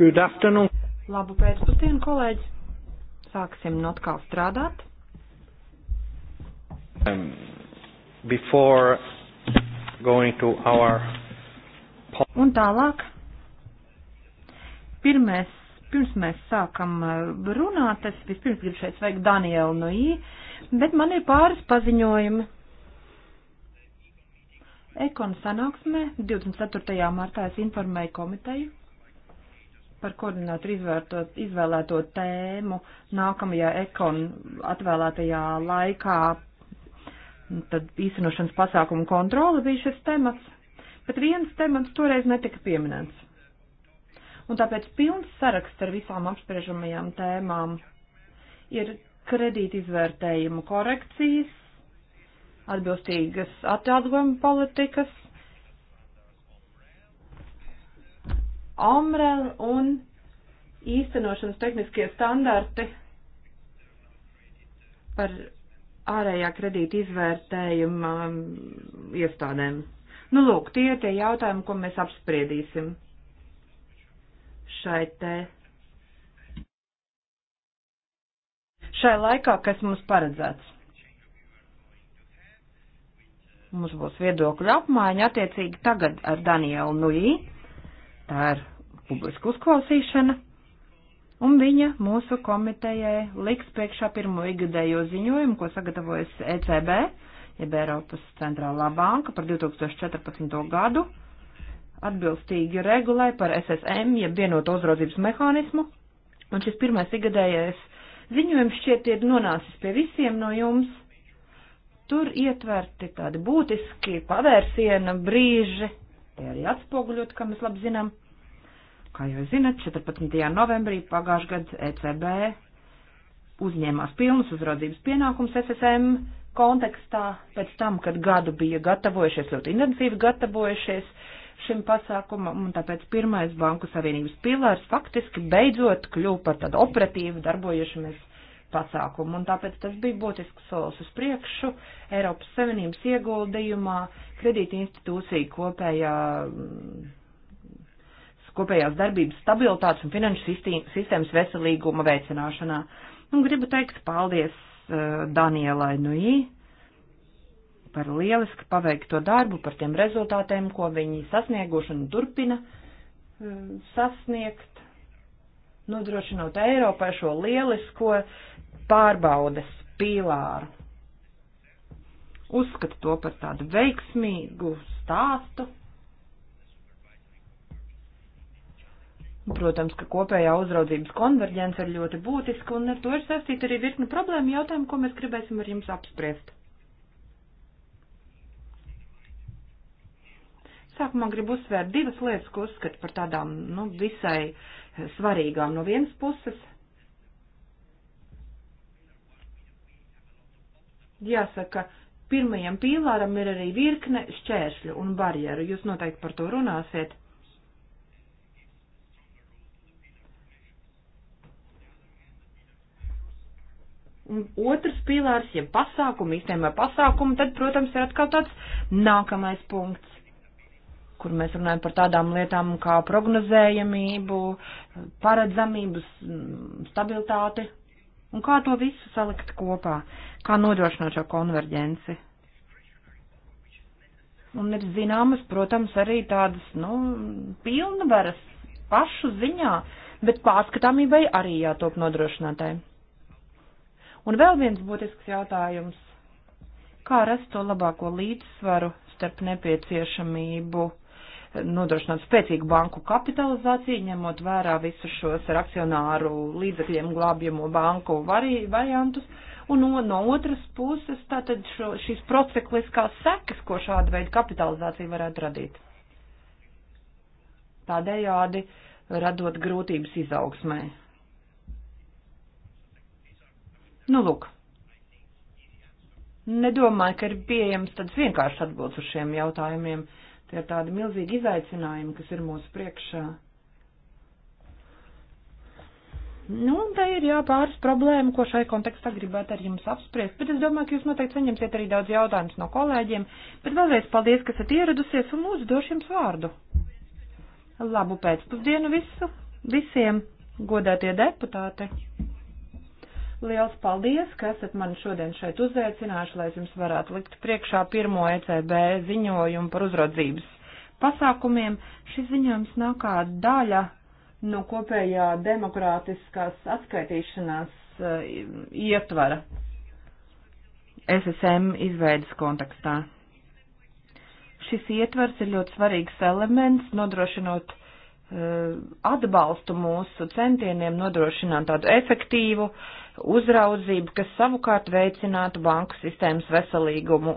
Good afternoon. Labu pēcpusdienu, kolēģi. Sāksim no atkal strādāt. Um, before going to our... Un tālāk. Pirmais, pirms mēs sākam uh, runāt, es vispirms gribu šeit sveikt Danielu no I, bet man ir pāris paziņojumi. Ekon sanāksmē 24. martā es informēju komiteju par koordinātu izvēlēto tēmu nākamajā ekon atvēlētajā laikā. Tad īstenošanas pasākumu kontrole bija šis temats, bet viens temats toreiz netika pieminēts. Un tāpēc pilns saraksts ar visām apspriežamajām tēmām ir kredīti izvērtējumu korekcijas, atbilstīgas atalgojuma politikas, Omrel un īstenošanas tehniskie standarti par ārējā kredīta izvērtējuma um, iestādēm. Nu, lūk, tie tie jautājumi, ko mēs apspriedīsim šai te. Šai laikā, kas mums paredzēts. Mums būs viedokļu apmaiņa attiecīgi tagad ar Danielu Nujī. Tā ir publiska uzklausīšana, un viņa mūsu komitejai liks priekšā pirmo ikgadējo ziņojumu, ko sagatavojas ECB, jeb Eiropas centrālā banka par 2014. gadu, atbilstīgi regulē par SSM, jeb vienoto uzraudzības mehānismu, un šis pirmais ikgadējais ziņojums šķiet ir nonācis pie visiem no jums. Tur ietverti tādi būtiski pavērsiena brīži, tie arī atspoguļot, kā mēs labi zinām. Kā jau zinat, 14. novembrī pagājušajā gadā ECB uzņēmās pilnas uzraudzības pienākums SSM kontekstā, pēc tam, kad gadu bija gatavojušies, ļoti intensīvi gatavojušies šim pasākumam, un tāpēc pirmais Banku Savienības pilārs faktiski beidzot kļuva par tādu operatīvu darbojušamies pasākumu, un tāpēc tas bija būtisks solis uz priekšu Eiropas Savienības ieguldījumā kredīti institūcija kopējā kopējās darbības stabilitātes un finanšu sistēmas veselīguma veicināšanā. Un gribu teikt paldies uh, Danielai Nui par lieliski paveikto darbu, par tiem rezultātiem, ko viņi sasnieguši un turpina uh, sasniegt, nodrošinot Eiropai šo lielisko pārbaudes pīlāru. Uzskatu to par tādu veiksmīgu stāstu Protams, ka kopējā uzraudzības konverģence ir ļoti būtiska, un ar to ir saistīta arī virkni problēma jautājumu, ko mēs gribēsim ar jums apspriest. Sākumā gribu uzsvērt divas lietas, ko uzskatu par tādām, nu, visai svarīgām no vienas puses. Jāsaka, pirmajam pīlāram ir arī virkne šķēršļu un barjeru. Jūs noteikti par to runāsiet. Un otrs pīlārs, ja pasākumu, īstenībā pasākumu, tad, protams, ir atkal tāds nākamais punkts, kur mēs runājam par tādām lietām kā prognozējamību, paredzamību, mm, stabilitāti. Un kā to visu salikt kopā, kā nodrošināt šo konverģenci. Un ir zināmas, protams, arī tādas, nu, pilnvaras pašu ziņā, bet pārskatāmībai arī jātop nodrošinātājai. Un vēl viens būtisks jautājums. Kā rast to labāko līdzsvaru starp nepieciešamību eh, nodrošināt spēcīgu banku kapitalizāciju, ņemot vērā visus šos ar akcionāru līdzekļiem glābjamo banku vari, variantus, un no, no otras puses tātad šo, šīs procikliskās sekas, ko šāda veida kapitalizācija varētu radīt. Tādējādi radot grūtības izaugsmai. Nu, lūk. Nedomāju, ka ir pieejams tāds vienkāršs atbildes uz šiem jautājumiem. Tie ir tādi milzīgi izaicinājumi, kas ir mūsu priekšā. Nu, un tā ir jā, pāris problēma, ko šai kontekstā gribētu ar jums apspriest, bet es domāju, ka jūs noteikti saņemsiet arī daudz jautājumus no kolēģiem, bet vēlreiz paldies, ka esat ieradusies un lūdzu došu jums vārdu. Labu pēcpusdienu visu, visiem, godētie deputāti! Liels paldies, ka esat mani šodien šeit uzveicinājuši, lai es jums varētu likt priekšā pirmo ECB ziņojumu par uzraudzības pasākumiem. Šis ziņojums nav kā daļa no kopējā demokrātiskās atskaitīšanās uh, ietvara SSM izveidas kontekstā. Šis ietvars ir ļoti svarīgs elements, nodrošinot uh, atbalstu mūsu centieniem nodrošināt tādu efektīvu uh, uzraudzību, kas savukārt veicinātu banku sistēmas veselīgumu,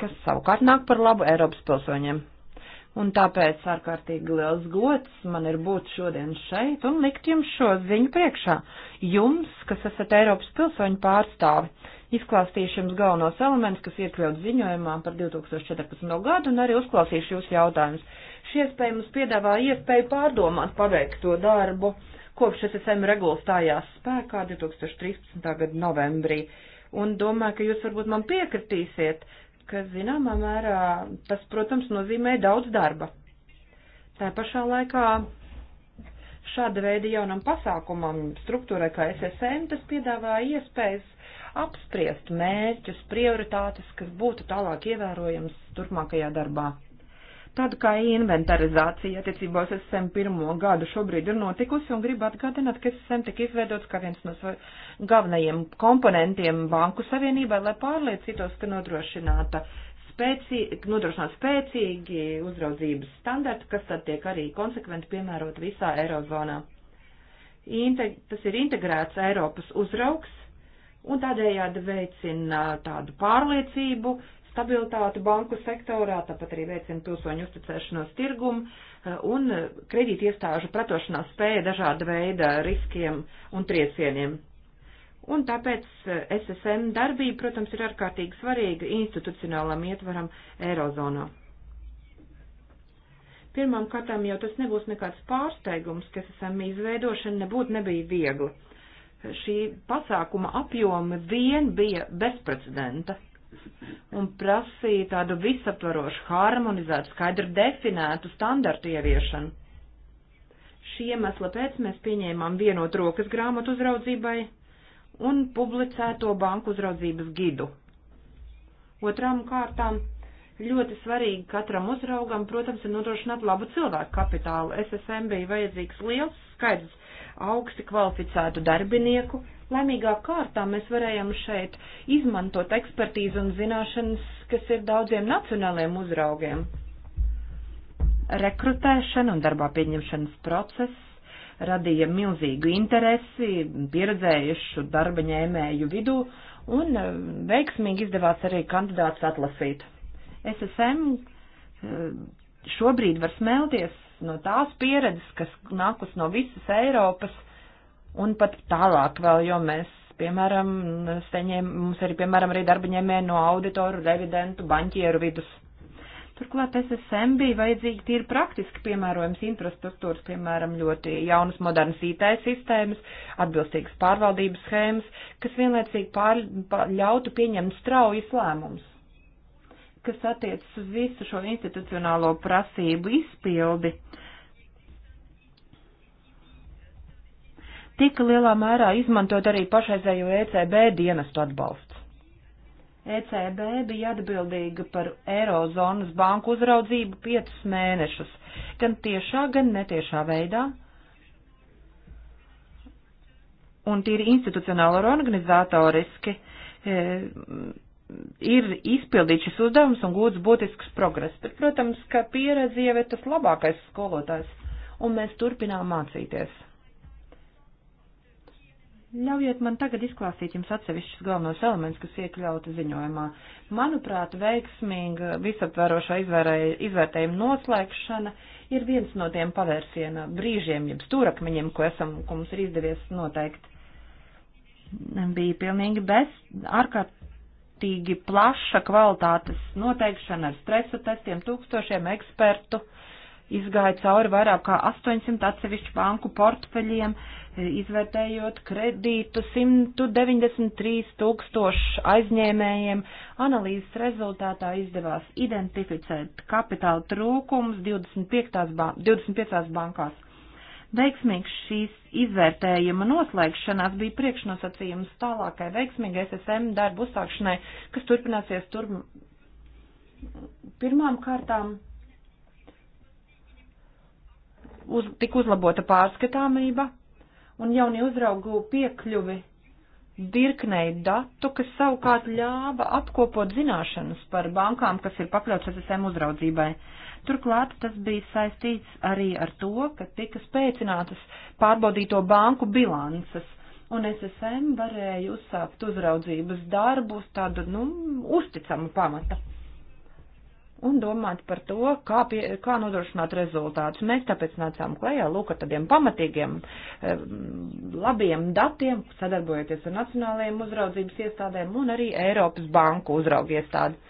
kas savukārt nāk par labu Eiropas pilsoņiem. Un tāpēc ārkārtīgi liels gods man ir būt šodien šeit un likt jums šo ziņu priekšā. Jums, kas esat Eiropas pilsoņu pārstāvi, izklāstīšu jums galvenos elementus, kas iekļaut ziņojumā par 2014. gadu un arī uzklāstīšu jūsu jautājumus. Šī iespēja mums piedāvā iespēju pārdomāt paveikto darbu kopš SSM regulas stājās spēkā 2013. gada novembrī. Un domāju, ka jūs varbūt man piekritīsiet, ka zināmā mērā tas, protams, nozīmē daudz darba. Tā pašā laikā šāda veida jaunam pasākumam, struktūrai kā SSM, tas piedāvā iespējas apspriest mērķus, prioritātes, kas būtu tālāk ievērojams turpmākajā darbā. Tāda kā inventarizācija attiecībos es sem pirmo gadu šobrīd ir notikusi un gribu atgādināt, ka es sem tik izveidots kā viens no galvenajiem komponentiem Banku Savienībai, lai pārliecītos, ka nodrošināta spēcīgi, nodrošināt spēcīgi uzraudzības standarti, kas tad tiek arī konsekventi piemērot visā Eirozonā. Integ tas ir integrēts Eiropas uzraugs un tādējādi veicina tādu pārliecību, stabilitāti banku sektorā, tāpat arī veicina pilsoņu uzticēšanos tirgumu eh, un eh, kredīti iestāžu pretošanās spēja dažāda veida riskiem un triecieniem. Un tāpēc eh, SSM darbība, protams, ir ārkārtīgi svarīga institucionālam ietvaram Eirozonā. Pirmām kārtām jau tas nebūs nekāds pārsteigums, ka SSM izveidošana nebūtu nebija viegli. Šī pasākuma apjoma vien bija bezprecedenta un prasīja tādu visaptvarošu, harmonizētu, skaidri definētu standartu ieviešanu. Šī iemesla pēc mēs pieņēmām vienot rokas grāmatu uzraudzībai un publicēto banku uzraudzības gidu. Otrām kārtām ļoti svarīgi katram uzraugam, protams, ir nodrošināt labu cilvēku kapitālu. SSM bija vajadzīgs liels skaidrs augsti kvalificētu darbinieku. Lemīgā kārtā mēs varējām šeit izmantot ekspertīzi un zināšanas, kas ir daudziem nacionāliem uzraugiem. Rekrutēšana un darbā pieņemšanas process radīja milzīgu interesi pieredzējušu darba ņēmēju vidū un eh, veiksmīgi izdevās arī kandidāts atlasīt. SSM eh, šobrīd var smelties no tās pieredzes, kas nākus no visas Eiropas un pat tālāk vēl, jo mēs, piemēram, steņiem, mums arī, piemēram, arī darbaņēmē no auditoru, revidentu, baņķieru vidus. Turklāt SSM bija vajadzīgi tīri praktiski piemērojums infrastruktūras, piemēram, ļoti jaunas modernas IT sistēmas, atbilstīgas pārvaldības schēmas, kas vienlaicīgi pār, pār, ļautu pieņemt straujas lēmumus kas attiecas uz visu šo institucionālo prasību izpildi, tika lielā mērā izmantot arī pašreizējo ECB dienestu atbalsts. ECB bija atbildīga par Eirozonas banku uzraudzību piecus mēnešus, gan tiešā, gan netiešā veidā. Un tīri institucionāli un organizatoriski e, ir izpildīts šis uzdevums un gūts būtisks progress. Bet, protams, ka pieredze jau ir tas labākais skolotājs, un mēs turpinām mācīties. Ļaujiet man tagad izklāstīt jums atsevišķus galvenos elementus, kas iekļauti ziņojumā. Manuprāt, veiksmīga visaptvarošā izvērtējuma noslēgšana ir viens no tiem pavērsiena brīžiem, jeb stūrakmeņiem, ko esam, ko mums ir izdevies noteikt. Bija pilnīgi bez, ārkārt ārkārtīgi plaša kvalitātes noteikšana ar stresa testiem, tūkstošiem ekspertu izgāja cauri vairāk kā 800 atsevišķu banku portfeļiem, e, izvērtējot kredītu 193 tūkstošu aizņēmējiem. Analīzes rezultātā izdevās identificēt kapitāla trūkums 25, ban 25 bankās Veiksmīgs šīs izvērtējuma noslēgšanās bija priekšnosacījums tālākai veiksmīgai SSM darbu uzsākšanai, kas turpināsies tur pirmām kārtām. Uz, tik uzlabota pārskatāmība un jaunie uzraugu piekļuvi virknei datu, kas savukārt ļāva apkopot zināšanas par bankām, kas ir pakļautas SSM uzraudzībai. Uh, Turklāt tas bija saistīts arī ar to, ka tika spēcinātas pārbaudīto banku bilances, un SSM varēja uzsākt uzraudzības darbus tādu, nu, uzticamu pamata. Un domāt par to, kā, pie, kā nodrošināt rezultātus. Mēs tāpēc nācām klajā, lūk, ar tādiem pamatīgiem, eh, labiem datiem, sadarbojoties ar nacionālajiem uzraudzības iestādēm un arī Eiropas banku uzraugu iestādi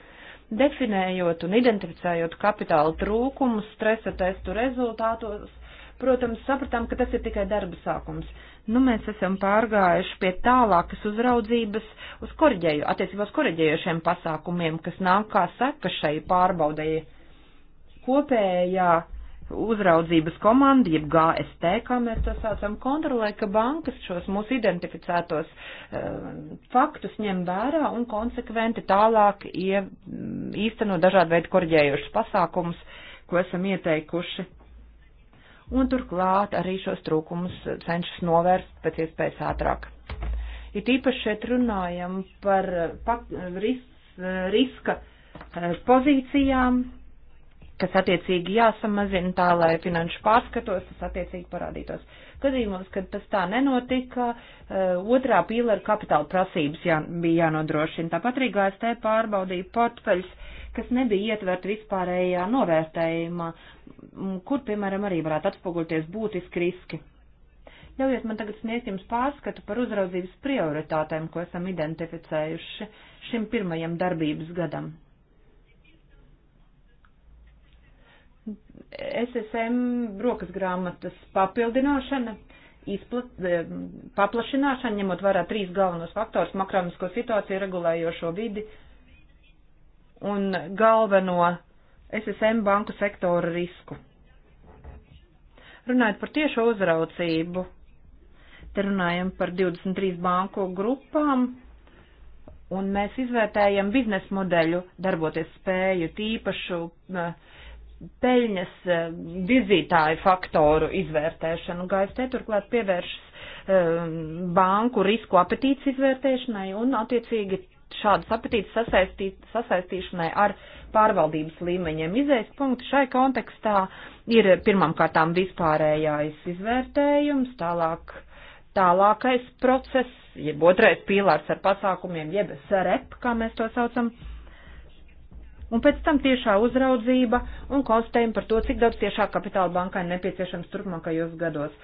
Definējot un identificējot kapitāla trūkumus stresa testu rezultātos, protams, sapratām, ka tas ir tikai darba sākums. Nu, mēs esam pārgājuši pie tālākas uzraudzības uz korģēju, attiecībā uz korģējošiem pasākumiem, kas nāk kā seka šai pārbaudēji. Kopējā uzraudzības komanda, jeb GST, kā mēs to saucam, kontrolē, ka bankas šos mūsu identificētos e, faktus ņem vērā un konsekventi tālāk ie, mm, īsteno dažādu veidu korģējušus pasākumus, ko esam ieteikuši. Un turklāt arī šos trūkumus cenšas novērst pēc iespējas ātrāk. It īpaši šeit runājam par eh, pak, ris, eh, riska pozīcijām, kas attiecīgi jāsamazina tā, lai finanšu pārskatos tas attiecīgi parādītos. Gadījumos, kad tas tā nenotika, eh, otrā pīlera kapitāla prasības jā, bija jānodrošina. Tāpat arī GST pārbaudīja portfeļus, kas nebija ietverti vispārējā novērtējumā, kur, piemēram, arī varētu atspoguļties būtiski riski. Ļaujiet man tagad sniegt jums pārskatu par uzraudzības prioritātēm, ko esam identificējuši šim pirmajam darbības gadam. SSM brokas grāmatas papildināšana, izplat, eh, paplašināšana, ņemot vērā trīs galvenos faktorus - makronisko situāciju, regulējošo vidi un galveno SSM banku sektora risku. Runājot par tiešo uzraucību, te runājam par 23 banku grupām, un mēs izvērtējam biznesa modeļu darboties spēju, tīpašu uh, peļņas eh, virzītāju faktoru izvērtēšanu. GFT turklāt pievēršas eh, banku risku apetītes izvērtēšanai un attiecīgi šādas apetītes sasaistī, sasaistīšanai ar pārvaldības līmeņiem. Izējas punkti šai kontekstā ir pirmām kārtām vispārējais izvērtējums, tālāk tālākais process, jeb otrais pīlārs ar pasākumiem, jeb SREP, kā mēs to saucam. Uh, un pēc tam tiešā uzraudzība un konstatējumi par to, cik daudz tiešā kapitāla bankai nepieciešams turpmākajos gados.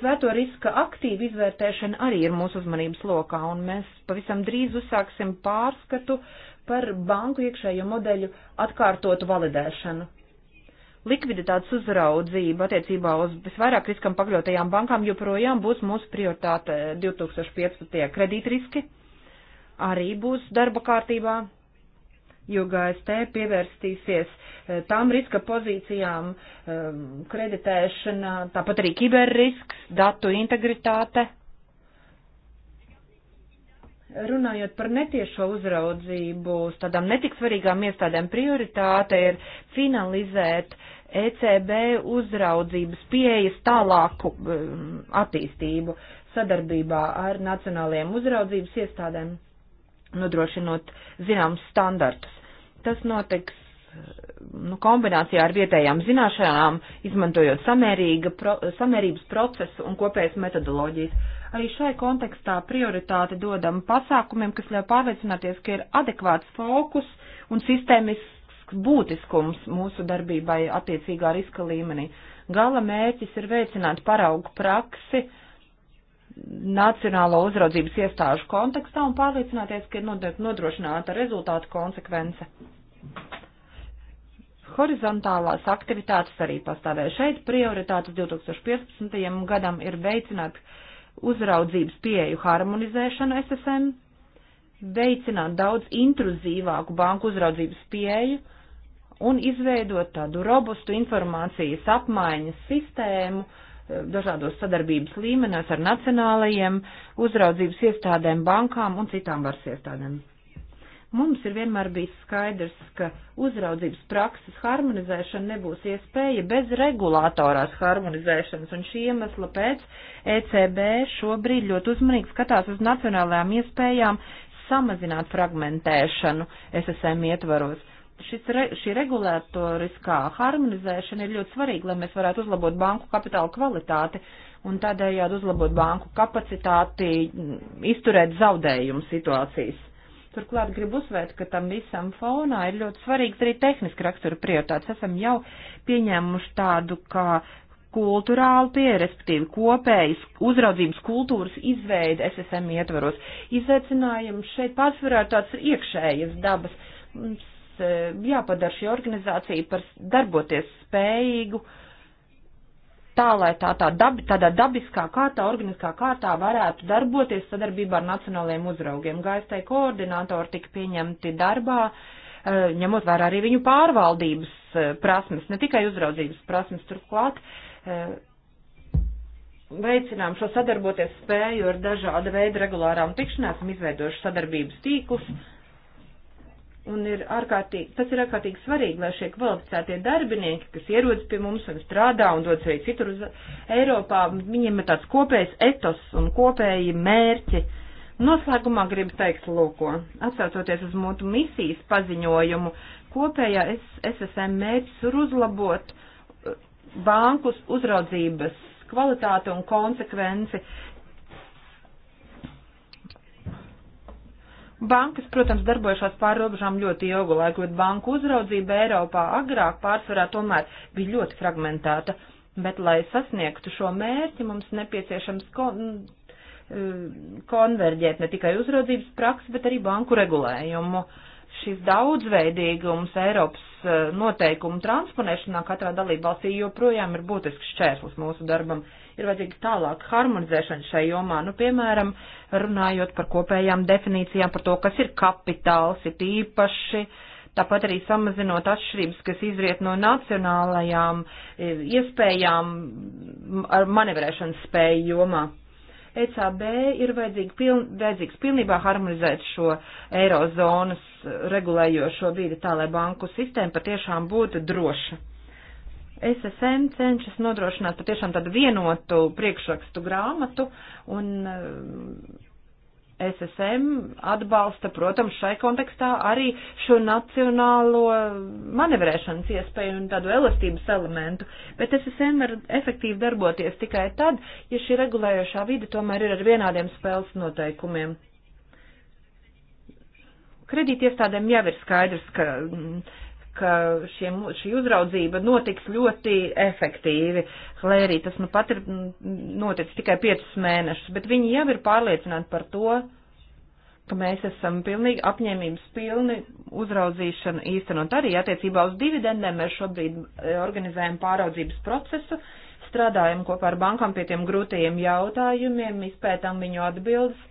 Svēto riska aktīva izvērtēšana arī ir mūsu uzmanības lokā, un mēs pavisam drīz uzsāksim pārskatu par banku iekšējo modeļu atkārtotu validēšanu likviditātes uzraudzība attiecībā uz visvairāk riskam pakļautajām bankām joprojām būs mūsu prioritāte 2015. kredītriski arī būs darba kārtībā jo GST pievērstīsies eh, tām riska pozīcijām, ehm, kreditēšana, tāpat arī kiberrisks, datu integritāte. Runājot par netiešo uzraudzību, uz tādām netik svarīgām iestādēm prioritāte ir finalizēt ECB uzraudzības pieejas tālāku ehm, attīstību sadarbībā ar nacionālajiem uzraudzības iestādēm nodrošinot zināmus standartus. Tas notiks eh, nu, kombinācijā ar vietējām zināšanām, izmantojot samērīga, pro, samērības procesu un kopējas metodoloģijas. Arī šai kontekstā prioritāti dodam pasākumiem, kas ļauj pārliecināties, ka ir adekvāts fokus un sistēmisks būtiskums mūsu darbībai attiecīgā riska līmenī. Gala mērķis ir veicināt paraugu praksi, uh, nacionālo uzraudzības iestāžu kontekstā un pārliecināties, ka ir nodrošināta rezultātu konsekvence. Horizontālās aktivitātes arī pastāvēja šeit. Prioritātes 2015. gadam ir veicināt uzraudzības pieeju harmonizēšanu SSM, veicināt daudz intruzīvāku banku uzraudzības pieeju un izveidot tādu robustu informācijas apmaiņas sistēmu, uh, dažādos sadarbības līmenēs ar nacionālajiem uzraudzības iestādēm, bankām un citām varas iestādēm. Mums ir vienmēr bijis skaidrs, ka uzraudzības prakses harmonizēšana nebūs iespēja bez regulātorās harmonizēšanas, un šī iemesla pēc ECB šobrīd ļoti uzmanīgi skatās uz nacionālajām iespējām samazināt fragmentēšanu SSM ietvaros šis, re, šī regulētoriskā harmonizēšana ir ļoti svarīga, lai mēs varētu uzlabot banku kapitāla kvalitāti un tādējādi uzlabot banku kapacitāti mm, izturēt zaudējumu situācijas. Turklāt gribu uzsvērt, ka tam visam fonā ir ļoti svarīgs arī tehniski rakstura prioritātes. Esam jau pieņēmuši tādu kā kulturālu pieeja, respektīvi kopējas uzraudzības kultūras izveidi SSM ietvaros. Izaicinājums šeit pārsvarā tāds iekšējas dabas mm, E, jāpadara šī organizācija par darboties spējīgu, tā lai tā, tā dabi, tādā dabiskā kārtā, organiskā kārtā varētu darboties sadarbībā ar nacionālajiem uzraugiem. Gaistai koordinātori tika pieņemti darbā, e, ņemot vērā arī viņu pārvaldības e, prasmes, ne tikai uzraudzības prasmes turklāt veicinām šo sadarboties spēju ar dažāda veida regulārām tikšanās, esam izveidojuši sadarbības tīklus, Un ir ārkārtīgi, tas ir ārkārtīgi svarīgi, lai šie kvalificētie darbinieki, kas ierodas pie mums un strādā un dodas arī citur uz Eiropā, viņiem ir tāds kopējs etos un kopēji mērķi. Noslēgumā gribu teikt lūko, atsaucoties uz mūtu misijas paziņojumu, kopējā SSM mērķis ir uzlabot uh, bankus uzraudzības kvalitāti un konsekvenci, Bankas, protams, darbojušās pāri robežām ļoti ilgu laiku, bet banku uzraudzība Eiropā agrāk pārsvarā tomēr bija ļoti fragmentēta. Bet, lai sasniegtu šo mērķi, mums nepieciešams kon e, konverģēt ne tikai uzraudzības praksi, bet arī banku regulējumu. Šis daudzveidīgums Eiropas e, noteikumu transponēšanā katrā dalībvalstī joprojām ir būtisks šķērslis mūsu darbam. Uh, ir vajadzīga tālāka harmonizēšana šai jomā, nu, piemēram, runājot par kopējām definīcijām par to, kas ir kapitāls, ir īpaši, tāpat arī samazinot atšķirības, kas izriet no nacionālajām e, iespējām ar manevrēšanas spēju jomā. ECB ir vajadzīgs, piln, vajadzīgs pilnībā harmonizēt šo eirozonas regulējošo vidi tā, lai banku sistēma patiešām būtu droša. SSM cenšas nodrošināt patiešām tādu vienotu priekšrakstu grāmatu un eh, SSM atbalsta, protams, šai kontekstā arī šo nacionālo manevrēšanas iespēju un tādu elastības elementu, bet SSM var efektīvi darboties tikai tad, ja šī regulējošā vide tomēr ir ar vienādiem spēles noteikumiem. Kredītiestādēm jau ir skaidrs, ka mm, ka šie, šī uzraudzība notiks ļoti efektīvi, lai arī tas nu pat ir mm, noticis tikai piecus mēnešus, bet viņi jau ir pārliecināti par to, ka mēs esam pilnīgi apņēmības pilni uzraudzīšanu īstenot arī attiecībā uz dividendēm. Mēs šobrīd eh, organizējam pāraudzības procesu, strādājam kopā ar bankām pie tiem grūtajiem jautājumiem, izpētām viņu atbildes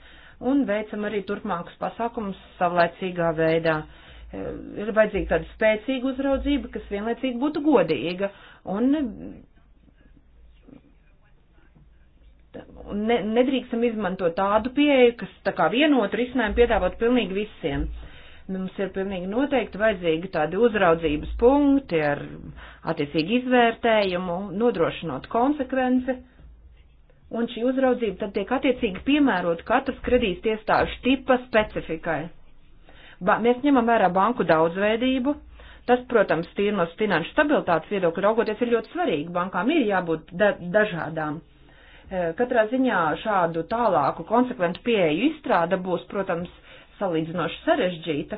un veicam arī turpmākus pasākumus savlaicīgā veidā. Uh, ir vajadzīga tāda spēcīga uzraudzība, kas vienlaicīgi būtu godīga un ne, nedrīkstam izmantot tādu pieeju, kas tā kā vienotu risinājumu piedāvot pilnīgi visiem. Mums ir pilnīgi noteikti vajadzīgi tādi uzraudzības punkti ar attiecīgi izvērtējumu, nodrošinot konsekvenci. Un šī uzraudzība tad tiek attiecīgi piemērot katras kredītiestāžu tipa specifikai. Ba, mēs ņemam vērā banku daudzveidību. Tas, protams, tīri no finanšu stabilitātes viedokļa raugoties, ir ļoti svarīgi. Bankām ir jābūt da dažādām. E, katrā ziņā šādu tālāku konsekventu pieeju izstrāda būs, protams, salīdzinoši sarežģīta.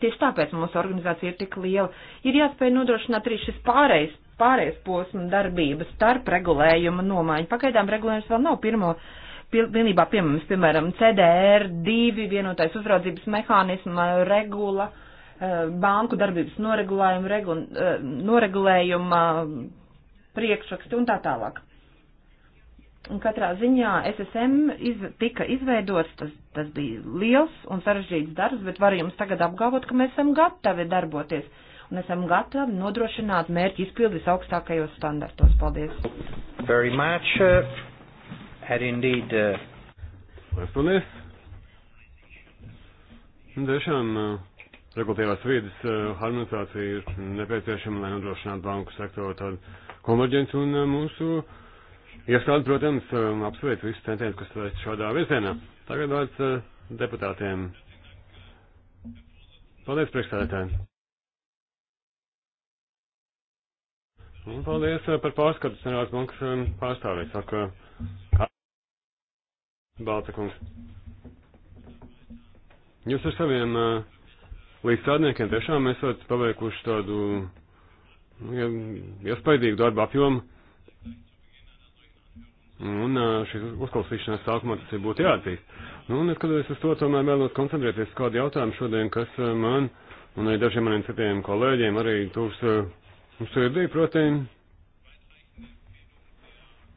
Tieši tāpēc mūsu organizācija ir tik liela. Ir jāspēj nodrošināt arī šis pārējais, pārējais posms darbības starp regulējumu nomaiņu. Pagaidām regulējums vēl nav pirmo pilnībā piemēram, piemēram CDR2, vienotais uzraudzības mehānisma regula, eh, banku darbības eh, noregulējuma, regu, eh, noregulējuma priekšraksti un tā tālāk. Un katrā ziņā SSM iz, tika izveidots, tas, tas bija liels un sarežģīts darbs, bet varu jums tagad apgalvot, ka mēs esam gatavi darboties un esam gatavi nodrošināt mērķi izpildi visaugstākajos standartos. Paldies! Very much. Uh had indeed. Uh... Paldies! Tiešām uh, regulatīvās vīdes uh, harmonizācija ir nepieciešama, lai nodrošinātu banku sektoru tādu konverģenci un uh, mūsu iestādi, protams, uh, apsveic visus centienus, kas veic šādā virzienā. Tagad vārds uh, deputātiem. Paldies, priekšstādētāji! Un paldies uh, par pārskatu, senās bankas um, pārstāvē. Saka, Balta kungs. Jūs ar saviem uh, līdzstrādniekiem tiešām esat paveikuši tādu nu, ja, iespaidīgu darbu apjomu. Un šīs uzklausīšanās sākumā tas ir būtu jāatzīst. Nu, un es skatoties uz to, tomēr vēlos koncentrēties uz kādu jautājumu šodien, kas man un arī dažiem maniem citiem kolēģiem arī tūs uz sirdī, proti,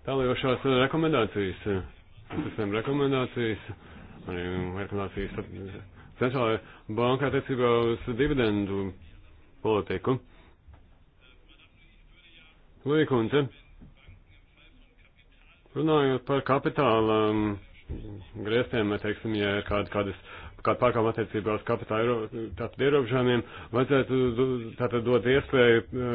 tālajošās rekomendācijas. Visiem rekomendācijas, arī rekomendācijas centrālajā bankā attiecībā uz dividendu politiku. Līkundze, eh? runājot par kapitāla mm, grieztiem, mēs teiksim, ja ir kāda, kādas kāda pārkāpuma attiecībā uz kapitāla ierobežojumiem, vajadzētu tātad dot iespēju uh,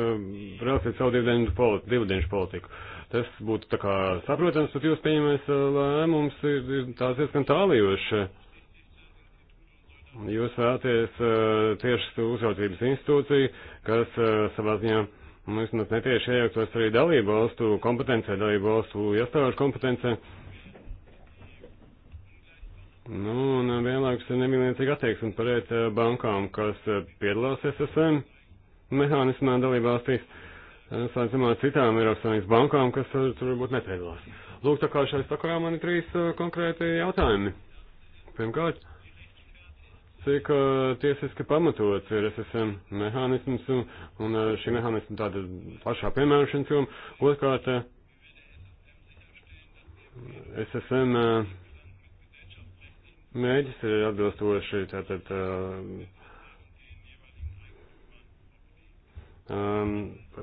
realizēt savu dividendu politi, politiku. Tas būtu tā kā saprotams, bet jūs pieņemais lēmums ir, ir tāds diezgan tālījoši. Jūs vēlaties uh, tieši uzraudzības institūciju, kas uh, savā ziņā mums nu, netieši iejauktos arī dalību valstu kompetencē, dalību valstu iestāžu kompetencē. Nu, un vienlaikus ir nemīlēcīga attieksme pret uh, bankām, kas uh, piedalās SSM mehānismā dalību valstīs. Uh, sākumā citām Eiropas Savienības bankām, kas uh, tur varbūt nepiedalās. Lūk, tā kā šai sakarā man ir trīs uh, konkrēti jautājumi. Pirmkārt, cik uh, tiesiski pamatots ir SSM mehānisms un, un uh, šī mehānisma tāda pašā piemērošanas joma. Otrkārt, uh, SSM uh, mēģis ir atbilstoši tātad. Tā, tā, um,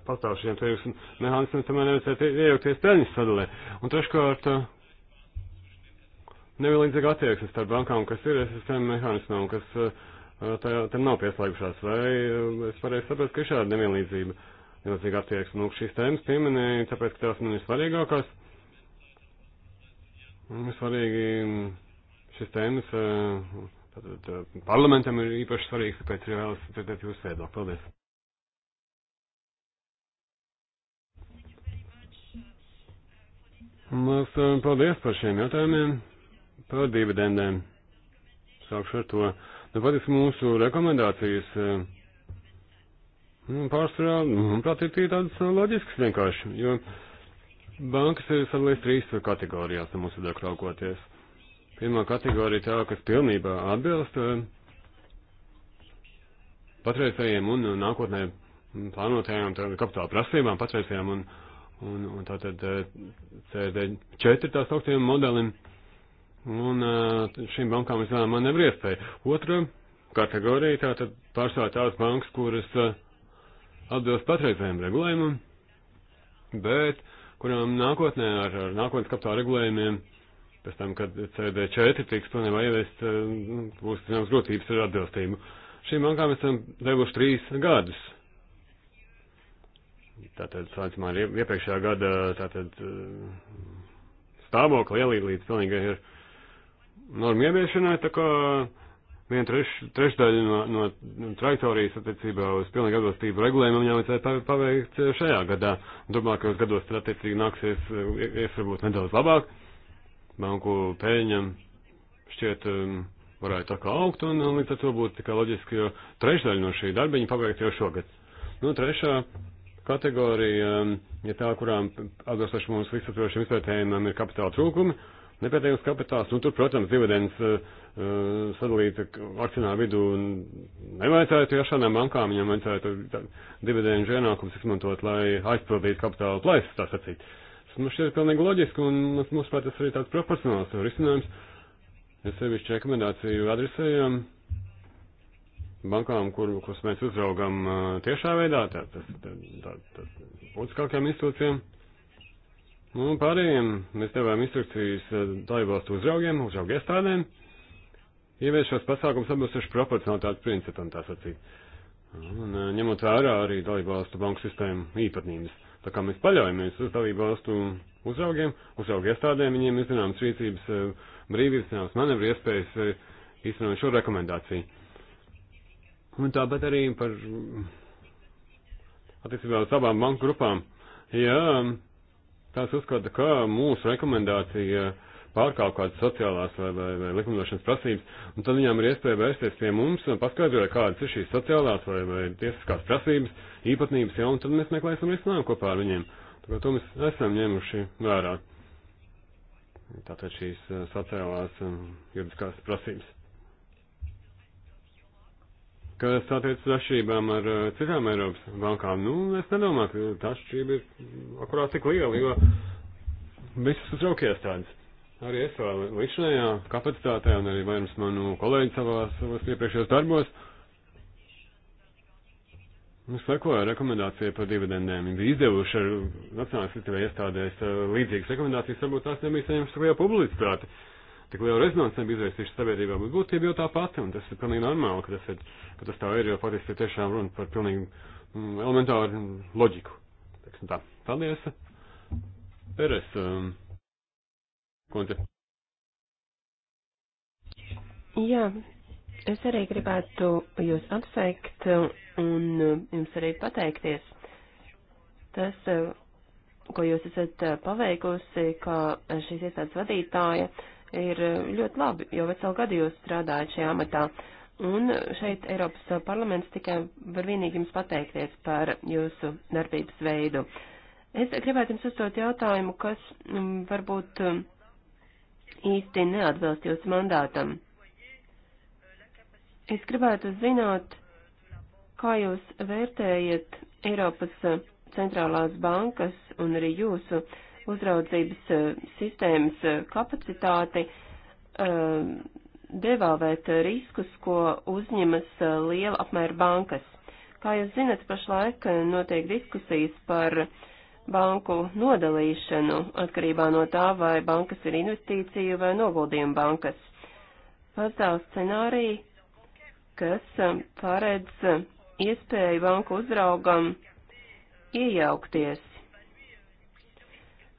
pastāv šiem tirgus mehānismiem, tomēr nevajadzētu iejaukties peļņas sadalē. Un treškārt, uh, nevienlīdzīga attieksme starp bankām, kas ir SSM mehānismā un kas uh, tajā, tam nav pieslēgušās. Vai uh, es pareizi saprotu, ka ir šāda nevienlīdzība, nevienlīdzīga attieksme? Nu, šīs tēmas pieminēja, tāpēc, ka tās man ir svarīgākās. Un svarīgi mm, šis tēmas. Uh, Tātad parlamentam ir īpaši svarīgs, tāpēc arī vēlas dzirdēt jūsu viedokli. Paldies! Mēs um, paldies par šiem jautājumiem, par dividendēm. Sākšu ar to. Nu, patiesi mūsu rekomendācijas nu, pārsvarā, manuprāt, ir tādas loģiskas vienkārši, jo bankas ir sadalīts trīs kategorijās, nu, mūsu dēļ raugoties. Pirmā kategorija tā, kas pilnībā atbilst um, patreizējiem un nākotnē plānotajām kapitāla prasībām, patreizējām un. Uh, un, un tātad eh, CRD4 tās augstiem modelim, un eh, šīm bankām ir zināma manevra iespēja. Otra kategorija, tātad pārsvarā tās bankas, kuras eh, atbilst patreizējiem regulējumam, bet kurām nākotnē ar, ar nākotnes kapitāla regulējumiem, pēc tam, kad CD4 tiks pilnībā ieviest, būs zināmas grūtības ar atbilstību. Šīm bankām esam devuši trīs gadus tātad sācumā ar iepriekšējā gada tātad eh, stāvokli ielīdz līdz pilnīgi ir norma ieviešanai, tā kā viena treš, trešdaļa no, no trajektorijas attiecībā uz pilnīgi atbilstību regulējumam jau vajadzētu paveikt eh, šajā gadā. Turpmākajos gados tad attiecīgi nāksies eh, ies varbūt nedaudz labāk. Banku pēļņam šķiet um, varētu tā kā augt un, un līdz ar to būtu tikai loģiski, jo trešdaļa no šī darbiņa pabeigta jau šogad. Nu, trešā kategorija ir um, tā, kurām atbilstoši mūsu visaptvarošiem izvērtējumam ir kapitāla trūkumi. Nepētējums kapitāls, nu tur, protams, dividends uh, uh sadalīt akcionāru vidū nevajadzētu, ja šādām bankām viņam vajadzētu dividendžu ienākums izmantot, lai aizpildītu kapitāla plaisas, tā sacīt. Tas mums šķiet pilnīgi loģiski, un mums, mums pat tas arī tāds proporcionāls risinājums. Es sevišķi rekomendāciju adresējam um, bankām, kur, kurus mēs uzraugam tiešā veidā, tātad politiskākajām institūcijām. Nu, pārējiem mēs devām instrukcijas dalībvalstu uzraugiem, uzraugu iestādēm, ievies šos pasākums atbilstoši proporcionalitātes principam, tā sacīt. Un ņemot vērā arī dalībvalstu banku sistēmu īpatnības. Tā kā mēs paļaujamies uz dalībvalstu uzraugiem, uzraugu iestādēm, viņiem ir zināmas rīcības brīvības, zināmas manevru iespējas īstenojot šo rekomendāciju. Un tāpat arī par attiecībā uz abām banku grupām. Ja tās uzskata, ka mūsu rekomendācija pārkāp kādas sociālās vai, vai, vai likumdošanas prasības, un tad viņām ir iespēja vērsties pie mums, paskaidrot, kādas ir šīs sociālās vai, vai tiesiskās prasības, īpatnības, ja, un tad mēs meklēsim risinājumu kopā ar viņiem. Tā kā to mēs esam ņēmuši vērā. Tātad šīs eh, sociālās eh, juridiskās prasības. Kas attiec uz atšķirībām ar uh, citām Eiropas bankām, nu, es nedomāju, ka tā atšķirība ir akurāt tik liela, jo visas uzraukies tādas. Arī es vēl līdzinājā kapacitātē un arī vairums manu kolēģi savās, savās iepriekšējos darbos. Nu, sekoja rekomendācija par dividendēm. Viņi izdevuši ar Nacionālās sistēmē iestādēs uh, līdzīgas rekomendācijas, varbūt tās nebija saņemtas liela publicitāte. Uh, tik liela rezonance bija izraisījuši sabiedrībā, bet būtība jau tā pati, un tas ir pilnīgi normāli, ka tas, ir, ka tas tā ir, jo patiesībā ir tiešām runa par pilnīgi mm, elementāru loģiku. Teiksim tā. Paldies. Peres. Um, kundze. Jā, es arī gribētu jūs apsveikt un jums arī pateikties. Tas, ko jūs esat paveikusi, kā šīs iestādes vadītāja, uh, ir eh, ļoti labi, jo veselu gadu jūs strādājat šajā amatā. Un šeit Eiropas eh, parlaments tikai var vienīgi jums pateikties par jūsu darbības veidu. Es gribētu jums uzdot jautājumu, kas mm, varbūt eh, īsti neatbilst jūsu mandātam. Es gribētu zināt, kā jūs vērtējat Eiropas centrālās bankas un arī jūsu uh, uzraudzības e, sistēmas e, kapacitāti, e, devalvēt riskus, ko uzņemas liela apmēra bankas. Kā jūs zinat, pašlaik notiek diskusijas par banku nodalīšanu atkarībā no tā, vai bankas ir investīciju vai noguldījumu bankas. Pastāv scenārija, kas paredz iespēju banku uzraugam iejaukties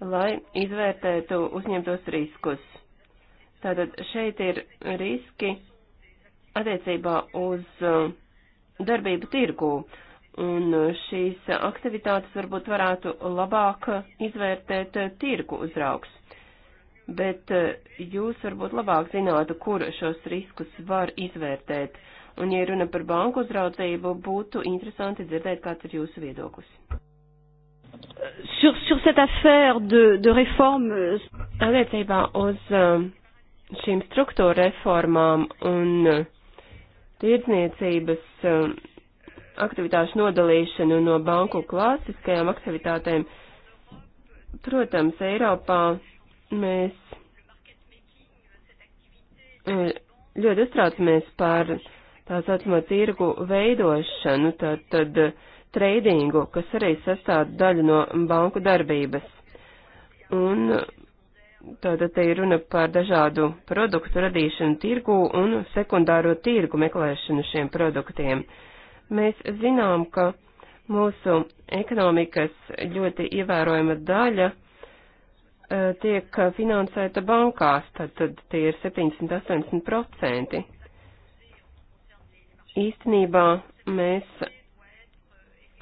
lai izvērtētu uzņemtos riskus. Tātad šeit ir riski attiecībā uz uh, darbību tirgū, un šīs aktivitātes varbūt varētu labāk izvērtēt uh, tirgu uzraugs. Bet uh, jūs varbūt labāk zinātu, kur šos riskus var izvērtēt. Un, ja runa par banku uzraudzību, būtu interesanti dzirdēt, kāds ir jūsu viedoklis sur, sur cette affaire de, de réforme. Euh, Attiecībā uz um, šīm struktūra reformām un uh, tirdzniecības um, aktivitāšu nodalīšanu no banku klasiskajām aktivitātēm, protams, Eiropā mēs uh, ļoti uztraucamies par tā saucamo tirgu veidošanu, tad, tad uh, treidingu, kas arī sastāv daļu no banku darbības. Un tātad te ir runa par dažādu produktu radīšanu tirgu un sekundāro tirgu meklēšanu šiem produktiem. Mēs zinām, ka mūsu ekonomikas ļoti ievērojama daļa e, tiek finansēta bankās, tad, tad tie ir 70-80%. Īstenībā mēs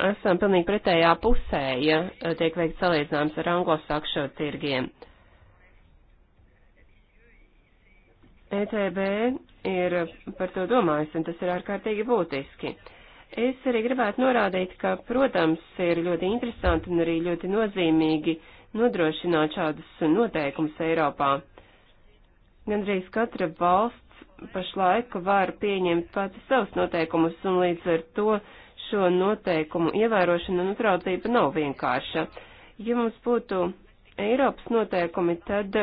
esam pilnīgi pretējā pusē, ja eh, tiek veikts salīdzinājums ar anglosakšu tirgiem. ECB ir par to domājis, un tas ir ārkārtīgi būtiski. Es arī gribētu norādīt, ka, protams, ir ļoti interesanti un arī ļoti nozīmīgi nodrošināt šādus noteikumus Eiropā. Gandrīz katra valsts pašlaik var pieņemt pati savus noteikumus, un līdz ar to uh, šo noteikumu ievērošana un uzraudzība nav vienkārša. Ja mums būtu Eiropas noteikumi, tad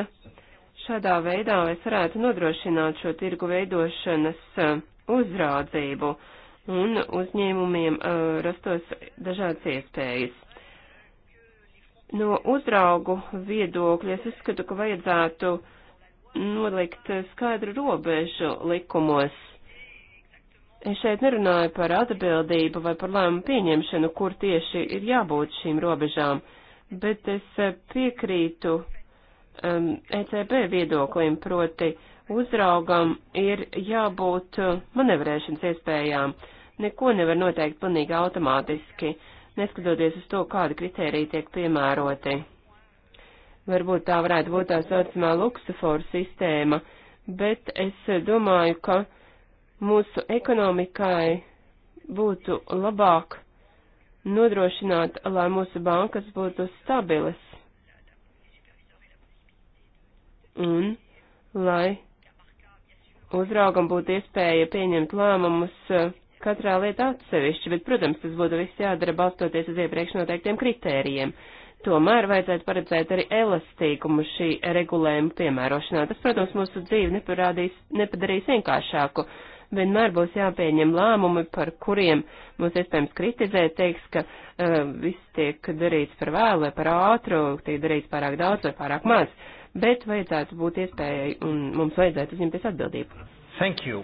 šādā veidā es varētu nodrošināt šo tirgu veidošanas e, uzraudzību un uzņēmumiem e, rastos dažādas iespējas. No uzraugu viedokļa es uzskatu, ka vajadzētu nolikt skaidru robežu likumos Es šeit nerunāju par atbildību vai par lēmumu pieņemšanu, kur tieši ir jābūt šīm robežām, bet es eh, piekrītu um, ECB viedoklim, proti uzraugam ir jābūt eh, manevrēšanas iespējām. Neko nevar noteikt pilnīgi automātiski, neskatoties uz to, kādi kriteriji tiek piemēroti. Varbūt tā varētu būt tā saucamā luksusforu sistēma, bet es eh, domāju, ka mūsu ekonomikai būtu labāk nodrošināt, lai mūsu bankas būtu stabilas un lai uzraugam būtu iespēja pieņemt lēmumus e, katrā lietā atsevišķi, bet, protams, tas būtu viss jādara balstoties uz iepriekš noteiktiem kritērijiem. Tomēr vajadzētu paredzēt arī elastīgumu šī regulējuma piemērošanā. Tas, protams, mūsu dzīvi nepadarīs vienkāršāku, vienmēr būs jāpieņem lēmumi, par kuriem mums iespējams kritizēt, teiks, ka uh, viss tiek darīts par vēlu vai par ātru, tiek darīts pārāk daudz vai pārāk maz, bet vajadzētu būt iespējai un mums vajadzētu uzņemties atbildību. Thank you.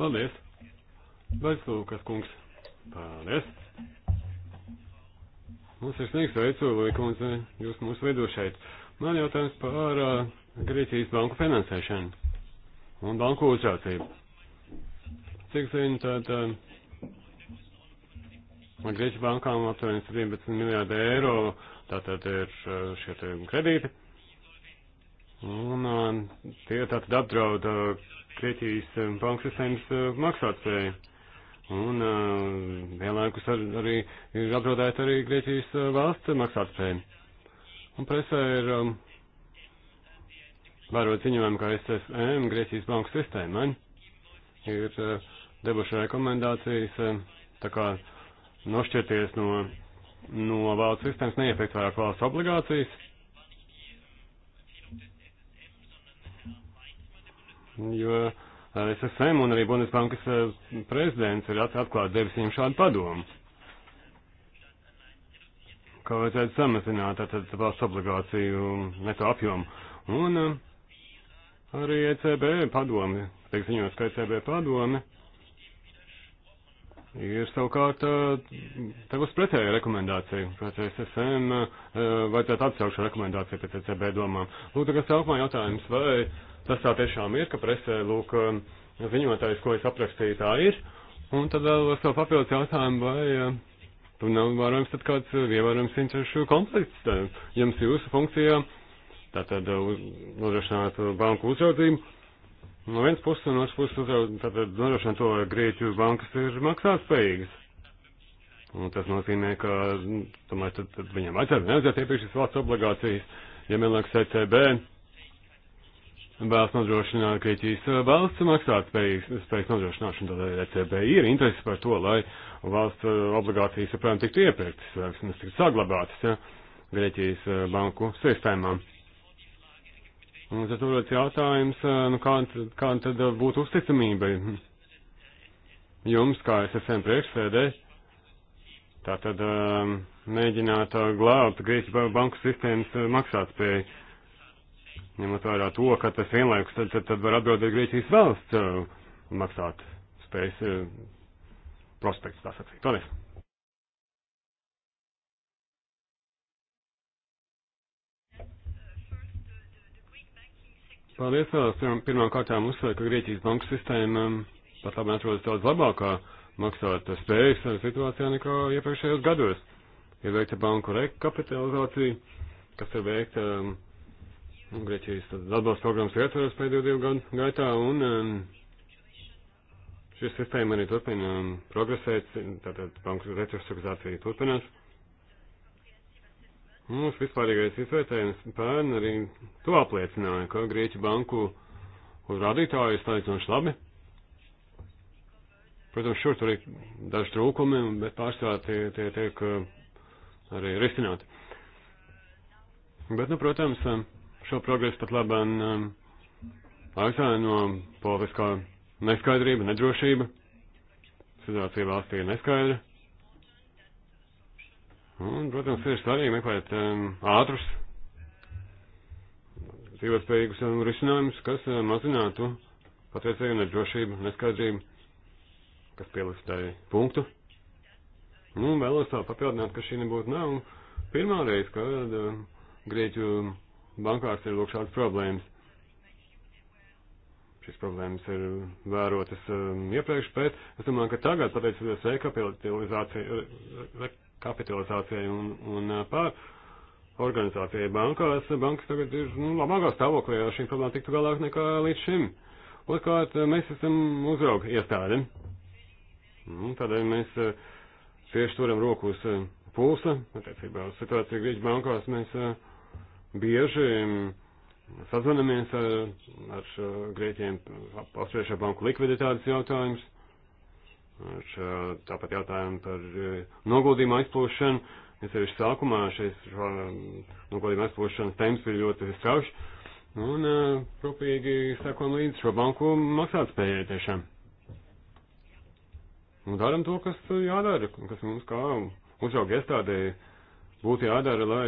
Paldies. Baigslūkas kungs. Paldies. Mums ir sniegs veicu, vai kundze, jūs mūs veidot šeit. Man jautājums par uh, Grieķijas banku finansēšanu un banku uzraucību. Cik zinu, tad uh, Grieķu bankām aptuveni 17 miljārdi eiro, tātad ir eh, šie kredīti. Un uh, tie tātad apdraud uh, Grieķijas banku sistēmas uh, maksātspēju. Un uh, vienlaikus ar, arī ir apdraudēta arī Grieķijas uh, valsts maksātspēja. Un presē ir um, vērot ziņojumu, ka SSM, Grieķijas banku sistēma, man ir uh, debušu rekomendācijas, eh, tā kā nošķirties no, no valsts sistēmas, neiepirkt vairāk valsts obligācijas. Jo eh, SSM un arī Bundesbankas eh, prezidents ir atklāti devis viņam šādu padomu, ka vajadzētu samazināt tātad valsts obligāciju neto apjomu. Un arī ECB padomi, tiek ziņots, ka e ECB padomi ir savukārt eh, tevis pretēja rekomendācija. Pēc SSM vajadzētu atsaukt šo rekomendāciju pēc eh, ECB domām. Lūk, tagad sākumā jautājums, vai tas tā tiešām ir, ka presē, lūk, eh, ziņotājs, ko es aprakstīju, tā ir. Un tad vēl vēl papildus jautājumu, vai tur nav vērojams tad kāds ievērojams interešu konflikts. Jums jūsu funkcijā, tātad nodrošināt banku uzraudzību No vienas puses, un otras puses nu, nodrošina to, ka Grieķu bankas ir maksātspējīgas. Un tas nozīmē, ka nu, tomēr tad, tad viņam vajadzētu neaiziet iepriekšējās valsts obligācijas, ja vienlaikus ECB vēlas nodrošināt Grieķijas valsts maksātspējas spējas nodrošināšanu, tad ECB ir interesi par to, lai valsts obligācijas, joprojām tiktu iepirktas, vai vismaz tiktu saglabātas, ja, Grieķijas banku sistēmām. Un tad tur ir jautājums, nu, kāda kā tad būtu uzticamība jums, kā es esmu priekšsēdē, tā tad mēģināt glābt Grieķu banku sistēmas maksātspēju, ņemot vērā to, ka tas vienlaikus tad, tad, tad var atbildēt Grieķijas valsts maksāt spējas prospekts, tā sacīt. Paldies! Paldies, vēlos pirmām kārtām uzsvērt, ka Grieķijas banku sistēma um, pat labi atrodas daudz labākā maksāt spējas uh, situācijā nekā iepriekšējos gados. Ir veikta banku rekapitalizācija, kas ir veikta um, Grieķijas atbalsta programmas ietvaros pēdējo divu gadu gaitā, un um, šī sistēma arī turpina um, progresēt, tātad banku restruktūrizācija turpinās. Mums vispārīgais izvērtējums pērn arī to apliecināja, ka Grieķu banku rādītāji ir salīdzinoši labi. Protams, šur tur ir daži trūkumi, bet pārstāvā tie, tie tiek eh, arī risināti. Bet, nu, protams, eh, šo progresu pat labāk eh, aizēno politiskā neskaidrība, nedrošība. Situācija valstī ir neskaidra. Un, protams, ir svarīgi meklēt um, ātrus, dzīvotspējīgus um, risinājumus, kas um, mazinātu patriecēju nedrošību, neskaidrību, kas pieliks tai punktu. Nu, vēlos tā papildināt, ka šī nebūtu nav pirmā reize, kad um, Grieķu bankārs ir lūk šādas problēmas. Šīs problēmas ir vērotas um, iepriekš, bet es domāju, ka tagad, pateicoties rekapitalizācijai, kapitalizācijai un, un pār organizācijai bankās. Bankas tagad ir nu, labākā stāvoklī, ar šīm problēmām tiktu galāk nekā līdz šim. Otrkārt, mēs esam uzrauga iestāde. Nu, tādēļ mēs tieši turam roku uz pulsa, attiecībā uz situāciju Grieķu bankās mēs bieži sazvanamies ar, ar Grieķiem, apspriešot banku likviditātes jautājumus. Ar tāpat jautājumu par e, noguldījumu aizplūšanu. Es arī sākumā šeit e, noguldījumu aizplūšanas temps bija ļoti strauši. Un e, rūpīgi sekojam līdz šo banku maksātspējai tiešām. Un daram to, kas jādara, kas mums kā uzrauga iestādēji būtu jādara, lai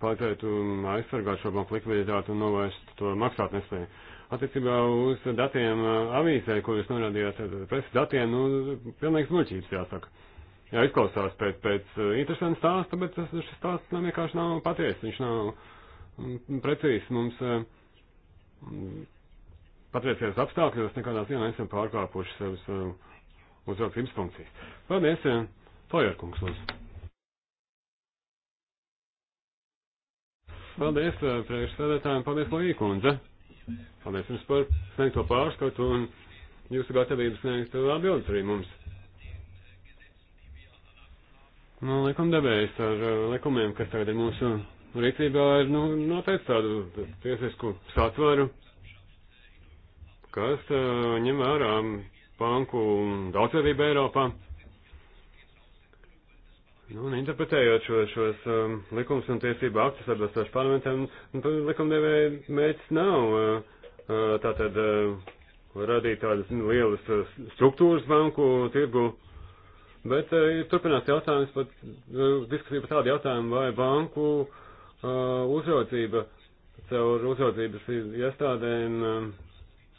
palīdzētu aizsargāt šo banku likviditāti un novērst to maksātnespēju attiecībā uz datiem eh, avīzē, ko jūs norādījāt, eh, preses datiem, nu, pilnīgs muļķības jāsaka. Jā, izklausās pēc, pēc eh, interesanta stāsta, bet tas, šis stāsts nav vienkārši nav patiesa, viņš nav mm, precīzs mums mm, patreizies apstākļos nekādā ziņā neesam pārkāpuši savas uzraudzības funkcijas. Paldies, Tojerkungs, lūdzu. Paldies priekšsēdētājiem, paldies Līkundze. Paldies jums par sniegto pārskatu un jūsu gatavību sniegt atbildes arī mums. Nu, likumdevējs ar uh, likumiem, kas tagad ir mūsu rīcībā, ir nu, noteikti tādu tiesisku satvaru, kas uh, ņem vērā banku daudzveidību Eiropā. Nu, un interpretējot šo, šos um, likums un tiesību aktus atbilstoši parlamentam, nu, likumdevēja mērķis nav uh, uh, tātad uh, radīt tādas nu, lielas uh, struktūras banku tirgu, bet uh, turpinās jautājums pat, uh, diskusija par tādu jautājumu, vai banku uh, uzraudzība caur uzraudzības iestādēm uh,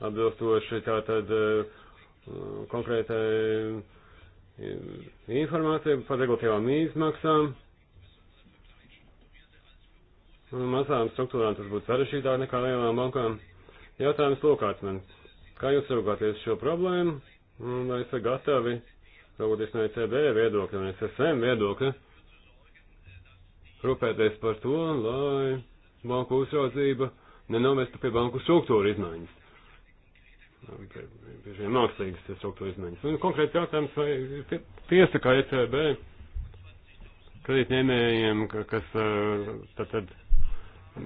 atbilstoši tātad uh, konkrētai uh, informāciju par regulatīvām izmaksām. Mazām struktūrām tas būtu sarežģītāk nekā lielām bankām. Jautājums lokāts man. Kā jūs raugāties šo problēmu? Vai esat gatavi raugoties no ECB viedokļa un SSM viedokļa? Rūpēties par to, lai banku uzraudzība nenovestu pie banku struktūra izmaiņas. Nu, bieži vien mākslīgas struktūra izmaiņas. Un konkrēti jautājums, vai tiesa kā ECB kredītņēmējiem, kas tad, tad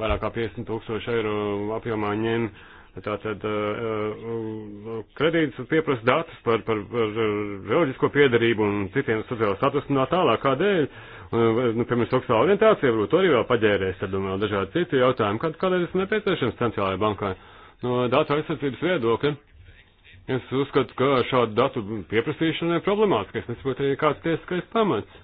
vairāk kā 50 tūkstoši eiro apjomā ņem, tātad kredītus pieprasa datus par, par, par reliģisko piedarību un citiem sociālo statusu un tā tālāk, kādēļ, nu, piemēram, seksuāla orientācija, varbūt to arī vēl paģērēs, tad, domāju, dažādi citi jautājumi, kādēļ tas nepieciešams centrālajai bankai. Uh, no datu aizsardzības viedokļa. Es uzskatu, ka šādu datu pieprasīšana ir problemātiska. Es nesaprotu, arī kāds tiesiskais pamats.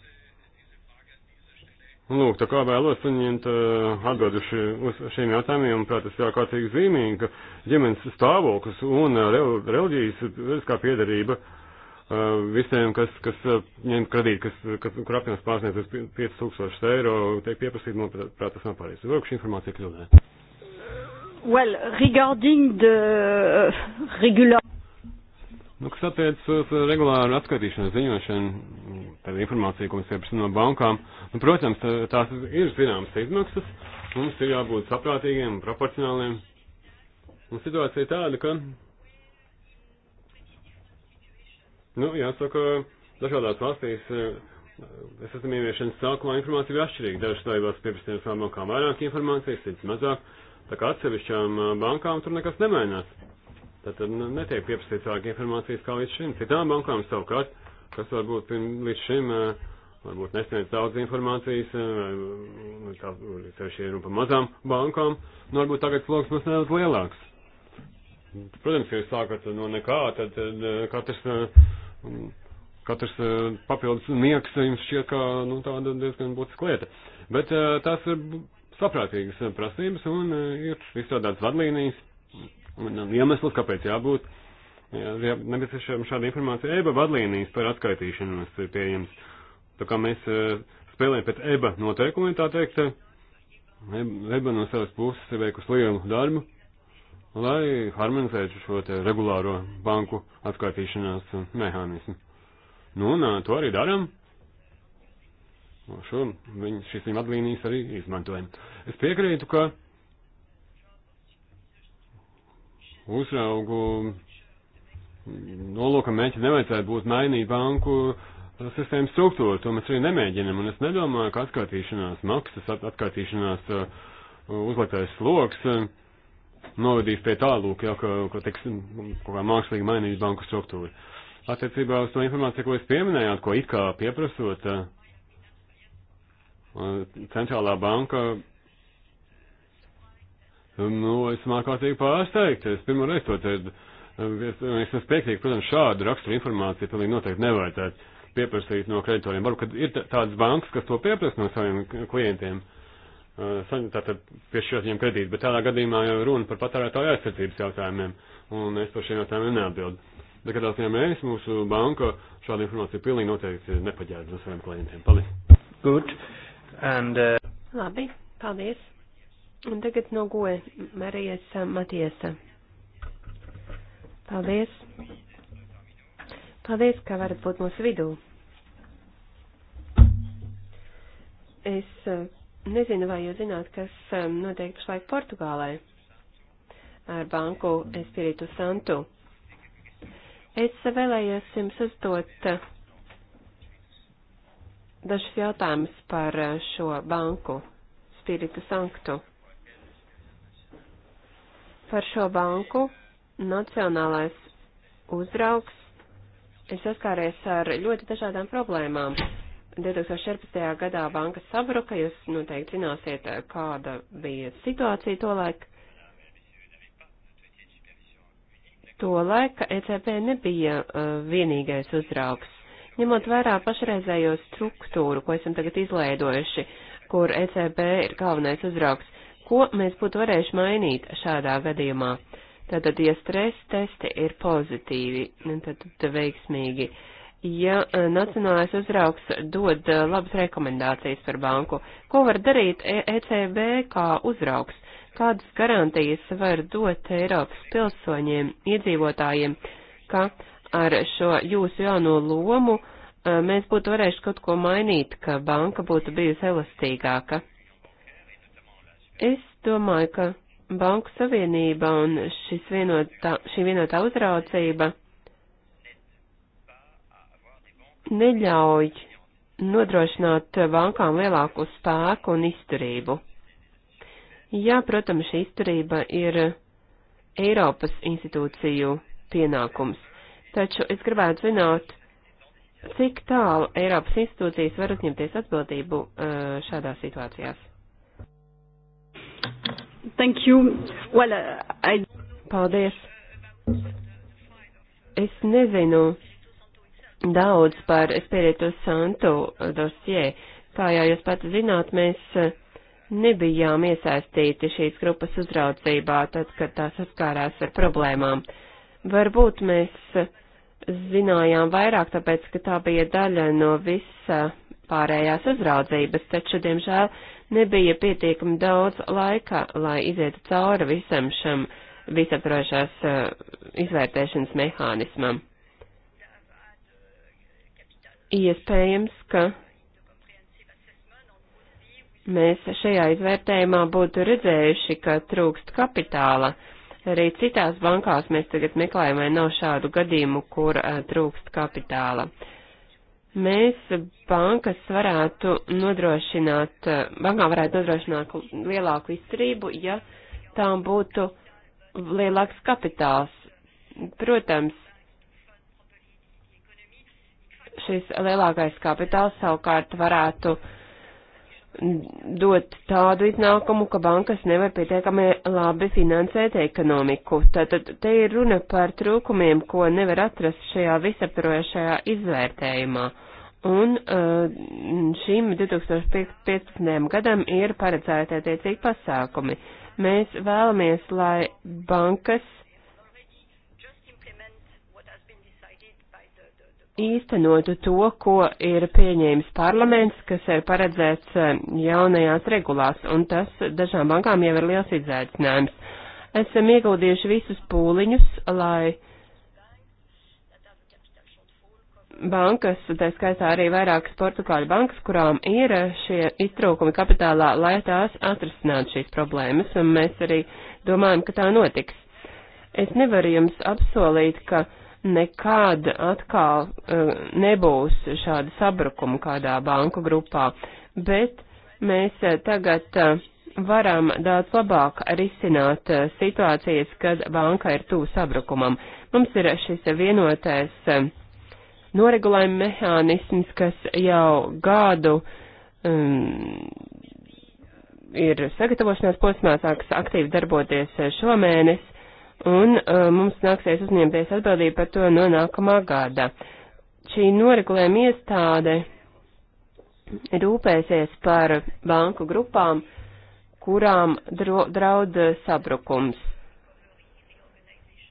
Lūk, tā kā vēlos saņemt uh, atbildi ši, uz šiem jautājumiem, manuprāt, tas ir ārkārtīgi zīmīgi, ka ģimenes stāvoklis un uh, reliģijas reliģiskā piedarība uh, visiem, kas, kas uh, ņem kredīt, kas, kas, kur apjoms pārsniedz 5000 eiro, tiek pieprasīt, manuprāt, tas nav pareizi. Varbūt šī informācija kļūdē. Well, regarding the uh, regular. Nu, kas attiecas uz uh, regulāru atskaitīšanu, ziņošanu, tad informāciju, ko mēs ieprasām no bankām, nu, protams, tās ir zināmas izmaksas, mums ir jābūt saprātīgiem, proporcionāliem. Un situācija ir tāda, ka, nu, jāsaka, dažādās valstīs es uh, esmu ieviešanas sākumā informācija bija atšķirīga. Dažas stāvībās pieprasījums no bankām vairāk informācijas, cits mazāk. Uh, Tā kā atsevišķām bankām tur nekas nemainās. Tātad netiek pieprasīts vairāk informācijas kā līdz šim. Citām bankām savukārt, kas varbūt līdz šim varbūt nesniedz daudz informācijas, sevišķi runa par mazām bankām, nu varbūt tagad sloks mums nedaudz lielāks. Protams, ja jūs sākat no nekā, tad katrs, katrs papildus nieks jums šķiet kā nu, tāda diezgan būtiska lieta. Bet tas ir saprātīgas eh, prasības un eh, ir izstrādāts vadlīnijas un eh, iemesls, kāpēc jābūt. Jā, nepieciešama šāda informācija. EBA vadlīnijas par atskaitīšanos ir pieejams. Tā kā mēs spēlējam pēc EBA noteikumiem, tā teikt, EBA e e no savas puses ir veikusi lielu darbu, lai harmonizētu šo te regulāro banku atskaitīšanās mehānismu. Nu, un to arī darām šo, viņ, šīs viņa atlīnijas arī izmantojam. Es piekrītu, ka uzraugu nolūka mēķi nevajadzētu būt mainīt banku sistēmas struktūru, to mēs arī nemēģinam, un es nedomāju, ka atskaitīšanās maksas, atskaitīšanās uh, uzliktais sloks uh, novadīs pie tā, lūk, jau, ka, ka teiksim, kaut kā mākslīgi mainīs banku struktūru. Attiecībā uz to informāciju, ko jūs pieminējāt, ko it kā pieprasot, uh, centrālā banka, nu, es mākātīgi pārsteigt, es pirmo reizi to dzirdu. Es esmu spēcīgi, protams, šādu raksturu informāciju pilnīgi noteikti nevajadzētu pieprasīt no kreditoriem. Varbūt, kad ir tādas bankas, kas to pieprasa no saviem klientiem, uh, tātad piešķirot viņiem kredītu, bet tādā gadījumā jau runa par patērētāju aizsardzības jautājumiem, un es par šiem jautājumiem neatbildu. Bet kādās ziņā mēs, mūsu banka, šādu informāciju pilnīgi noteikti nepaģēda no saviem klientiem. Paldies! Good. And, uh... Labi, paldies. Un tagad no goja Marijas Matiesa. Paldies. Paldies, ka varat būt mūsu vidū. Es uh, nezinu, vai jūs zināt, kas um, notiek pašlaik Portugālē ar banku Espiritu Santu. Es vēlējos jums uzdot uh, dažus jautājumus par eh, šo banku, Spiritu Sanktu. Par šo banku nacionālais uzraugs ir saskāries ar ļoti dažādām problēmām. 2014. gadā banka sabruka, jūs noteikti zināsiet, eh, kāda bija situācija tolaik. Tolaik ECB nebija uh, vienīgais uzraugs Ņemot vērā pašreizējo struktūru, ko esam tagad izlaidojuši, kur ECB ir galvenais uzraugs, ko mēs būtu varējuši mainīt šādā gadījumā? Tātad, ja stresa testi ir pozitīvi, nu, tad, tad veiksmīgi. Ja eh, nacionālais uzraugs dod eh, labas rekomendācijas par banku, ko var darīt ECB e kā uzraugs? Kādas garantijas var dot Eiropas pilsoņiem, iedzīvotājiem, ka uh, ar šo jūsu jauno lomu mēs būtu varējuši kaut ko mainīt, ka banka būtu bijusi elastīgāka. Es domāju, ka Banku Savienība un vienotā, šī vienotā uzraucība neļauj nodrošināt bankām lielāku spēku un izturību. Jā, protams, šī izturība ir Eiropas institūciju pienākums taču es gribētu zināt, cik tālu Eiropas institūcijas var uzņemties atbildību eh, šādās situācijās. Thank you. Well, uh, I... Paldies. Es nezinu daudz par Espirito Santu dosie. Kā jau jūs pat zināt, mēs eh, nebijām iesaistīti šīs grupas uzraudzībā, tad, kad tās saskārās ar problēmām. Varbūt mēs eh, zinājām vairāk, tāpēc, ka tā bija daļa no visa pārējās uzraudzības, taču, diemžēl, nebija pietiekami daudz laika, lai izietu cauri visam šam visaptrošās uh, eh, izvērtēšanas mehānismam. Iespējams, ka mēs šajā izvērtējumā būtu redzējuši, ka trūkst kapitāla. Uh, Arī citās bankās mēs tagad meklējam, vai nav šādu gadījumu, kur uh, trūkst kapitāla. Mēs bankas varētu nodrošināt, eh, bankām varētu nodrošināt lielāku izturību, ja tām būtu lielāks kapitāls. Protams, šis lielākais kapitāls savukārt varētu uh, dot tādu iznākumu, ka bankas nevar pietiekami labi finansēt ekonomiku. Tātad te ir runa par trūkumiem, ko nevar atrast šajā visaptrojošajā izvērtējumā. Un uh, šim 2015. gadam ir paredzēti attiecīgi pasākumi. Mēs vēlamies, lai bankas īstenotu to, ko ir pieņēmis parlaments, kas ir paredzēts eh, jaunajās regulās, un tas dažām bankām jau ir liels izaicinājums. Esam ieguldījuši visus pūliņus, lai bankas, tā skaitā arī vairākas portugāļu bankas, kurām ir eh, šie iztrūkumi kapitālā, lai tās atrastinātu šīs problēmas, un mēs arī domājam, ka tā notiks. Es nevaru jums apsolīt, ka uh, nekad atkal uh, nebūs šāda sabrukuma kādā banku grupā, bet mēs uh, tagad uh, varam daudz labāk risināt uh, situācijas, kad banka ir tuvu sabrukumam. Mums ir šis vienotais uh, noregulējuma mehānisms, kas jau gadu um, ir sagatavošanās posmā, sāks aktīvi darboties šomēnes un uh, mums nāksies uzņemties atbildību par to no nākamā gada. Šī noregulējuma iestāde rūpēsies par banku grupām, kurām dro, draud uh, sabrukums.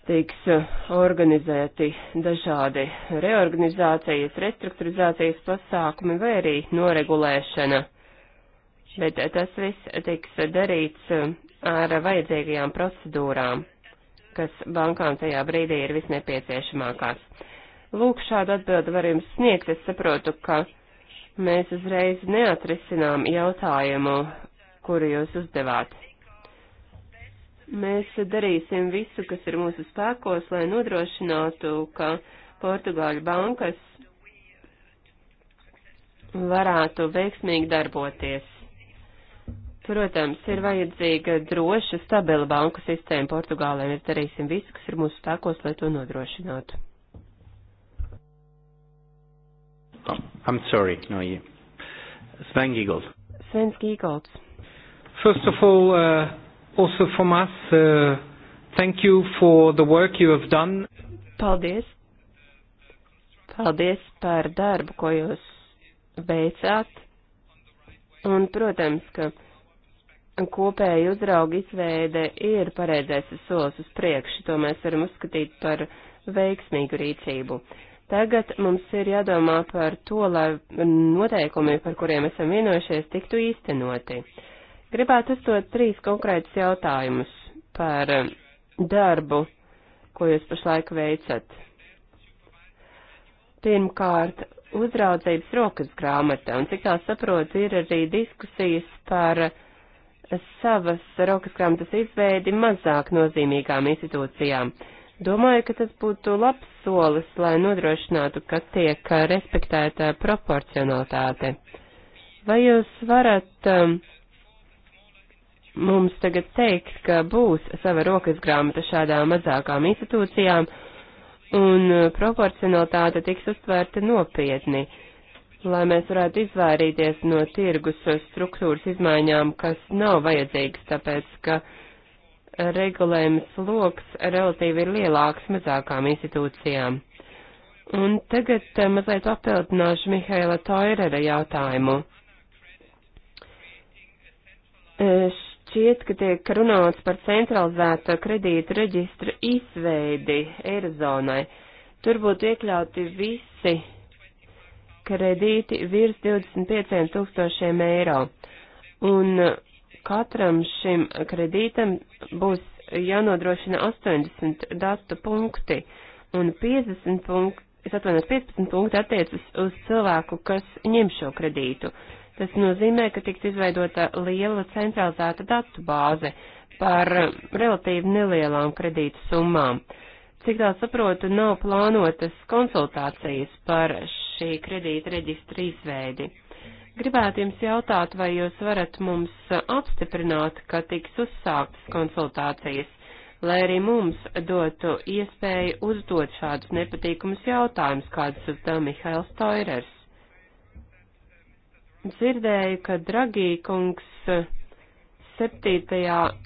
Tiks uh, organizēti dažādi reorganizācijas, restruktūrizācijas pasākumi vai arī noregulēšana. Bet uh, tas viss tiks darīts ar vajadzīgajām procedūrām kas bankām tajā brīdī ir visnepieciešamākās. Lūk, šādu atbildi var jums sniegt. Es saprotu, ka mēs uzreiz neatrisinām jautājumu, kuru jūs uzdevāt. Mēs darīsim visu, kas ir mūsu spēkos, lai nodrošinātu, ka Portugāļu bankas varētu veiksmīgi darboties Protams, ir vajadzīga droša, stabila banku sistēma Portugālē, un mēs darīsim visu, kas ir mūsu spēkos, lai to nodrošinātu. Oh, I'm sorry, no you. Sven Giegold. Sven Giegold. First of all, uh, also from us, uh, thank you for the work you have done. Paldies. Paldies par darbu, ko jūs veicāt. Un, protams, ka kopēja uzrauga izveide ir pareizais solis uz priekšu, to mēs varam uzskatīt par veiksmīgu rīcību. Tagad mums ir jādomā par to, lai noteikumi, par kuriem esam vienojušies, tiktu īstenoti. Gribētu uzdot trīs konkrētus jautājumus par eh, darbu, ko jūs pašlaik veicat. Pirmkārt, uzraudzības rokas grāmata, un cik tā saprotu, ir arī diskusijas par uh, savas rokas grāmatas izveidi mazāk nozīmīgām institūcijām. Domāju, ka tas būtu labs solis, lai nodrošinātu, ka tiek respektēta proporcionalitāte. Vai jūs varat um, mums tagad teikt, ka būs sava rokas grāmata šādām mazākām institūcijām un uh, proporcionalitāte tiks uztvērta nopietni? Uh, lai mēs varētu izvairīties no tirgus struktūras izmaiņām, kas nav vajadzīgas, tāpēc, ka regulējums loks relatīvi ir lielāks mazākām institūcijām. Un tagad eh, mazliet papildināšu Mihaila Toirera jautājumu. Eh, šķiet, ka tiek runāts par centralizēta kredīta reģistra izveidi Eirozonai. Tur būtu iekļauti visi kredīti virs 25 tūkstošiem eiro. Un katram šim kredītam būs jānodrošina 80 datu punkti, un 50 punkti, es atvainojos, 15 punkti attiecas uz cilvēku, kas ņem šo kredītu. Tas nozīmē, ka tiks izveidota liela centralizēta datu bāze par relatīvi nelielām kredītu summām. Cik tā saprotu, nav plānotas konsultācijas par šī kredīta reģistra izveidi. Gribētu jums jautāt, vai jūs varat mums apstiprināt, ka tiks uzsāktas konsultācijas, lai arī mums dotu iespēju uzdot šādus nepatīkumus jautājumus, kādus uzdeva Mihails Toirers. Dzirdēju, ka Dragī kungs 7.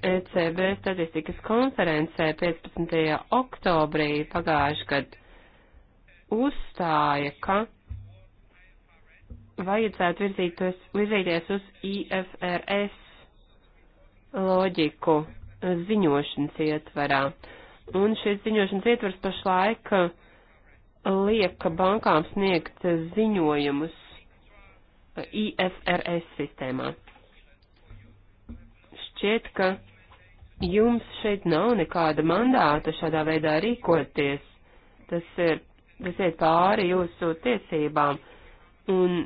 ECB statistikas konferencē 15. oktobrī pagājuši gadu uzstāja, ka vajadzētu virzīties, virzīties uz IFRS loģiku ziņošanas ietverā. Un šis ziņošanas ietvers pašlaik liek bankām sniegt ziņojumus IFRS sistēmā. Šķiet, ka jums šeit nav nekāda mandāta šādā veidā rīkoties. Tas ir, tas iet pāri jūsu tiesībām. Un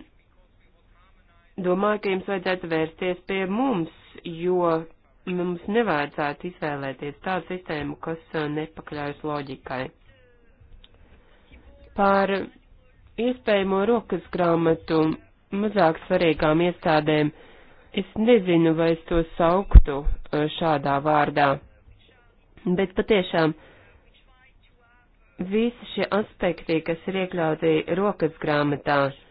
domāju, ka jums vajadzētu vērsties pie mums, jo mums nevajadzētu izvēlēties tādu sistēmu, kas uh, nepakļaujas loģikai. Par iespējamo rokas grāmatu mazāk svarīgām iestādēm es nezinu, vai es to sauktu uh, šādā vārdā, bet patiešām visi šie aspekti, kas ir iekļauti rokas grāmatās,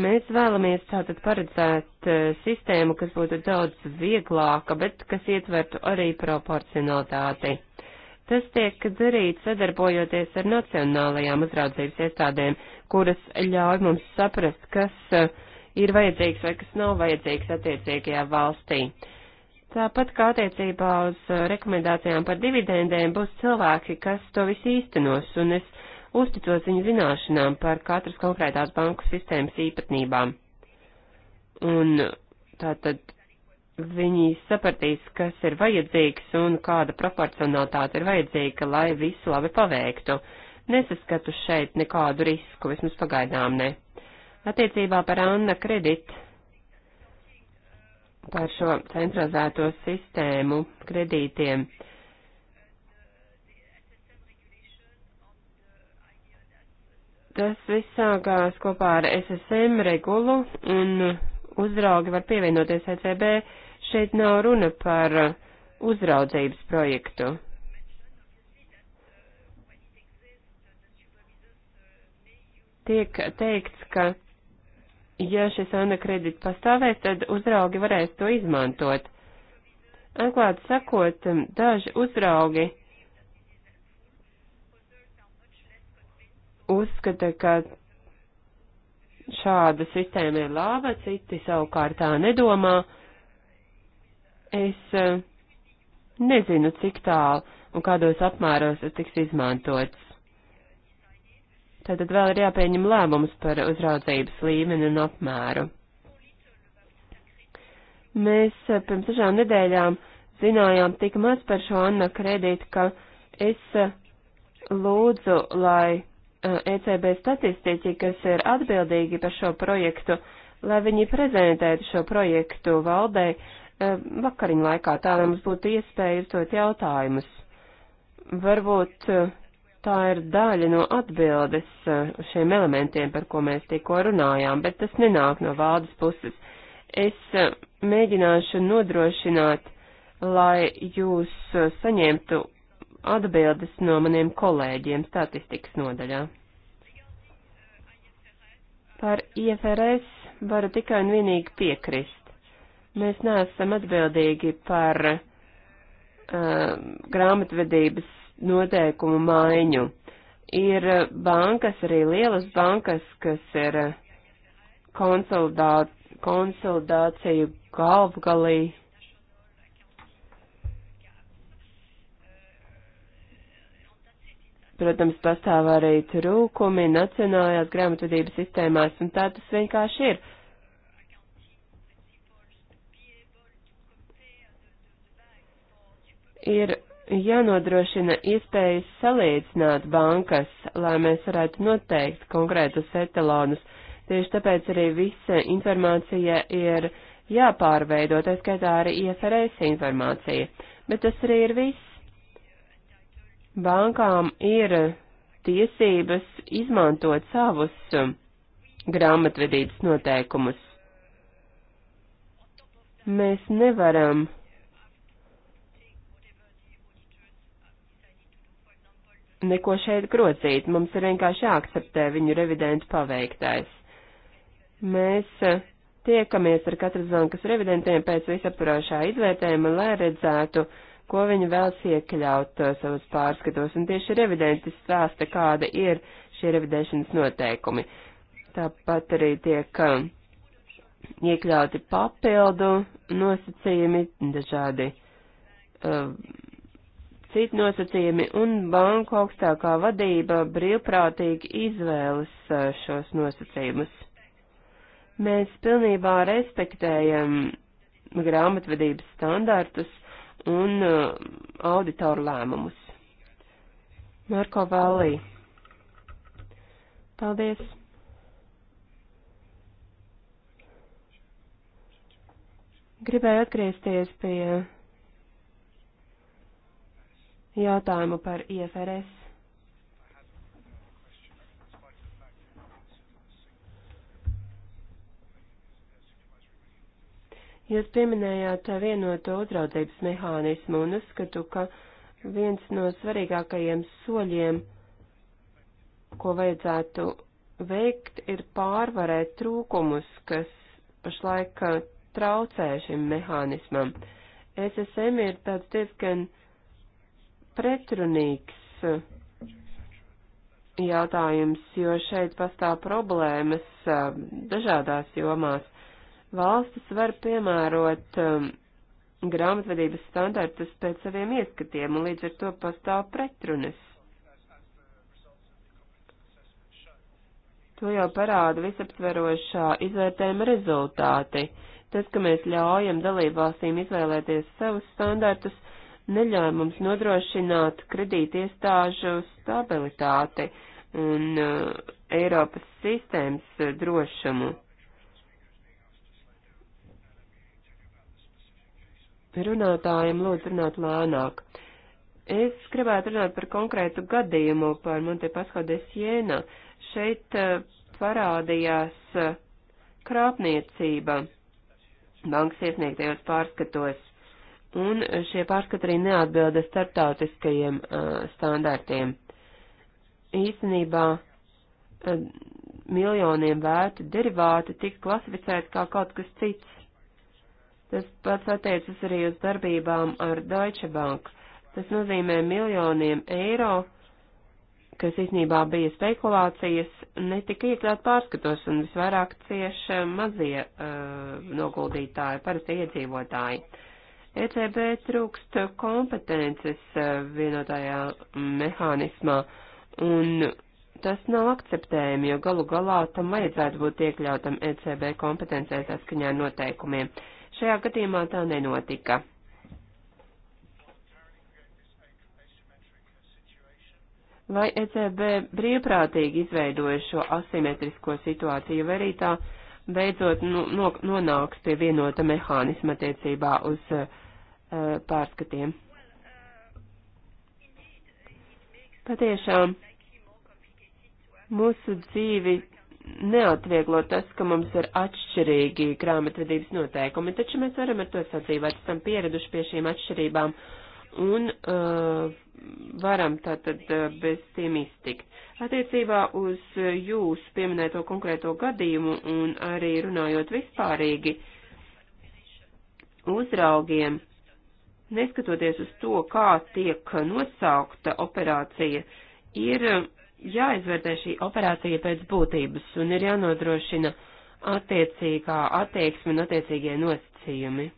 Mēs vēlamies tātad paredzēt e, sistēmu, kas būtu daudz vieglāka, bet kas ietvertu arī proporcionalitāti. Tas tiek darīts sadarbojoties ar nacionālajām uzraudzības iestādēm, kuras ļauj mums saprast, kas e, ir vajadzīgs vai kas nav vajadzīgs attiecīgajā valstī. Tāpat kā attiecībā uz e, rekomendācijām par dividendēm būs cilvēki, kas to visu īstenos, un es uzticos viņu zināšanām par katras konkrētās banku sistēmas īpatnībām. Un tātad viņi sapratīs, kas ir vajadzīgs un kāda proporcionalitāte ir vajadzīga, lai visu labi paveiktu. Nesaskatu šeit nekādu risku, vismaz pagaidām ne. Attiecībā par Anna kredit, par šo centralizēto sistēmu kredītiem. Uh, Tas viss sākās kopā ar SSM regulu un uzraugi var pievienoties ECB. Šeit nav runa par uzraudzības projektu. Tiek teikts, ka ja šis ANA kredīts pastāvēs, tad uzraugi varēs to izmantot. Atklāti sakot, daži uzraugi uzskata, ka šāda sistēma ir laba, citi savukārt tā nedomā. Es eh, nezinu, cik tālu un kādos apmēros tas tiks izmantots. Tātad vēl ir jāpieņem lēmums par uzraudzības līmeni un apmēru. Mēs eh, pirms dažām nedēļām zinājām tik maz par šo Anna kredītu, ka es eh, lūdzu, lai Uh, ECB statistiķi, kas ir atbildīgi par šo projektu, lai viņi prezentētu šo projektu valdei uh, vakariņu laikā, tā lai mums būtu iespēja uzdot jautājumus. Varbūt uh, tā ir daļa no atbildes uz šiem elementiem, par ko mēs tikko runājām, bet tas nenāk no valdes puses. Es mēģināšu nodrošināt, lai jūs saņemtu atbildes no maniem kolēģiem statistikas nodaļā. Par IFRS varu tikai un vienīgi piekrist. Mēs neesam atbildīgi par uh, grāmatvedības noteikumu maiņu. Ir bankas, arī lielas bankas, kas ir konsolidāciju galvgalī Protams, pastāv arī trūkumi nacionālajās grāmatvedības sistēmās, un tā tas vienkārši ir. Ir jānodrošina iespējas salīdzināt bankas, lai mēs varētu noteikt konkrētus etalonus. Tieši tāpēc arī visa informācija ir jāpārveido, tā skaitā arī IFRS informācija. Bet tas arī ir viss bankām ir tiesības izmantot savus um, grāmatvedības noteikumus. Mēs nevaram neko šeit grozīt, mums ir vienkārši jāakceptē viņu revidentu paveiktais. Mēs uh, tiekamies ar katras bankas revidentiem pēc visaptvarošā izvērtējuma, lai redzētu, uh, ko viņi vēlas iekļaut uh, savos pārskatos, un tieši revidenti stāsta, kāda ir šie revidēšanas noteikumi. Tāpat arī tiek um, iekļauti papildu nosacījumi, dažādi uh, citi nosacījumi, un banku augstākā vadība brīvprātīgi izvēlas uh, šos nosacījumus. Mēs pilnībā respektējam grāmatvedības standartus, un uh, auditoru lēmumus. Marko Vallī. Paldies! Gribēju atgriezties pie jautājumu par IFRS Jūs pieminējāt vienoto uzraudzības mehānismu un uzskatu, ka viens no svarīgākajiem soļiem, ko vajadzētu veikt, ir pārvarēt trūkumus, kas pašlaik uh, traucē šim mehānismam. SSM ir tāds diezgan pretrunīgs uh, jautājums, jo šeit pastāv problēmas uh, dažādās jomās. Valstis var piemērot um, grāmatvedības standartus pēc saviem ieskatiem, un līdz ar to pastāv pretrunas. To jau parāda visaptverošā izvērtējuma rezultāti. Tas, ka mēs ļaujam dalībvalstīm izvēlēties savus standartus, neļauj mums nodrošināt kredīti iestāžu stabilitāti un uh, Eiropas sistēmas drošumu. Uh, runātājiem lūdzu runāt lēnāk. Es gribētu runāt par konkrētu gadījumu, par Monte Pasco de Siena. Šeit eh, parādījās eh, krāpniecība bankas iesniegtajos pārskatos, un šie pārskati arī neatbilda starptautiskajiem uh, standartiem. Īstenībā uh, miljoniem vērti derivāti tika klasificēti kā kaut kas cits. Tas pats attiecas arī uz darbībām ar Deutsche Bank. Tas nozīmē miljoniem eiro, kas īsnībā bija spekulācijas, netika iekļaut pārskatos un visvairāk cieši mazie uh, noguldītāji, parasti iedzīvotāji. ECB trūkst kompetences uh, vienotajā mehānismā un tas nav akceptējami, jo galu galā tam vajadzētu būt iekļautam ECB kompetencē saskaņā ar noteikumiem. Uh, Šajā gadījumā tā nenotika. Vai ECB brīvprātīgi izveidoja šo asimetrisko situāciju, vai arī tā beidzot nu, no, nonāks pie vienota mehānisma attiecībā uz uh, pārskatiem? Patiešām mūsu dzīvi neatvieglo tas, ka mums ir atšķirīgi grāmatvedības noteikumi, taču mēs varam ar to sadzīvot, esam pieraduši pie šīm atšķirībām un uh, varam tātad uh, bez tiem iztikt. Attiecībā uz jūsu pieminēto konkrēto gadījumu un arī runājot vispārīgi uzraugiem, neskatoties uz to, kā tiek nosaukta operācija, ir uh, jāizvērtē šī operācija pēc būtības un ir jānodrošina attiecīgā attieksme un attiecīgie nosacījumi.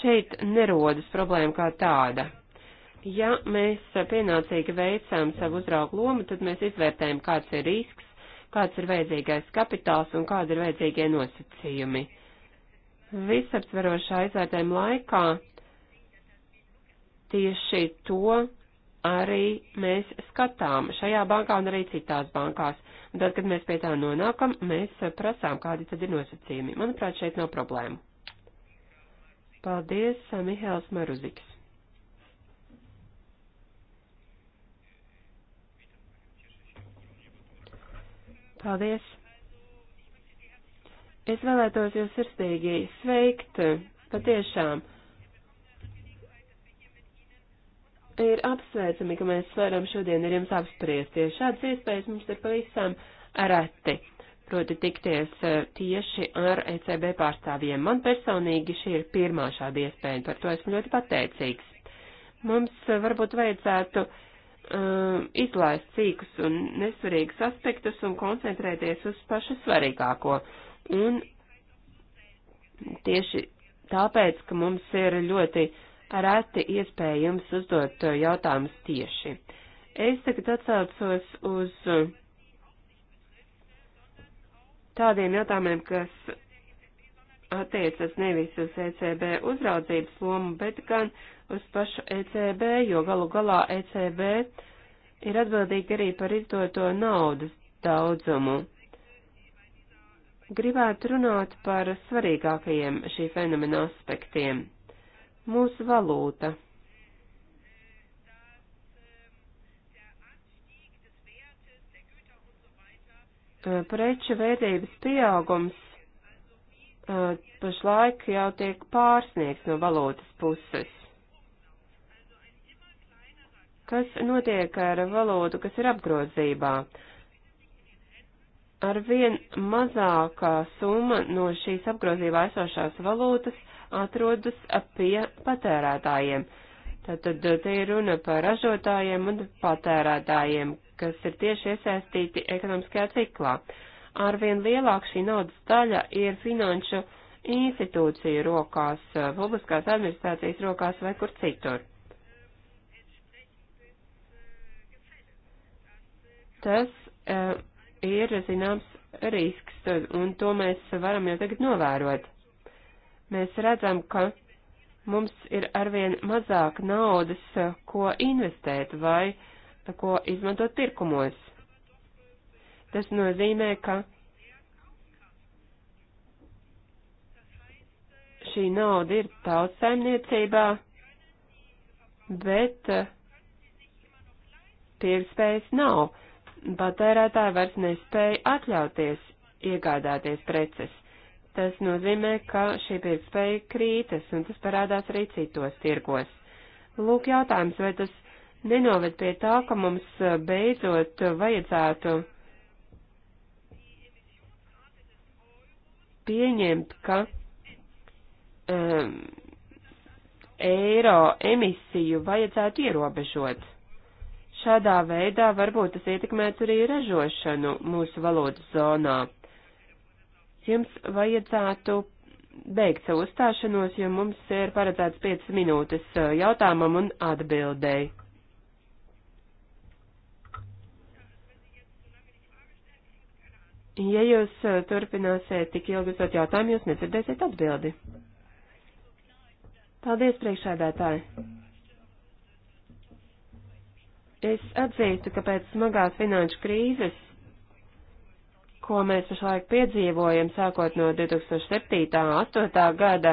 Šeit nerodas problēma kā tāda. Ja mēs pienācīgi veicam savu uzraugu lomu, tad mēs izvērtējam, kāds ir risks, kāds ir vajadzīgais kapitāls un kādi ir vajadzīgie nosacījumi. Visaptverošā izvērtējuma laikā tieši to arī mēs skatām šajā bankā un arī citās bankās. Un tad, kad mēs pie tā nonākam, mēs prasām, kādi tad ir nosacījumi. Manuprāt, šeit nav problēmu. Paldies, Mihēls Maruziks. Paldies! Es vēlētos jūs sirsnīgi sveikt, patiešām. Ir apsveicami, ka mēs varam šodien ar jums apspriesties. Šādas iespējas mums ir pavisam reti, proti tikties e, tieši ar ECB pārstāvjiem. Man personīgi šī ir pirmā šāda iespēja, par to esmu ļoti pateicīgs. Mums e, varbūt vajadzētu um, izlaist cīkus un nesvarīgus aspektus un koncentrēties uz pašu svarīgāko. Un tieši tāpēc, ka mums ir ļoti reti iespēja jums uzdot eh, jautājumus tieši. Es tagad atsaucos uz eh, tādiem jautājumiem, kas attiecas nevis uz ECB uzraudzības lomu, bet gan uz pašu ECB, jo galu galā ECB ir atbildīgi arī par izdoto naudas daudzumu. Gribētu runāt par svarīgākajiem šī fenomena aspektiem mūsu valūta. Preču vērtības pieaugums pašlaik jau tiek pārsniegts no valūtas puses. Kas notiek ar valūtu, kas ir apgrozībā? Arvien mazākā summa no šīs apgrozībā esošās valūtas atrodas pie patērētājiem. Tātad eh, te ir runa par ražotājiem un patērētājiem, kas ir tieši iesaistīti ekonomiskajā ciklā. Arvien lielāk šī naudas daļa ir finanšu institūciju rokās, eh, publiskās administrācijas rokās vai kur citur. Tas uh, ir zināms risks, un to mēs varam jau tagad novērot mēs redzam, ka mums ir arvien mazāk naudas, ko investēt vai ko izmantot pirkumos. Tas nozīmē, ka šī nauda ir tautsaimniecībā, bet eh, tirgspējas nav. Patērētāji vairs nespēja atļauties iegādāties preces tas nozīmē, ka šī pirktspēja krītas, un tas parādās arī citos tirgos. Lūk jautājums, vai tas nenoved pie tā, ka mums eh, beidzot vajadzētu pieņemt, ka um, eiro emisiju vajadzētu ierobežot. Šādā veidā varbūt tas ietekmētu arī ražošanu mūsu valodas zonā. Jums vajadzētu beigt savu uzstāšanos, jo mums ir paredzēts 5 minūtes uh, jautājumam un atbildēji. Ja jūs uh, turpināsiet tik ilgi uzdot jautājumu, jūs nedzirdēsiet atbildi. Paldies, priekšādātāji! Es atzīstu, ka pēc smagās finanšu krīzes ko mēs pašlaik piedzīvojam, sākot no 2007. un 2008. gada,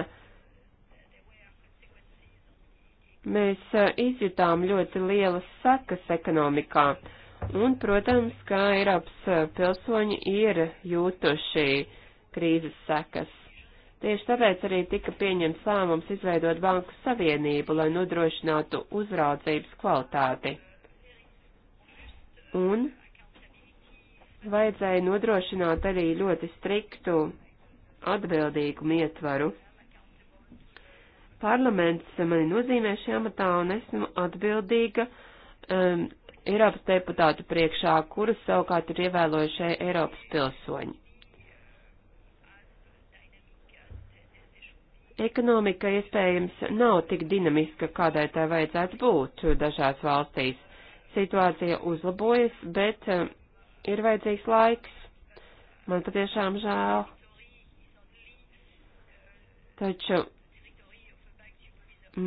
mēs eh, izjutām ļoti lielas sekas ekonomikā. Un, protams, kā Eiropas eh, pilsoņi ir jūtuši krīzes sekas. Tieši tāpēc arī tika pieņemts lēmums izveidot Banku Savienību, lai nodrošinātu uzraudzības kvalitāti. Un vajadzēja nodrošināt arī ļoti striktu atbildīgumu ietvaru. Parlaments mani nozīmē šajā matā un esmu atbildīga um, Eiropas deputātu priekšā, kuras savukārt ir ievēlojušie Eiropas pilsoņi. Ekonomika iespējams nav tik dinamiska, kādai tā vajadzētu būt dažās valstīs. Situācija uzlabojas, bet um, ir vajadzīgs laiks. Man patiešām žēl. Taču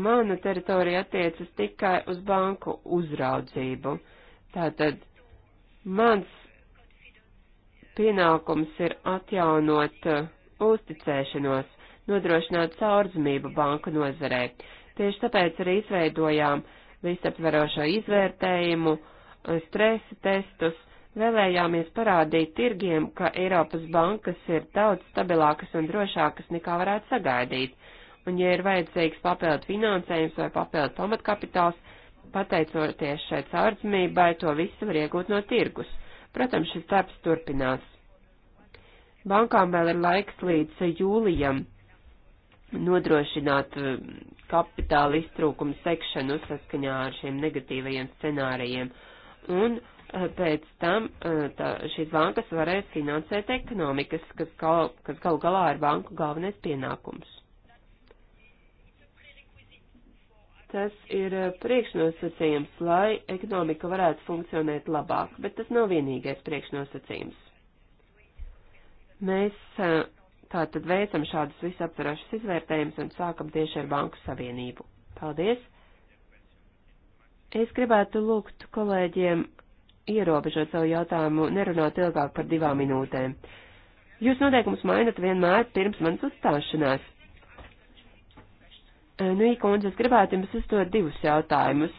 mana teritorija attiecas tikai uz banku uzraudzību. Tātad mans pienākums ir atjaunot uh, uzticēšanos, nodrošināt caurdzamību banku nozarē. Tieši tāpēc arī izveidojām visaptverošo izvērtējumu, uh, stresa testus Vēlējāmies parādīt tirgiem, ka Eiropas bankas ir daudz stabilākas un drošākas nekā varētu sagaidīt, un ja ir vajadzīgs papildu finansējums vai papildu pamatkapitāls, pateicoties šai caurdzmībai, to visu var iegūt no tirgus. Protams, šis darbs turpinās. Bankām vēl ir laiks līdz jūlijam nodrošināt eh, kapitāla iztrūkumu sekšanu saskaņā ar šiem negatīvajiem scenārijiem, un uh, Eh, pēc tam eh, tā, šīs bankas varēs finansēt ekonomikas, kas, gal, kas galu galā ir banku galvenais pienākums. Tas ir eh, priekšnosacījums, lai ekonomika varētu funkcionēt labāk, bet tas nav vienīgais priekšnosacījums. Mēs tā tad veicam šādus visaptvarošus izvērtējumus un sākam tieši ar Banku Savienību. Paldies! Es gribētu lūgt kolēģiem ierobežot savu jautājumu, nerunāt ilgāk par divām minūtēm. Jūs noteikums mainat vienmēr pirms manas uzstāšanās. Eh, nu, īkundze, es gribētu jums uzdot divus jautājumus.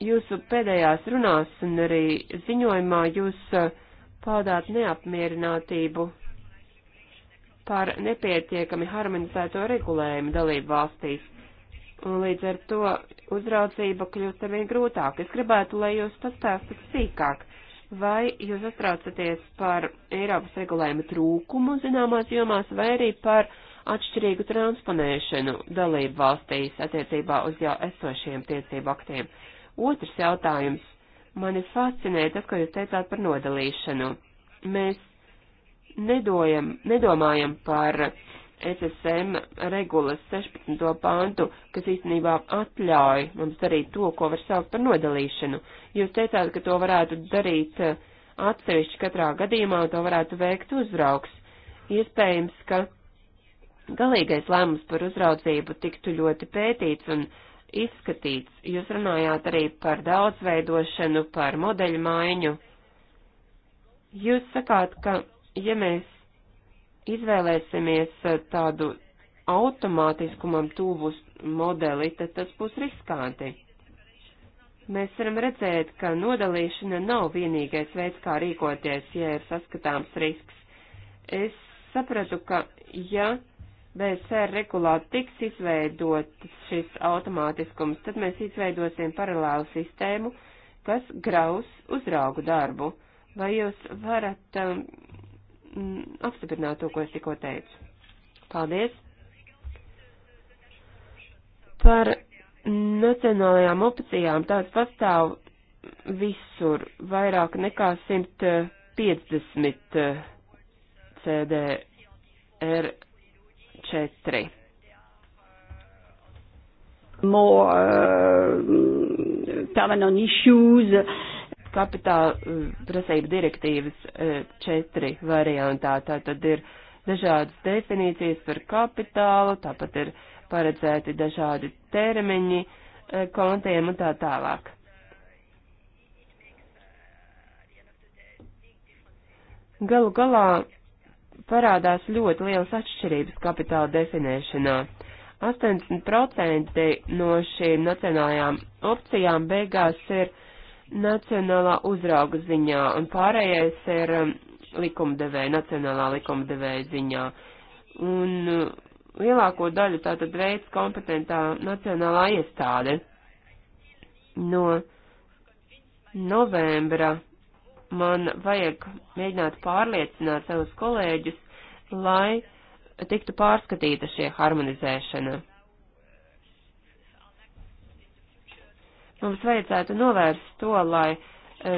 Jūsu pēdējās runās un arī ziņojumā jūs eh, paudāt neapmierinātību par nepietiekami harmonizēto regulējumu dalību valstīs Un līdz ar to uzraudzība kļūst arvien grūtāk. Es gribētu, lai jūs pastāstat sīkāk, vai jūs uztraucaties par Eiropas regulējuma trūkumu zināmās jomās, vai arī par atšķirīgu transponēšanu dalību valstīs attiecībā uz jau esošiem tiesību aktiem. Otrs jautājums. Mani fascinē tas, ko jūs teicāt par nodalīšanu. Mēs nedojam, nedomājam par uh, SSM regulas 16. pantu, kas īstenībā atļauj mums darīt to, ko var saukt par nodalīšanu. Jūs teicāt, ka to varētu darīt eh, atsevišķi katrā gadījumā, un to varētu veikt uzrauks. Iespējams, ka galīgais lēmums par uzraudzību tiktu ļoti pētīts un izskatīts. Jūs runājāt arī par daudzveidošanu, par modeļu maiņu. Jūs sakāt, ka, ja mēs izvēlēsimies eh, tādu automātiskumam tūvus modeli, tad tas būs riskanti. Mēs varam redzēt, ka nodalīšana nav vienīgais veids, kā rīkoties, ja ir saskatāms risks. Es sapratu, ka ja BSR regulāri tiks izveidots šis automātiskums, tad mēs izveidosim paralēlu sistēmu, kas graus uzraugu darbu. Vai jūs varat um, mm, apstiprināt to, ko es tikko teicu. Paldies! Par nacionālajām opcijām tāds pastāv visur vairāk nekā 150 eh, CDR4. More uh, permanent issues. Uh, kapitāla eh, prasība direktīvas eh, četri variantā. Tātad ir dažādas definīcijas par kapitālu, tāpat ir paredzēti dažādi termiņi eh, kontiem un tā tālāk. Galu galā parādās ļoti liels atšķirības kapitāla definēšanā. 80% no šīm nacionālajām opcijām beigās ir uh, nacionālā uzrauga ziņā, un pārējais ir um, likumdevēja, nacionālā likumdevēja ziņā. Un uh, lielāko daļu tātad veids kompetentā nacionālā iestāde. No novembra man vajag mēģināt pārliecināt savus kolēģus, lai tiktu pārskatīta šie harmonizēšana. Mums vajadzētu novērst to, lai e,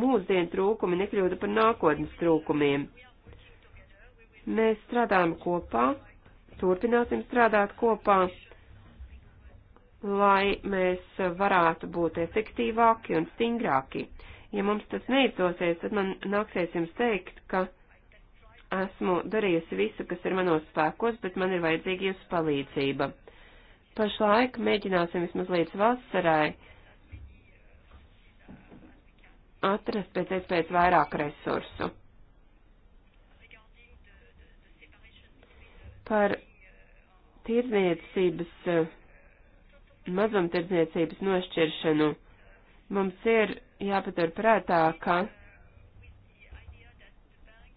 mūsdienu trūkumi nekļūtu par nākotnes trūkumiem. Mēs strādājam kopā, turpināsim strādāt kopā, lai mēs varētu būt efektīvāki un stingrāki. Ja mums tas neizdosies, tad man nāksies jums teikt, ka esmu darījusi visu, kas ir manos spēkos, bet man ir vajadzīga jūsu palīdzība. Pašlaik mēģināsim vismaz līdz vasarai atrast pēc iespējas vairāk resursu. Par tirdzniecības, mazumtirdzniecības nošķiršanu mums ir jāpatur prātā, ka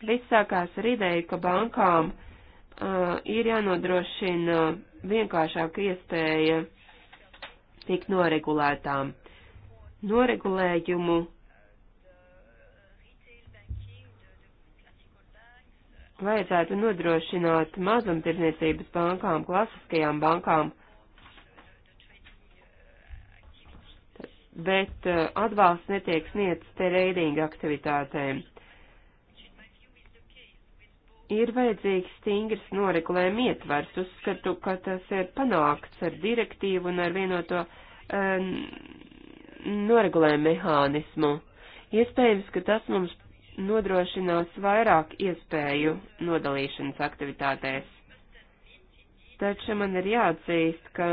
viss sākās ar ideju, ka bankām uh, ir jānodrošina vienkāršāka iespēja tikt noregulētām. Noregulējumu vajadzētu nodrošināt mazumtirdzniecības bankām, klasiskajām bankām, bet eh, atbalsts netiek sniegts te reidinga aktivitātēm ir vajadzīgs stingrs noregulējuma ietvars. Uzskatu, ka tas ir panākts ar direktīvu un ar vienoto um, noregulējuma mehānismu. Iespējams, ka tas mums nodrošinās vairāk iespēju nodalīšanas aktivitātēs. Taču man ir jāatzīst, ka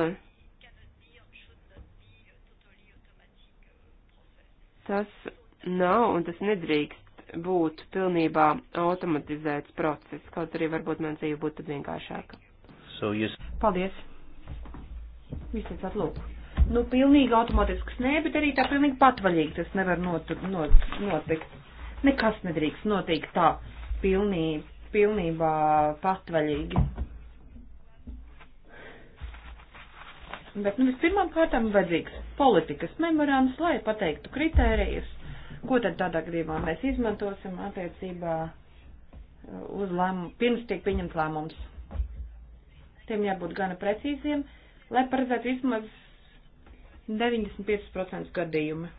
tas nav un tas nedrīkst būt pilnībā automatizēts process, kaut arī varbūt man dzīve būtu vienkāršāka. So you... Paldies! Viss atlūk. Nu, pilnīgi automātisks nē, bet arī tā pilnīgi patvaļīgi tas nevar not, not, notikt. Nekas nedrīkst notikt tā pilnī, pilnībā patvaļīgi. Bet, nu, vispirmām kārtām vajadzīgs politikas memorands, lai pateiktu kritērijas, Ko tad tādā gadījumā mēs izmantosim attiecībā uh, uz lēmumu, pirms tiek pieņemts lēmums? Tiem jābūt gana precīziem, lai paredzētu vismaz 95% gadījumi.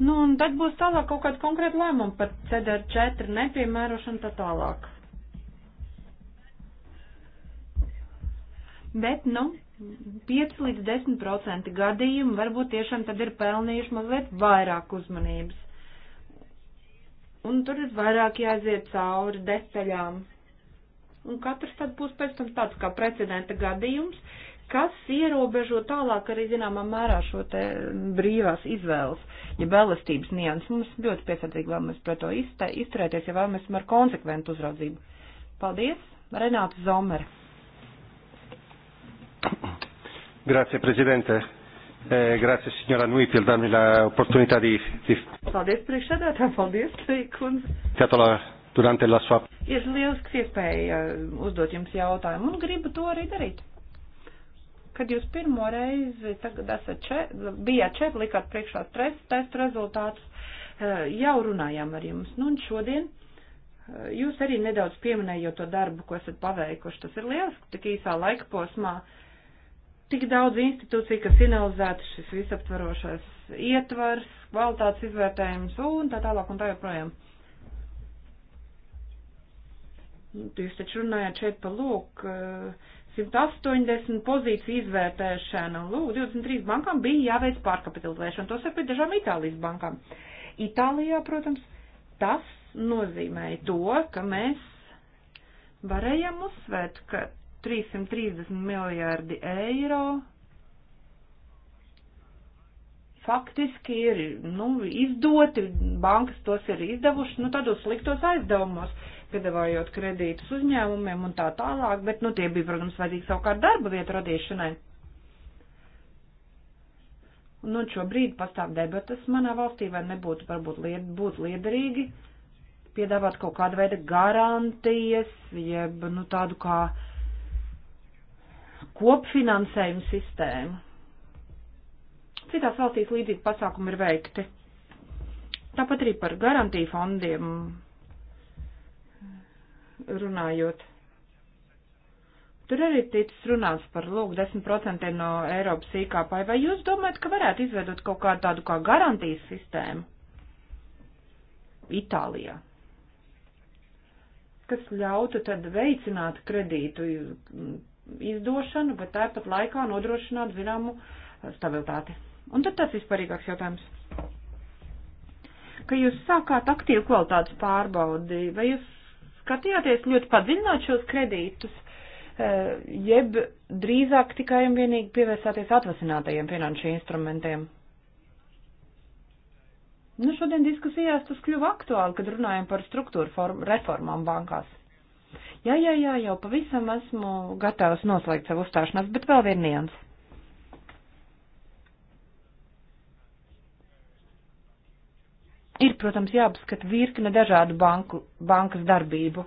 Nu, un tad būs tālāk kaut kāda konkrēta lēmuma par CDR4 nepiemērošanu tā tālāk. Bet, nu, 5 līdz 10% gadījumu varbūt tiešām tad ir pelnījuši mazliet vairāk uzmanības. Un tur ir vairāk jāiziet cauri detaļām. Un katrs tad būs pēc tam tāds kā precedenta gadījums, kas ierobežo tālāk arī zināmā mērā šo te brīvās izvēles, ja vēlastības nianses. Mums ļoti piesardzīgi vēlamies pret to izturēties, ja vēlamies ar konsekventu uzraudzību. Paldies, Renāta Zomere! Grazie, prezidente. E, eh, grazie, signora Nui, per darmi l'opportunità di, di... Paldies, priekšsēdētāji, paldies, kundze. Tietola, durante la sua... Ir lieliski iespēja eh, uzdot jums jautājumu un gribu to arī darīt. Kad jūs pirmo reizi tagad esat šeit, bijāt šeit, likāt priekšā stresa testu rezultātus, eh, jau runājām ar jums. Nu, un šodien jūs arī nedaudz pieminējot to darbu, ko esat paveikuši. Tas ir lieliski, tik īsā laika posmā. Uh, tik daudz institūciju, kas finalizēta šis visaptvarošais ietvars, kvalitātes izvērtējums un tā tālāk un tā joprojām. Jūs taču runājat šeit par lūk 180 eh, pozīciju izvērtēšanu. Lūk, 23 bankām bija jāveic pārkapitalizēšana, tos ar pie dažām Itālijas bankām. Itālijā, protams, tas nozīmēja to, ka mēs varējām uzsvērt, ka 330 miljārdi eiro faktiski ir nu, izdoti, bankas tos ir izdevuši nu, tādos sliktos aizdevumos, piedāvājot kredītus uzņēmumiem un tā tālāk, bet nu, tie bija, protams, vajadzīgi savukārt darba vietu radīšanai. Un nu, šobrīd pastāv debatas manā valstī, vai nebūtu varbūt liet, būt liederīgi piedāvāt kaut kādu veidu garantijas, jeb nu, tādu kā uh, kopfinansējuma sistēmu. Citās valstīs līdzīgi pasākumi ir veikti. Tāpat arī par garantiju fondiem runājot. Tur arī ticis runāts par, lūk, 10% no Eiropas IKP. Vai jūs domājat, ka varētu izveidot kaut kādu tādu kā garantijas sistēmu Itālijā, kas ļautu tad veicināt kredītu izdošanu, bet tāpat laikā nodrošināt zināmu eh, stabilitāti. Un tad tas vispārīgāks jautājums. Ka jūs sākāt aktīvu kvalitātes pārbaudi, vai jūs skatījāties ļoti padziļināt šos kredītus, eh, jeb drīzāk tikai un vienīgi pievērsāties atvasinātajiem finanšu instrumentiem? Nu, šodien diskusijās tas kļuva aktuāli, kad runājam par struktūru reformām bankās. Jā, jā, jā, jau pavisam esmu gatavs noslēgt savu uzstāšanās, bet vēl viena nianses. Ir, protams, jāapskata virkne dažādu banku, bankas darbību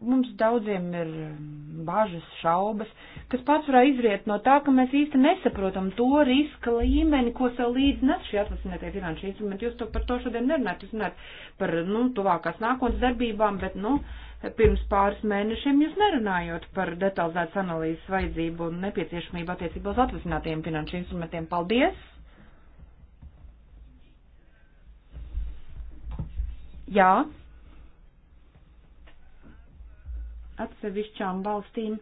mums daudziem ir bažas, šaubas, kas pārsvarā izriet no tā, ka mēs īsti nesaprotam to riska līmeni, ko sev līdz nes šie atvasinātie finanšu instrumenti. Jūs to par to šodien nerunājat, jūs runājat par, nu, tuvākās nākotnes darbībām, bet, nu, pirms pāris mēnešiem jūs nerunājot par detalizētas analīzes vajadzību un nepieciešamību attiecībā uz atvasinātiem finanšu instrumentiem. Paldies! Jā. Ja. atsevišķām valstīm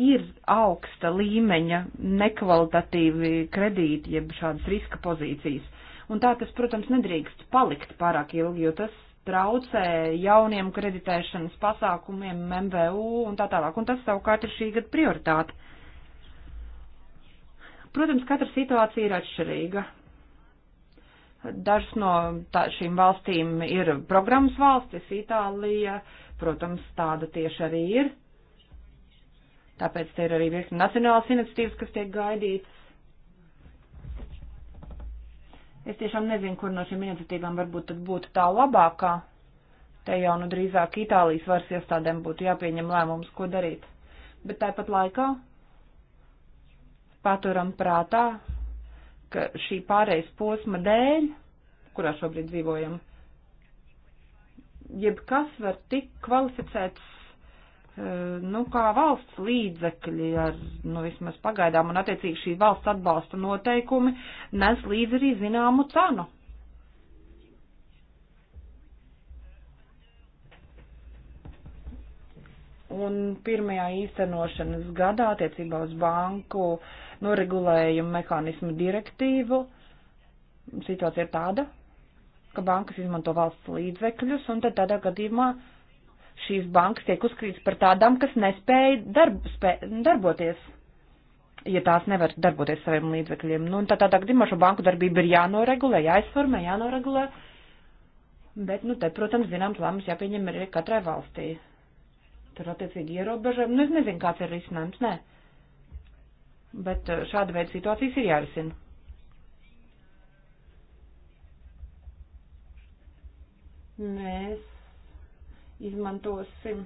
ir augsta līmeņa nekvalitatīvi kredīti, jeb šādas riska pozīcijas. Un tā tas, protams, nedrīkst palikt pārāk ilgi, jo tas traucē jauniem kreditēšanas pasākumiem, MVU un tā tālāk. Un tas savukārt ir šī gada prioritāte. Protams, katra situācija ir atšķirīga. Dažas no tā, šīm valstīm ir programmas valstis - Itālija, Protams, tāda tieši arī ir. Tāpēc te ir arī virkni nacionālas iniciatīvas, kas tiek gaidītas. Es tiešām nezinu, kur no šīm iniciatīvām varbūt tad būtu tā labākā. Te jau nu drīzāk Itālijas varas iestādēm būtu jāpieņem lēmums, ko darīt. Bet tāpat laikā paturam prātā, ka šī pārejas posma dēļ, kurā šobrīd dzīvojam, jebkas var tikt kvalificēts, eh, nu, kā valsts līdzekļi ar, nu, vismaz pagaidām, un attiecīgi šī valsts atbalsta noteikumi nes līdz arī zināmu cenu. Un pirmajā īstenošanas gadā attiecībā uz banku noregulējumu mehānismu direktīvu situācija ir tāda, ka bankas izmanto valsts līdzekļus, un tad tādā gadījumā šīs bankas tiek uzskatītas par tādām, kas nespēja darb, spē, darboties, ja tās nevar darboties saviem līdzekļiem. Nu, un tā tādā gadījumā šo banku darbība ir jānoregulē, jāizformē, jānoregulē. Bet, nu, te, protams, zināms lēmums jāpieņem arī katrai valstī. Tur attiecīgi ierobežojumi. Nu, es nezinu, kāds ir risinājums, nē. Bet eh, šāda veida situācijas ir jārisina. mēs izmantosim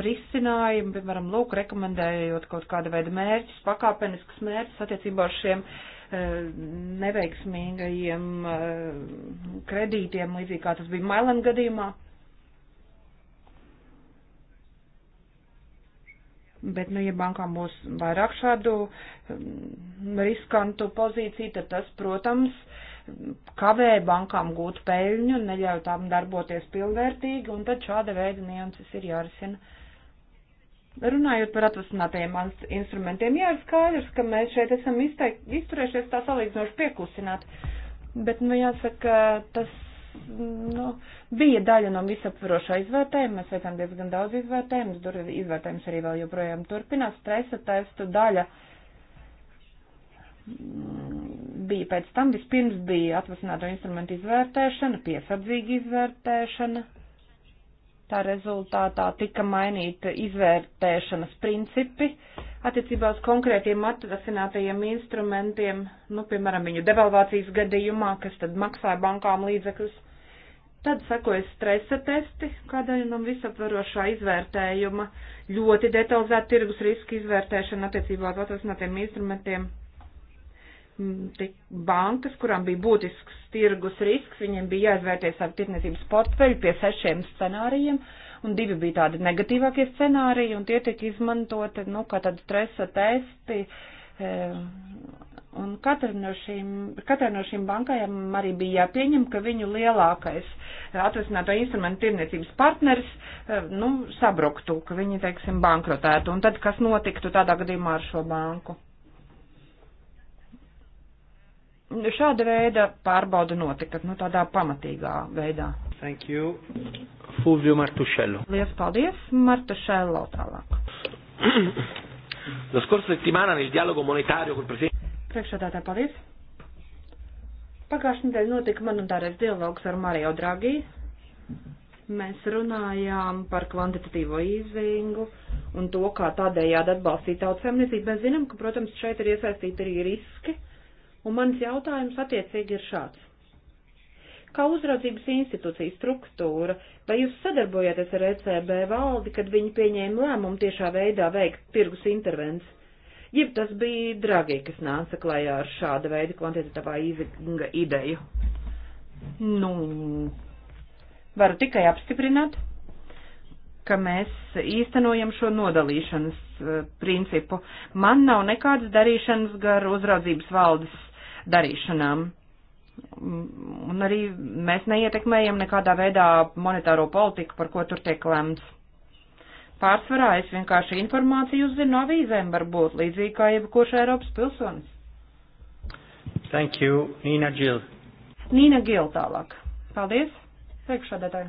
risinājumu, piemēram, lūk, rekomendējot kaut kādu veidu mērķus, pakāpeniskus mērķus attiecībā ar šiem eh, neveiksmīgajiem eh, kredītiem, līdzīgi kā tas bija Mailan gadījumā. Bet, nu, ja bankām būs vairāk šādu mm, riskantu pozīciju, tad tas, protams, uh, kavē bankām gūt peļņu, neļauj tām darboties pilnvērtīgi, un tad šāda veida nianses ir jārisina. Runājot par atvasinātajiem instrumentiem, jā, ir skaidrs, ka mēs šeit esam izteik, izturējušies tā salīdzinoši pieklusināti, bet, nu, jāsaka, tas, nu, bija daļa no visaptvarošā izvērtējuma, mēs veicām diezgan daudz izvērtējumus, izvērtējums arī vēl joprojām turpinās, stresa testu daļa bija pēc tam, vispirms bija atvasināto instrumentu izvērtēšana, piesardzīga izvērtēšana. Tā rezultātā tika mainīta izvērtēšanas principi attiecībā uz konkrētiem atvasinātajiem instrumentiem, nu, piemēram, viņu devalvācijas gadījumā, kas tad maksāja bankām līdzekļus. Tad sekoja stresa testi, kā daļa no visaptvarošā izvērtējuma, ļoti detalizēta tirgus riska izvērtēšana attiecībā uz atvasinātiem instrumentiem Mm, bankas, kurām bija būtisks tirgus risks, viņiem bija jāizvērties ar tirnesības portfeļu pie sešiem scenārijiem, un divi bija tādi negatīvākie scenāriji, un tie tika izmantoti, nu, kā tādi stresa testi, eh, un katra no šīm, katra no šīm bankām arī bija jāpieņem, ka viņu lielākais atvesināto instrumentu tirnesības partneris, eh, nu, sabruktu, ka viņi, teiksim, bankrotētu, un tad kas notiktu tādā gadījumā ar šo banku? šāda veida pārbauda notika, nu tādā pamatīgā veidā. Thank you. Fulvio Martušello. Lielas paldies, Martušello tālāk. La scorsa settimana nel dialogo monetario col Presidente. Priekšādātā paldies. Pagājušajā nedēļā notika monetārais dialogs ar Mario Draghi. Mēs runājām par kvantitatīvo īzingu un to, kā tādējādi atbalstīt tautsēmniecību. Mēs zinām, ka, protams, šeit ir iesaistīti arī riski. Uh, Un mans jautājums attiecīgi ir šāds. Kā uzraudzības institūcija struktūra, vai jūs sadarbojaties ar ECB valdi, kad viņi pieņēma lēmumu tiešā veidā veikt tirgus intervences? Jeb tas bija Dragi, kas nāca klajā ar šāda veida kvantitatīvā ideju? Nu, varu tikai apstiprināt, ka mēs īstenojam šo nodalīšanas eh, principu. Man nav nekādas darīšanas gar uzraudzības valdes darīšanām. Un arī mēs neietekmējam nekādā veidā monetāro politiku, par ko tur tiek lemts. Pārsvarā es vienkārši informāciju uzzinu no avīzēm, varbūt līdzīgi kā jebkurš Eiropas pilsonis. Thank you, Nīna Gil. Nīna Gil tālāk. Paldies, priekšādētāji.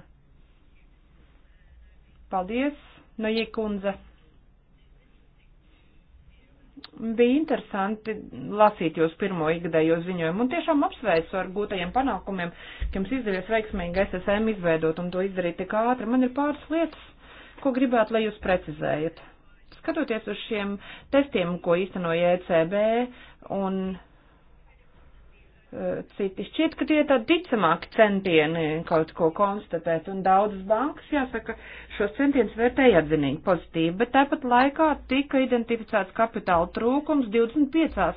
Paldies, Noji kundze bija interesanti lasīt jūs pirmo ikgadējo ziņojumu un tiešām apsveicu ar gūtajiem panākumiem, ka jums izdevies veiksmīgi SSM izveidot un to izdarīt tik ātri. Man ir pāris lietas, ko gribētu, lai jūs precizējat. Skatoties uz šiem testiem, ko īstenoja ECB un citi. Šķiet, ka tie ir tādi ticamāki centieni kaut ko konstatēt, un daudzas bankas, jāsaka, šos centienus vērtēja atzinīgi pozitīvi, bet tāpat laikā tika identificēts kapitāla trūkums 25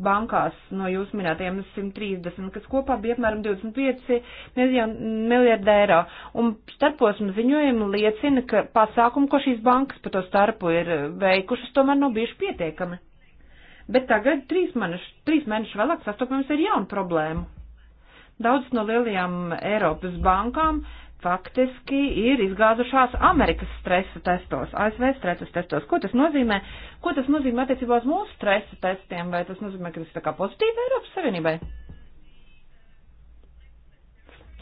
bankās no jūs minētajiem 130, kas kopā bija apmēram 25 miljardi eiro. Un starposma ziņojumi liecina, ka pasākumi, ko šīs bankas pa to starpu ir veikušas, tomēr nav bijuši pietiekami. Bet tagad, trīs mēnešu, trīs mēnešu vēlāk, sastopamies ar jaunu problēmu. Daudz no lielajām Eiropas bankām faktiski ir izgāzušās Amerikas stresa testos, ASV stresa testos. Ko tas nozīmē? Ko tas nozīmē attiecībā uz mūsu stresa testiem? Vai tas nozīmē, ka tas ir tā kā pozitīvi Eiropas Savienībai?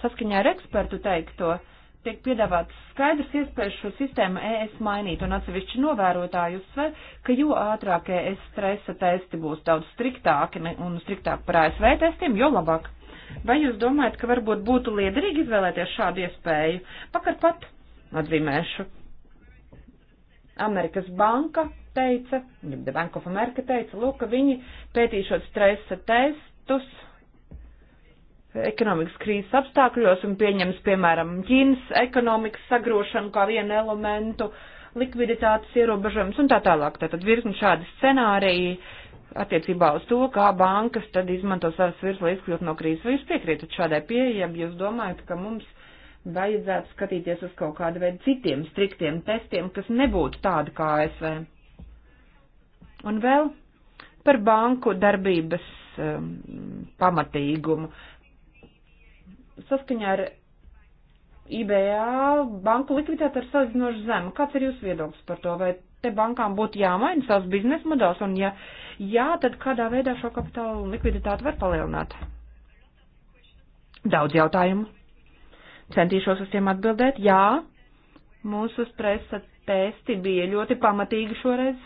Saskaņā ar ekspertu teikto, uh, tiek piedāvāts skaidrs iespējas šo sistēmu ES mainīt, un atsevišķi novērotāji uzsver, ka jo ātrāk ES stresa testi būs daudz striktāki un striktāk par ASV testiem, jo labāk. Vai jūs domājat, ka varbūt būtu liederīgi izvēlēties šādu iespēju? Pakar pat atzīmēšu. Amerikas banka teica, The Bank of America teica, lūk, ka viņi pētīšot stresa testus ekonomikas krīzes apstākļos un pieņems, piemēram, Ķīnas ekonomikas sagrošanu kā vienu elementu, likviditātes ierobežojums un tā tālāk. Tātad virkni šādi scenāriji attiecībā uz to, kā bankas tad izmanto savas virs, lai izkļūtu no krīzes. Vai jūs piekrītat šādai pieejai, ja jūs domājat, ka mums vajadzētu skatīties uz kaut kādu veidu citiem striktiem testiem, kas nebūtu tādi kā ASV? Un vēl par banku darbības um, pamatīgumu saskaņā ar IBA banku likviditāte ir salīdzinoši zema. Kāds ir jūsu viedoklis par to? Vai te bankām būtu jāmaina savs biznesa modelis? Un ja jā, tad kādā veidā šo kapitālu likviditāti var palielināt? Daudz jautājumu. Centīšos uz tiem atbildēt. Jā, mūsu stresa testi bija ļoti pamatīgi šoreiz.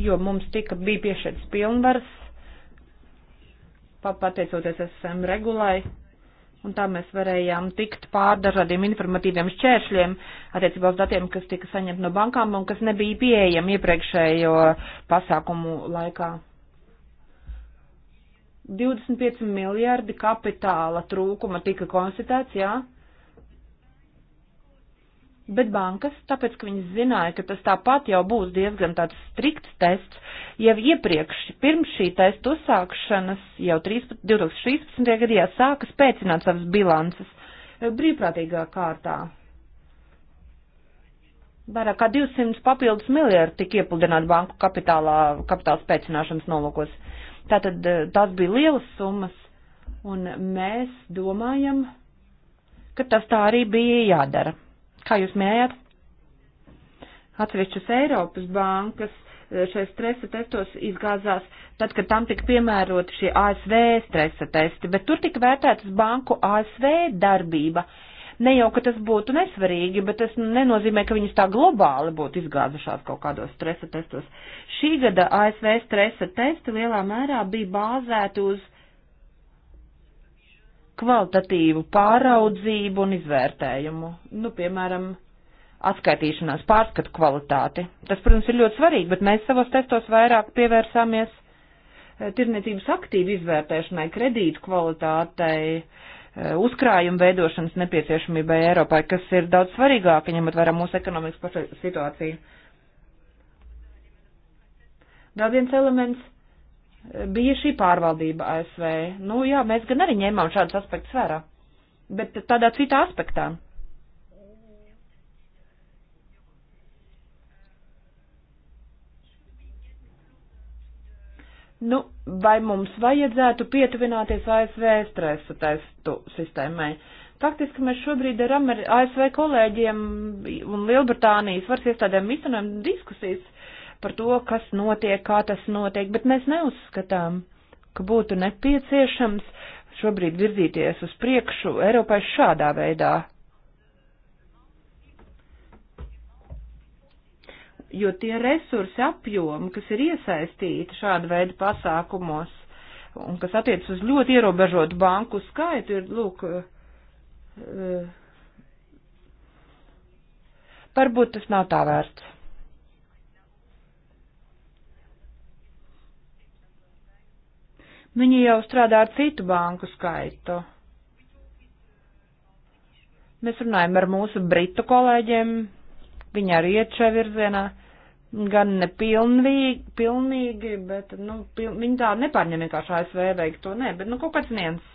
Jo mums tika bija piešķirts pilnvaras pateicoties esam regulai, un tā mēs varējām tikt pār dažādiem informatīviem šķēršļiem attiecībā uz datiem, kas tika saņemti no bankām un kas nebija pieejami iepriekšējo pasākumu laikā. 25 miljardi kapitāla trūkuma tika konstatēts, jā. Ja? Bet bankas, tāpēc, ka viņas zināja, ka tas tāpat jau būs diezgan tāds strikts tests, jau iepriekš, pirms šī testa uzsākšanas, jau 13, 2016. gadā sāka spēcināt savas bilances eh, brīvprātīgā kārtā. Vairāk kā 200 papildus miljardi tika iepludināti banku kapitālā, kapitāla spēcināšanas nolūkos. Tātad eh, tās bija lielas summas, un mēs domājam, ka tas tā arī bija jādara. Kā jūs minējāt, atsevišķas Eiropas bankas eh, šajos stresa testos izgāzās, tad, kad tam tika piemēroti šie ASV stresa testi, bet tur tika vērtētas banku ASV darbība. Ne jau, ka tas būtu nesvarīgi, bet tas nenozīmē, ka viņas tā globāli būtu izgāzušās kaut kādos stresa testos. Šī gada ASV stresa testi lielā mērā bija bāzēti uz uh, kvalitatīvu pāraudzību un izvērtējumu. Nu, piemēram, atskaitīšanās pārskatu kvalitāti. Tas, protams, ir ļoti svarīgi, bet mēs savos testos vairāk pievērsāmies eh, tirniecības aktīvu izvērtēšanai, kredītu kvalitātei, eh, uzkrājumu veidošanas nepieciešamībai Eiropai, kas ir daudz svarīgāk, ņemot vērā mūsu ekonomikas situāciju. Vēl viens elements bija šī pārvaldība ASV. Nu jā, mēs gan arī ņēmām šādus aspektus vērā, bet tādā citā aspektā. Nu, vai mums vajadzētu pietuvināties ASV stresa testu sistēmai? Faktiski mēs šobrīd ar ASV kolēģiem un Lielbritānijas varas iestādēm iztenojam diskusijas par to, kas notiek, kā tas notiek, bet mēs neuzskatām, ka būtu nepieciešams šobrīd virzīties uz priekšu Eiropai šādā veidā. Jo tie resursi apjomi, kas ir iesaistīti šāda veida pasākumos un kas attiec uz ļoti ierobežotu banku skaitu, ir, lūk, eh, eh, varbūt tas nav tā vērts. Viņi jau strādā ar citu banku skaitu. Mēs runājam ar mūsu britu kolēģiem, viņi arī iet šajā virzienā, gan nepilnīgi, pilnīgi, bet, nu, pil, viņi tā nepārņem vienkārši ASV veikto, nē, bet, nu, kaut kāds niens.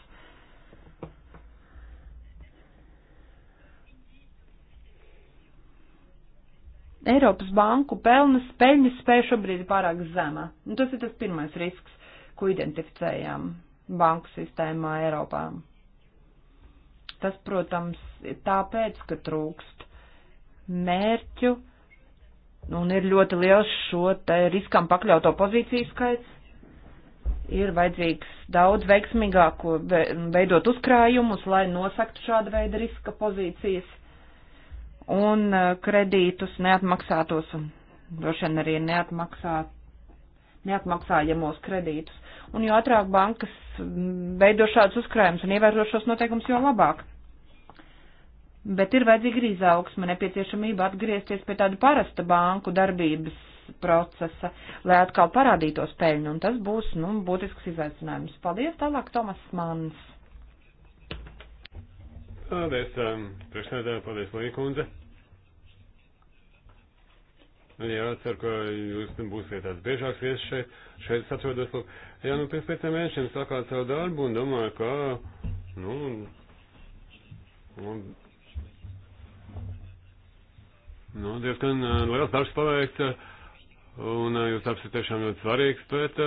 Eiropas banku pelnas peļņas spēja šobrīd ir pārāk zema. Un nu, tas ir tas pirmais risks ko identificējām banku sistēmā Eiropā. Tas, protams, ir tāpēc, ka trūkst mērķu un ir ļoti liels šo te riskam pakļauto pozīciju skaits. Ir vajadzīgs daudz veiksmīgāko veidot uzkrājumus, lai nosaktu šāda veida riska pozīcijas un e, kredītus neatmaksātos un droši vien arī neatmaksā, neatmaksājamos kredītus un jo ātrāk bankas veido šādus uzkrājumus un ievēro šos noteikumus, jo labāk. Bet ir vajadzīga arī izaugsme, nepieciešamība atgriezties pie tāda parasta banku darbības procesa, lai atkal parādītos peļņu, un tas būs, nu, būtisks izaicinājums. Paldies, tālāk Tomas Mans. Paldies, um, priekšnēdēju, paldies, Līkundze. Jā, ceru, ka jūs būsiet tāds biežāks viesis šeit. Šeit es atrodos, lūk. Jā, nu pēc pieciem mēnešiem sākāt savu darbu un domāju, ka, nu, un, nu, diezgan eh, liels darbs paveikts, eh, un eh, jūs darbs ir tiešām ļoti svarīgs, bet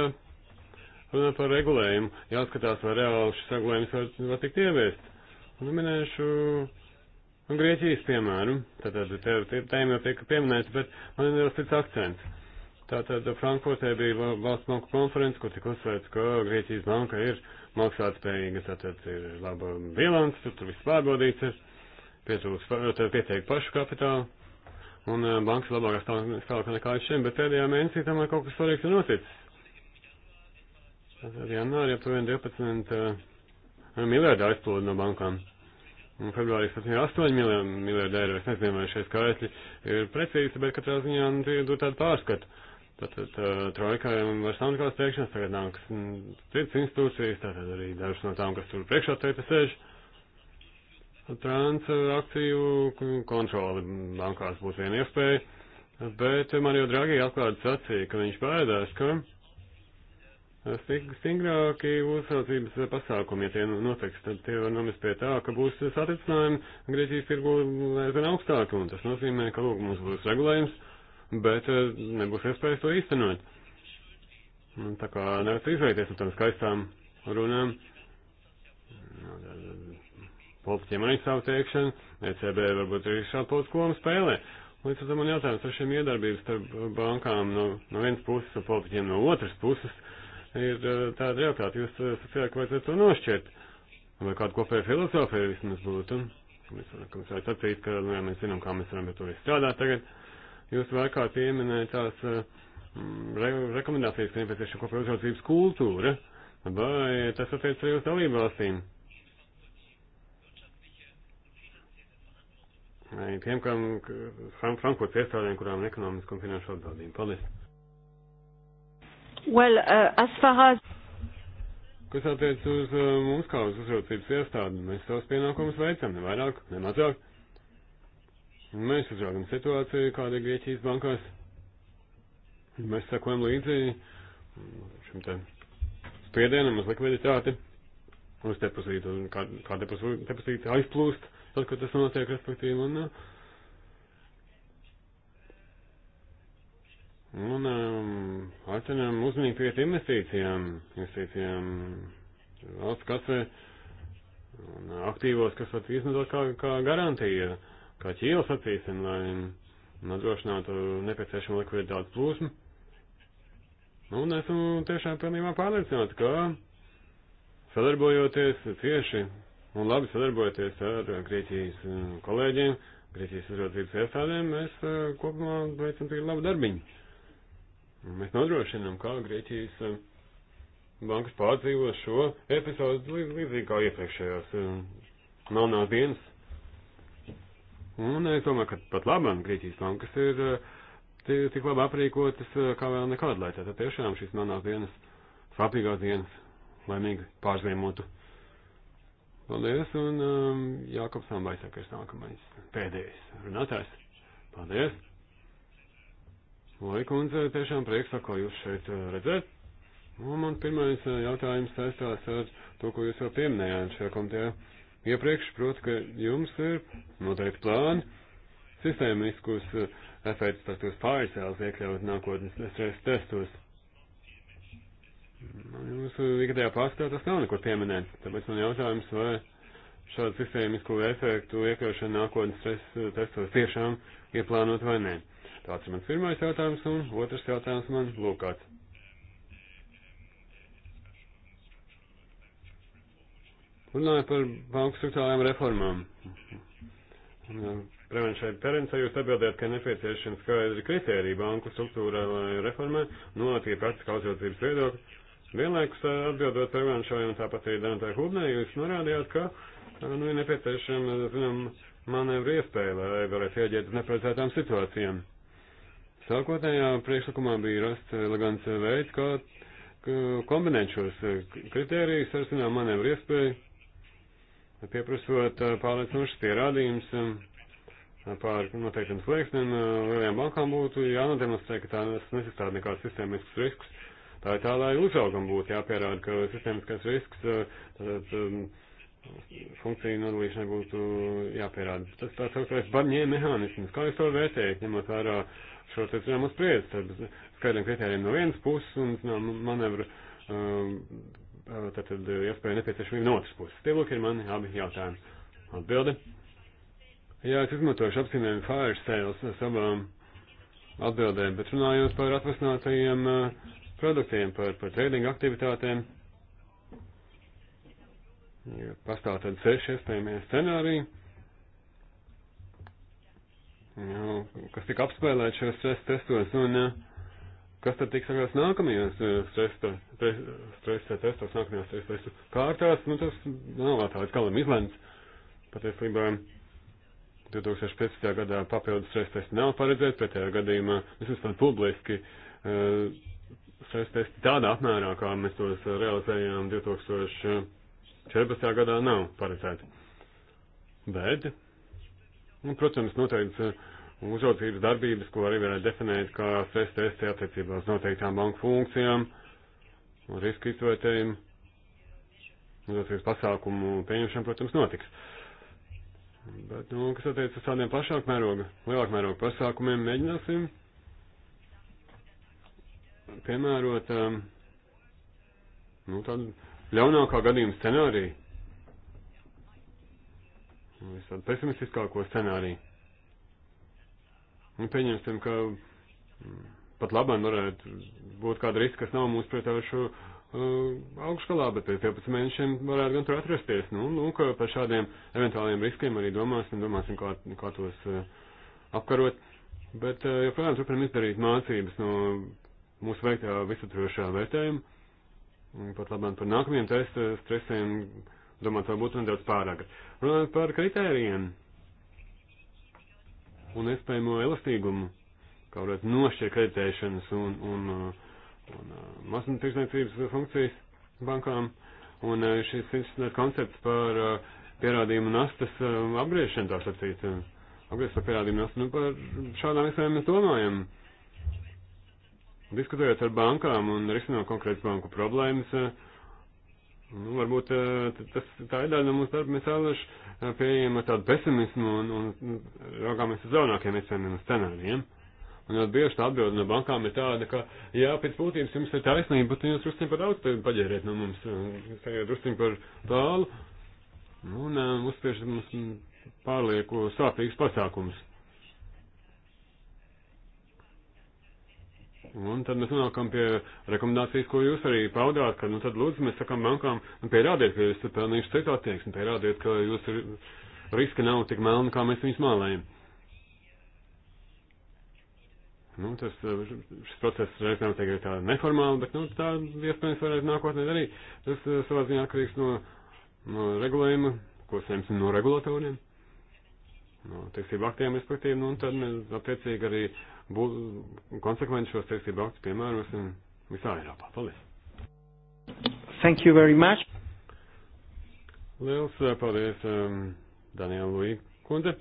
runā par regulējumu. Jāskatās, vai reāli šis regulējums var, var tikt ieviest. Un minēšu nu, Grieķijas piemēru, tātad tēm jau tiek pieminēts, bet man ir vēl cits akcents. Tātad Frankfurtē bija valsts banku konference, kur tika uzsvērts, ka Grieķijas banka ir maksātspējīga, tātad ir laba bilants, tur, tur viss pārbaudīts ir, pieteikti pašu kapitālu, un eh, bankas labākā stāvoklī nekā līdz šim, bet pēdējā mēnesī tam kaut kas svarīgs ir noticis. Tātad janvārī aptuveni 12 uh, eh, miljardi aizplūda no bankām. Un februārī 78 miljardi eiro, es nezinu, vai šie skaitļi ir precīzi, bet katrā ziņā dod tādu pārskatu. Tātad trojkai vairs nav nekādas priekšnes, tagad nāks mm, citas institūcijas, tātad arī dažas no tām, kas tur priekšā teita sēž. Transakciju eh, kontroli bankās būs viena iespēja, bet man jau dragi atklāti sacīja, ka viņš baidās, ka stingrāki uzraudzības pasākumi, ja tie nu, notiks, tad tie var nomest pie tā, ka būs satricinājumi Grieķijas tirgu aizvien augstāk, un tas nozīmē, ka lūk, mums būs regulējums bet eh, nebūs iespējas to īstenot. Un tā kā nevar izvairīties no tām skaistām runām. Nu, eh, politiķiem arī savu teikšanu, ECB varbūt arī šādu politiku spēlē. Līdz ar to man jautājums ar šiem iedarbības starp bankām no, no vienas puses un politiķiem no otras puses ir eh, tāda realitāte. Jūs sacījāt, ka vajadzētu to nošķirt. Vai kāda kopēja filozofija vismaz būtu? Mēs varam sacīt, ka nu, jā, mēs zinām, kā mēs varam pie to visu strādāt tagad. Jūs vairāk pieminējāt tās eh, mm, re rekomendācijas, ka nepieciešama kopēja uzraudzības kultūra, vai tas attiec arī uz dalību valstīm? Tiem, kam Frankfurts iestādēm, kurām ir ekonomiska un finanšu atbildība. Paldies. Well, uh, as far as... Kas attiec uz uh, mums kā uz uzraudzības iestādi, mēs savus pienākumus veicam, ne vairāk, ne mazāk. Mēs uzraugam situāciju, kāda ir Grieķijas bankās. Mēs sakojam līdzi šim te spiedienam uz likviditāti, uz depozītu, kā, kā depozīti aizplūst, tad, kad tas notiek, respektīvi, un, un um, aicinām uzmanīgi piet investīcijām, investīcijām valsts kasē, un aktīvos, kas var izmantot kā, kā garantija. Uh, kā ķīla sacīsim, lai nodrošinātu nepieciešamu likviditātes plūsmu. Un esmu tiešām pilnībā pārliecināts, ka sadarbojoties cieši un labi sadarbojoties ar Grieķijas eh, kolēģiem, Grieķijas uzraudzības iestādēm, mēs eh, kopumā veicam tikai labu darbiņu. Mēs nodrošinām, kā Grieķijas eh, bankas pārdzīvo šo epizodu līdzīgi kā iepriekšējās melnās dienas Un es eh, domāju, ka pat labam Grieķijas bankas ir eh, tik labi aprīkotas, eh, kā vēl nekad, lai tātad tiešām šīs manās dienas, sāpīgās dienas, laimīgi pārzviemotu. Paldies, un um, Jākaps Ambaisāk ir nākamais pēdējais runātājs. Paldies! Lai kundze, tiešām prieks, ko jūs šeit redzēt. Un man pirmais jautājums saistās ar to, ko jūs jau pieminējāt šajā komitejā iepriekš, proti, ka jums ir noteikti plāni, sistēmiskus eh, efektus, tā tos pārcēlus iekļaut nākotnes stresa testos. Jūsu ikdējā pārskatā tas nav nekur pieminēts, tāpēc man jautājums, vai šādu sistēmisku efektu iekļaušana nākotnes stresa testos tiešām ir plānot vai nē. Tāds ir mans pirmais jautājums, un otrs jautājums man lūkāts. Runāju par banku struktūrālajām reformām. Prevenčai Perencai jūs atbildējat, ka nepieciešams skaidri kriteriji banku struktūrālajai reformai, nosacīja praktiskā uzraudzības viedokļa. Vienlaikus atbildot Prevenčai un tāpat arī Dantai Hubnē, jūs norādījāt, ka nu, ir nepieciešama, zinām, manevru iespēja, lai varētu ieģēt uz neparedzētām situācijām. Sākotnējā priekšlikumā bija rasts elegants veids, kā kombinēt šos kriterijus ar, zinām, manevru iespēju pieprasot pārliecinošas pierādījumus pār noteiktiem slieksniem, lielajām bankām būtu jānodemonstrē, ka tā nesastāv nekāds sistēmisks risks. Tā ir tā, lai uzraugam būtu jāpierāda, ka sistēmiskais risks tātad, funkciju nodalīšanai būtu jāpierāda. Tas tā sauktais barņē mehānisms. Kā jūs to vērtējat, ņemot vērā šo te zināmas spriedzes, tad skaidriem kritērijiem no vienas puses un manevru um, tātad eh, iespēja nepieciešamība no otras puses. Tie lūk ir mani abi jautājumi. Atbildi. Jā, es izmantošu apzīmējumu fire sales savām atbildēm, bet runājot par atvasinātajiem eh, produktiem, par, par trading aktivitātēm. Ja pastāv tad seši iespējamie scenāriji, jau, kas tika apspēlēt šajos stresa testos, un eh, Kas tad tiks sagatavots nākamajos eh, stresa, stresa testos, nākamajās stresa testu kārtās? Nu, tas nav vēl tāds galam izlēmts. Patiesībā 2015. gadā papildus stresa testi nav paredzēti, pretējā gadījumā vismaz tādi publiski eh, stresa testi tādā apmērā, kā mēs tos realizējām 2014. gadā, nav paredzēti. Bet, nu, protams, noteikti uzraudzības darbības, ko arī varētu definēt kā stress testi attiecībā uz noteiktām banku funkcijām, riska izvērtējumu, uzraudzības pasākumu pieņemšana, protams, notiks. Bet, nu, kas attiecas uz tādiem plašāk mēroga, lielāk mēroga pasākumiem, mēģināsim piemērot, um, nu, tādu ļaunākā gadījuma scenāriju. Visādi pesimistiskāko scenāriju. Un pieņemsim, ka mm, pat labāk varētu būt kāda riska, kas nav mūsu pretāšu uh, augškalā, bet pēc 15 mēnešiem varētu gan tur atrasties. Nu, nu, ka par šādiem eventuāliem riskiem arī domāsim, domāsim, kā, kā tos uh, apkarot. Bet uh, joprojām turpinam izdarīt mācības no mūsu veiktā visaturošā vērtējuma. Pat labāk par nākamajiem testa stresiem domāt, varbūt nedaudz pārāk. Runājot par kritērijiem. Uh, un iespējamo elastīgumu, kā varētu nošķirt kreditēšanas un, un, uh, un, un uh, mazumtirdzniecības funkcijas bankām. Un uh, šis interesants koncepts par pierādījumu nastas apgriešanu, tā sacīt, apgriezt par pierādījumu nastu, nu par šādām visām mēs domājam. Diskutējot ar bankām un risinot konkrētas banku problēmas, uh, Nu, varbūt eh, tas, tā ir daļa no mūsu darba. Mēs vēlaši eh, pieejam ar tādu pesimismu un, un raugāmies uz jaunākiem iespējamiem scenārijiem. Un ļoti bieži tā atbilde no bankām ir tāda, ka, jā, pēc būtības jums ir taisnība, bet jūs drusciņ par daudz paģēriet no mums, eh, jūs ejat drusciņ par tālu. Nu, un uzspiež mums pārlieku sāpīgus pasākumus. Un tad mēs nonākam pie rekomendācijas, ko jūs arī paudāt, ka, nu, tad lūdzu, mēs sakam bankām, nu, pierādiet, ka jūs esat pelnījuši citu attieksmi, pierādiet, ka jūs ir, riski nav tik melni, kā mēs viņus mālējam. Nu, tas, šis process reizēm tiek tā neformāli, bet, nu, tā iespējams varētu nākotnē darīt. Tas savā ziņā atkarīgs no, no regulējuma, ko saņemsim no regulatoriem no, tiesību aktiem, respektīvi, nu, un tad mēs attiecīgi arī būtu konsekventi šos tiesību aktus piemērosim visā Eiropā. Paldies! Thank you very much. Liels eh, paldies, um, Daniela Lūija kundze.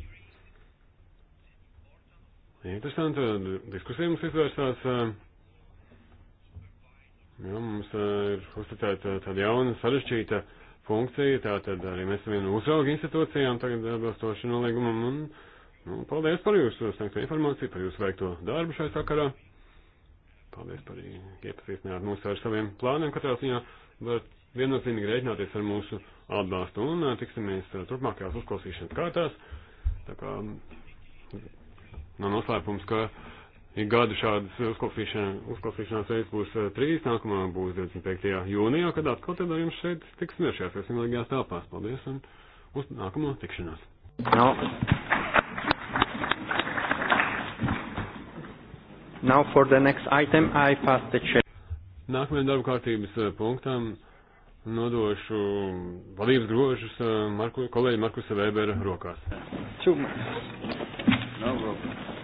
Interesanta eh, diskusija mums izvērsās. Eh, Jā, mums ir uzticēta tāda jauna, sarežģīta. Uh, funkcija, tātad arī mēs esam viena uzrauga institūcija un tagad atbilstoši nolīgumam. Un, nu, paldies par jūsu sniegto informāciju, par jūsu veikto darbu šai sakarā. Paldies par iepazīstināt mūs ar saviem plāniem. Katrā ziņā var viennozīmīgi rēķināties ar mūsu atbalstu un tiksimies turpmākajās uzklausīšanas kārtās. Tā kā nav nu, noslēpums, ka Ja gadu šādas uzklausīšanās reizes būs eh, trīs, nākamā būs 25. jūnijā, kad atkal tad ar jums šeit tiksimies šajās veselīgajās telpās. Paldies un uz nākamo tikšanos. Now, now for the next item I pass the chair. Nākamajam darba kārtības eh, punktam nodošu vadības grožus eh, Marku, kolēģi Markusa Vēbera rokās. Čum. Nav no, problēma.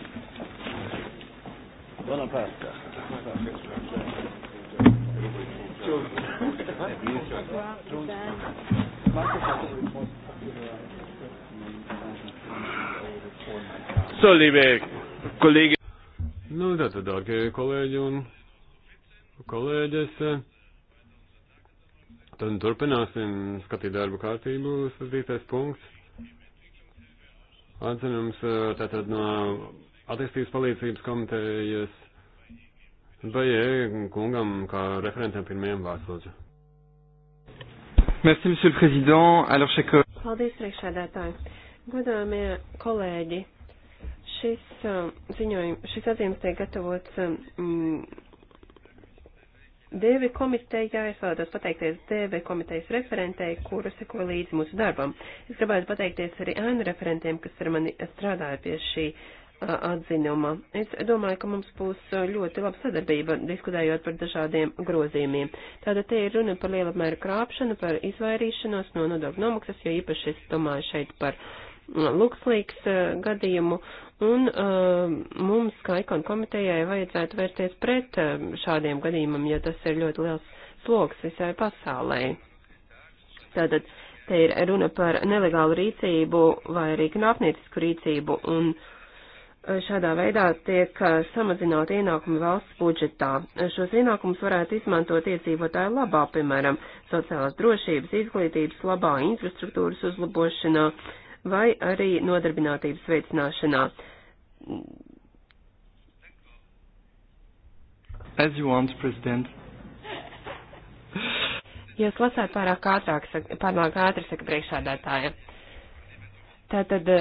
Buona pasta. So, liebe Kollegen. Nu, tātad, dārgie kolēģi un kolēģis, tad turpināsim skatīt darba kārtību, sadzītais punkts. Atzinums tātad no attīstības palīdzības komitejas Bajē kungam kā referentam pirmajam vārdslodzim. Merci, Monsieur le Président. Alors, chaque... Paldies, priekšsēdētāji. Godāmie kolēģi, šis um, ziņojums, šis atzīmes tiek gatavots um, mm, DV komitejā. Es vēlētos pateikties DV komitejas referentei, kura seko līdzi mūsu darbam. Es gribētu pateikties arī ēnu referentiem, kas ar mani strādāja pie šī atzinuma. Es domāju, ka mums būs ļoti laba sadarbība diskutējot par dažādiem grozījumiem. Tātad te ir runa par lielapmēru krāpšanu, par izvairīšanos no nodokļu nomaksas, jo īpaši es domāju šeit par lukslīgs gadījumu, un uh, mums, kā ikonu komitejai, vajadzētu vērsties pret šādiem gadījumam, jo tas ir ļoti liels sloks visai pasaulē. Tātad te ir runa par nelegālu rīcību vai arī knāpniecisku rīcību, un uh, Eh, šādā veidā tiek eh, samazināti ienākumi valsts budžetā. Eh, šos ienākumus varētu izmantot iedzīvotāju labā, piemēram, sociālās drošības, izglītības labā, infrastruktūras uzlabošanā vai arī nodarbinātības veicināšanā. As you want, President. Jūs lasāt pārāk ātrāk, pārāk ātri, saka priekšādātāja. Tātad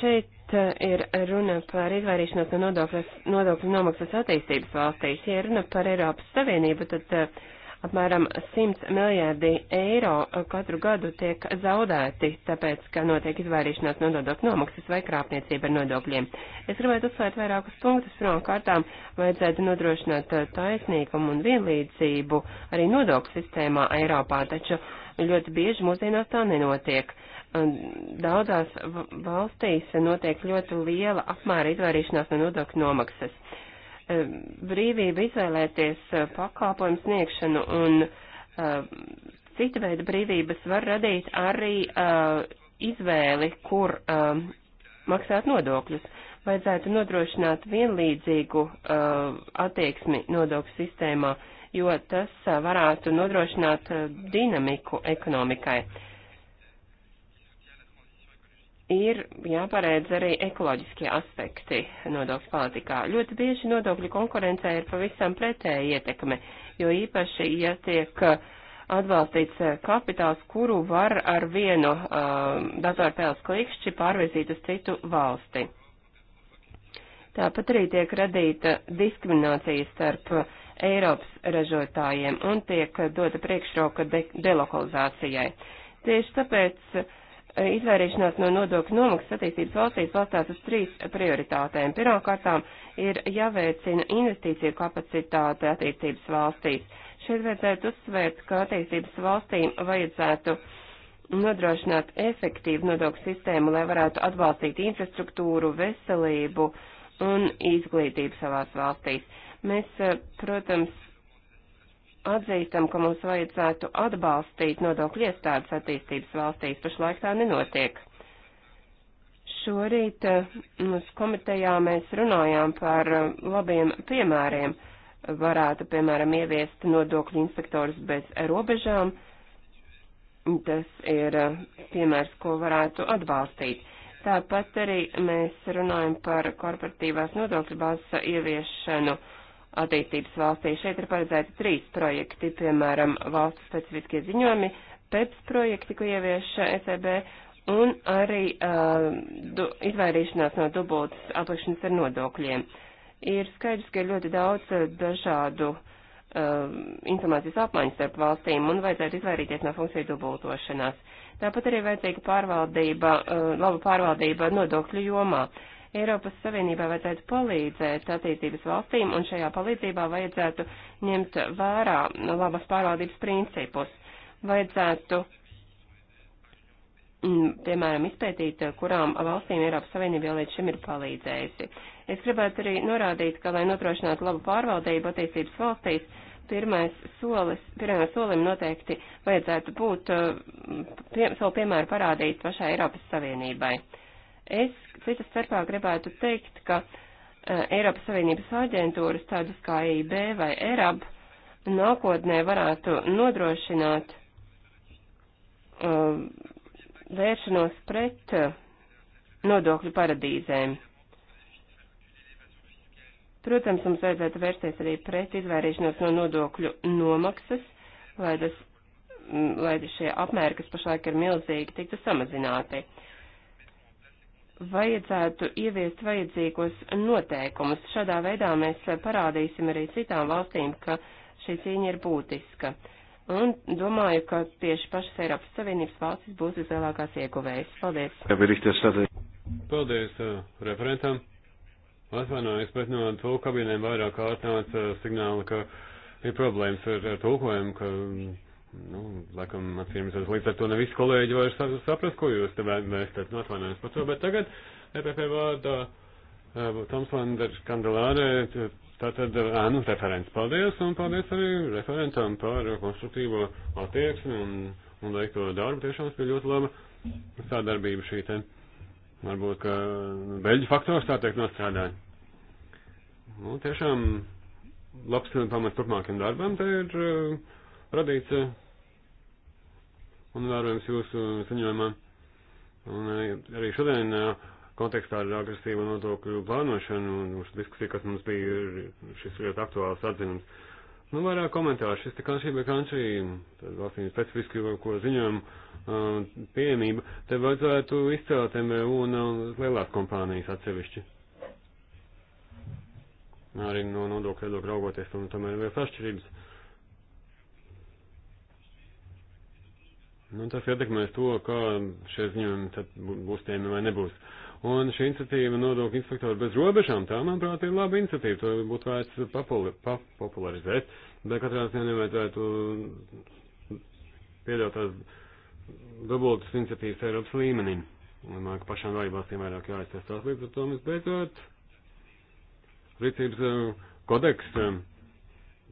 šeit šeit eh, ir runa par izvairīšanos no nodokļu, nodokļu nomaksas attīstības valstīs. Ja runa par Eiropas Savienību, tad eh, apmēram 100 miljārdi eiro eh, katru gadu tiek zaudēti, tāpēc, ka notiek izvairīšanās no nodokļu nomaksas vai krāpniecība ar nodokļiem. Es gribētu uzsvērt vairākus punktus. Pirmkārtām vajadzētu nodrošināt taisnīgumu un vienlīdzību arī nodokļu sistēmā Eiropā, taču ļoti bieži mūsdienās tā nenotiek daudzās valstīs notiek ļoti liela apmēra izvairīšanās no nodokļu nomaksas. E, brīvība izvēlēties e, pakalpojumu sniegšanu un e, cita veida brīvības var radīt arī izvēli, kur maksāt nodokļus. Vajadzētu nodrošināt vienlīdzīgu attieksmi nodokļu sistēmā, jo tas varētu nodrošināt dinamiku ekonomikai ir jāparedz arī ekoloģiskie aspekti nodokļu politikā. Ļoti bieži nodokļu konkurencē ir pavisam pretēja ietekme, jo īpaši, ja tiek uh, atbalstīts uh, kapitāls, kuru var ar vienu uh, datorpēles klikšķi pārvirzīt uz citu valsti. Tāpat arī tiek radīta diskriminācija starp uh, Eiropas ražotājiem un tiek dota priekšroka de delokalizācijai. Tieši tāpēc uh, Eh, izvairīšanās no nodokļu nomaksas attīstības valstīs balstās uz trīs prioritātēm. Pirmkārtām ir jāveicina investīciju kapacitāte attīstības valstīs. Šeit vajadzētu uzsvērt, ka attīstības valstīm vajadzētu nodrošināt efektīvu nodokļu sistēmu, lai varētu atbalstīt infrastruktūru, veselību un izglītību savās valstīs. Mēs, eh, protams, atzīstam, ka mums vajadzētu atbalstīt nodokļu iestādes attīstības valstīs, pašlaik tā nenotiek. Šorīt eh, mums komitejā mēs runājām par eh, labiem piemēriem. Varētu, piemēram, ieviest nodokļu inspektors bez robežām. Tas ir eh, piemērs, ko varētu atbalstīt. Tāpat arī mēs runājam par korporatīvās nodokļu bāzes ieviešanu uh, attīstības valstī. Šeit ir paredzēti trīs projekti, piemēram, valstu specifiskie ziņojumi, PEPS projekti, ko ievieš ECB, un arī uh, du, izvairīšanās no dubultas aplikšanas ar nodokļiem. Ir skaidrs, ka ir ļoti daudz uh, dažādu uh, informācijas apmaiņas starp valstīm un vajadzētu izvairīties no funkciju dubultošanās. Tāpat arī vajadzīga pārvaldība, uh, laba pārvaldība nodokļu jomā. Uh, Eiropas Savienībā vajadzētu palīdzēt attīstības valstīm, un šajā palīdzībā vajadzētu ņemt vērā labas pārvaldības principus. Vajadzētu, mm, piemēram, izpētīt, kurām valstīm Eiropas Savienība jau līdz šim ir palīdzējusi. Es gribētu arī norādīt, ka, lai notrošinātu labu pārvaldību attīstības valstīs, pirmais solis, pirmajam solim noteikti vajadzētu būt mm, pie, savu piemēru parādīt pašai Eiropas Savienībai. Uh, Es citas starpā gribētu teikt, ka e, Eiropas Savienības aģentūras tādas kā EIB vai ERAB nākotnē varētu nodrošināt uh, vēršanos pret e, nodokļu paradīzēm. Protams, mums vajadzētu vērsties arī pret izvairīšanos no nodokļu nomaksas, lai, tas, lai šie apmēri, kas pašlaik ir milzīgi, tiktu samazināti. Uh, vajadzētu ieviest vajadzīgos noteikumus. Šādā veidā mēs parādīsim arī citām valstīm, ka šī cīņa ir būtiska. Un domāju, ka tieši pašas Eiropas Savienības valstis būs vislielākās ieguvējas. Paldies! Paldies uh, referentam! Atvainojos, bet no tūku kabīnēm vairāk kārt nāca eh, signāli, ka ir problēmas ar, ar tūkojumu, ka Nu, laikam, atcīmēs, līdz ar to ne visi kolēģi vairs saprast, ko jūs te vēstat, nu atvainojos par to, bet tagad EPP vārdā e, Toms Landers Kandelārē, tātad e, ēnu referents. Paldies, un paldies arī referentam par konstruktīvo attieksmi un, un veikto darbu, tiešām bija ļoti laba sadarbība šī te. Varbūt, ka nu, beļģu faktors tā teikt nostrādāja. Nu, tiešām labs pamats turpmākiem darbam te ir uh, radīts uh, un vērojams jūsu ziņojumā. Un eh, arī šodien eh, kontekstā ar agresīvu nodokļu plānošanu un uz diskusiju, kas mums bija šis ļoti aktuāls atzinums. Nu, vairāk komentāru. Šis te kanšī bija kanšī, tad valstīm specifiski, ko ziņojam, eh, pieejamība. Te vajadzētu izcelt MVU un lielās kompānijas atsevišķi. Arī no nodokļu viedokļa raugoties, un tomēr vēl atšķirības. Nu, tas ietekmēs to, kā šie ziņojumi tad būs tiem vai nebūs. Un šī iniciatīva nodokļu inspektori bez robežām, tā, manuprāt, ir laba iniciatīva, to būtu vērts papuli, pa, popularizēt, bet katrā ziņā nevajadzētu pieļaut tās dubultas iniciatīvas Eiropas līmenī. Domāju, ka pašām vajadzībāsīm vairāk jāizstāstās līdz ar to mēs beidzot rīcības eh, kodeks. Um,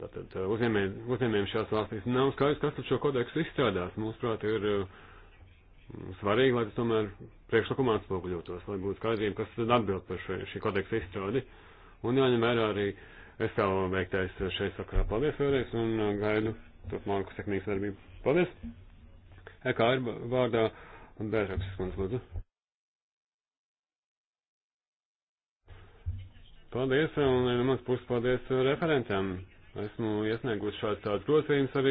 Tātad uzņēmē, uzņēmējiem šās valstīs nav skaidrs, kas tad šo kodeksu izstrādās. Mūsuprāt, ir svarīgi, lai tas tomēr priekšlikumā atspoguļotos, lai būtu skaidrība, kas tad atbild par šo, šī kodeksa izstrādi. Un jāņem vērā arī es tev veiktais šeit sakarā. Paldies vēlreiz un gaidu turpmāku sekmīgu sadarbību. Paldies! Ekā ir vārdā Bērāks, kundz, lūdzu. Paldies, un no mans puses paldies referentam. Esmu iesniegusi šāds tāds grozījums arī.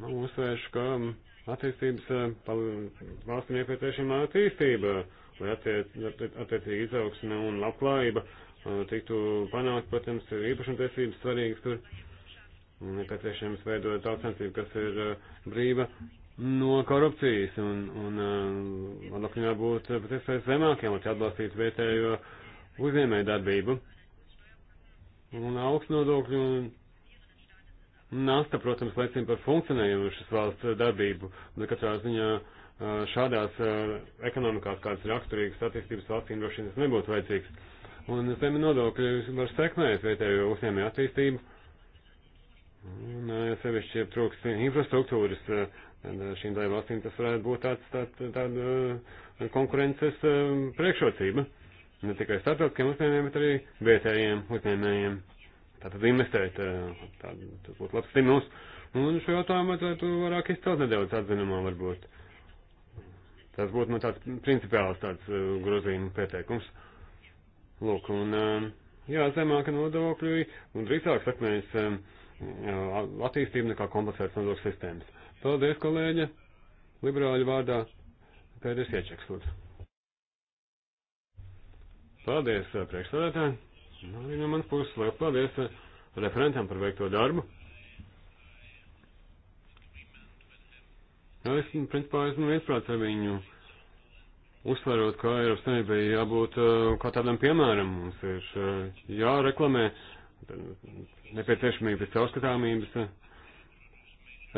Nu, uzsvēršu, ka attīstības eh, valstīm nepieciešama attīstība, lai attiec, attiecīgi izaugsme un labklājība eh, tiktu panākt, protams, ir īpašumtiesības svarīgas tur. Nepieciešams veidot tautsensību, kas ir eh, brīva no korupcijas un, un nodokļiem jābūt pēc iespējas zemākiem, lai atbalstītu vietējo uzņēmēju darbību un augsts nodokļu un nasta, protams, liecina par funkcionējušas valsts darbību. Bet katrā ziņā šādās ekonomikās kādas raksturīgas attīstības valstīm droši vien tas nebūtu vajadzīgs. Un zemi nodokļi var sekmēt vietējo uzņēmēju attīstību. Un, ja sevišķi trūks infrastruktūras šīm tai valstīm, tas varētu būt tāds, tāda tā, tā, konkurences priekšrocība ne tikai starptautiskiem uzņēmējiem, bet arī vietējiem uzņēmējiem. Tātad investēt, eh, tā, tas būtu labs stimuls. Un šo jautājumu vajadzētu vairāk izcelt nedaudz atzinumā varbūt. Tas būtu man nu, tāds principiāls tāds eh, grozījuma pieteikums. Lūk, un eh, jā, zemāka nodokļu un drīzāk sakmējas attīstība nekā kompleksētas nodokļu sistēmas. Paldies, kolēģi! Liberāļu vārdā Pēdējais iečeks, lūdzu. Paldies, eh, priekšstādātāji. Nu, no mans puses, liels paldies eh, referentam par veikto darbu. Es, nu, principā, esmu viensprāts ar viņu uzsverot, ka Eiropas Savienībai jābūt eh, kā tādam piemēram. Mums ir jāreklamē nepieciešamības caurskatāmības.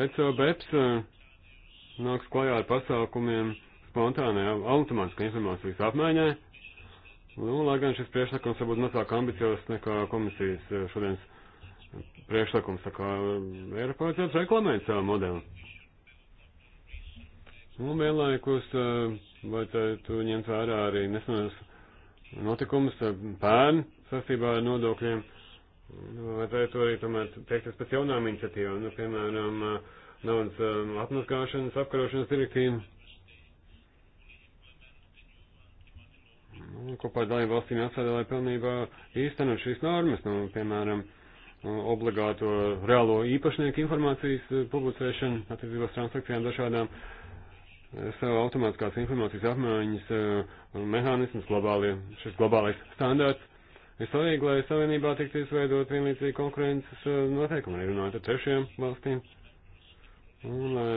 ECO BEPS nāks klajā ar pasākumiem spontānajā automātiskā informācijas apmaiņai Nu, lai gan šis priekšlikums varbūt mazāk ambiciozs nekā komisijas eh, šodienas priekšlikums, tā kā Eiropā vajadzētu reklamēt savu modeli. Un nu, vienlaikus eh, vajadzētu ņemt vērā arī nesenos notikumus eh, pērn sastībā ar nodokļiem. Nu, vajadzētu arī tomēr teikties pēc jaunām iniciatīvām, nu, piemēram, naudas atmaskāšanas, apkarošanas direktīvu. kopā ar dalību valstīm jāsādā, lai pilnībā īstenot šīs normas, nu, piemēram, obligāto reālo īpašnieku informācijas eh, publicēšanu attiecībās transakcijām dažādām eh, savu automātiskās informācijas apmaiņas eh, mehānismus globāli, šis globālais standārts. Ir svarīgi, lai savienībā tiktu izveidot vienlīdzīgi konkurences noteikumi, arī runājot ar trešajām valstīm. Un lai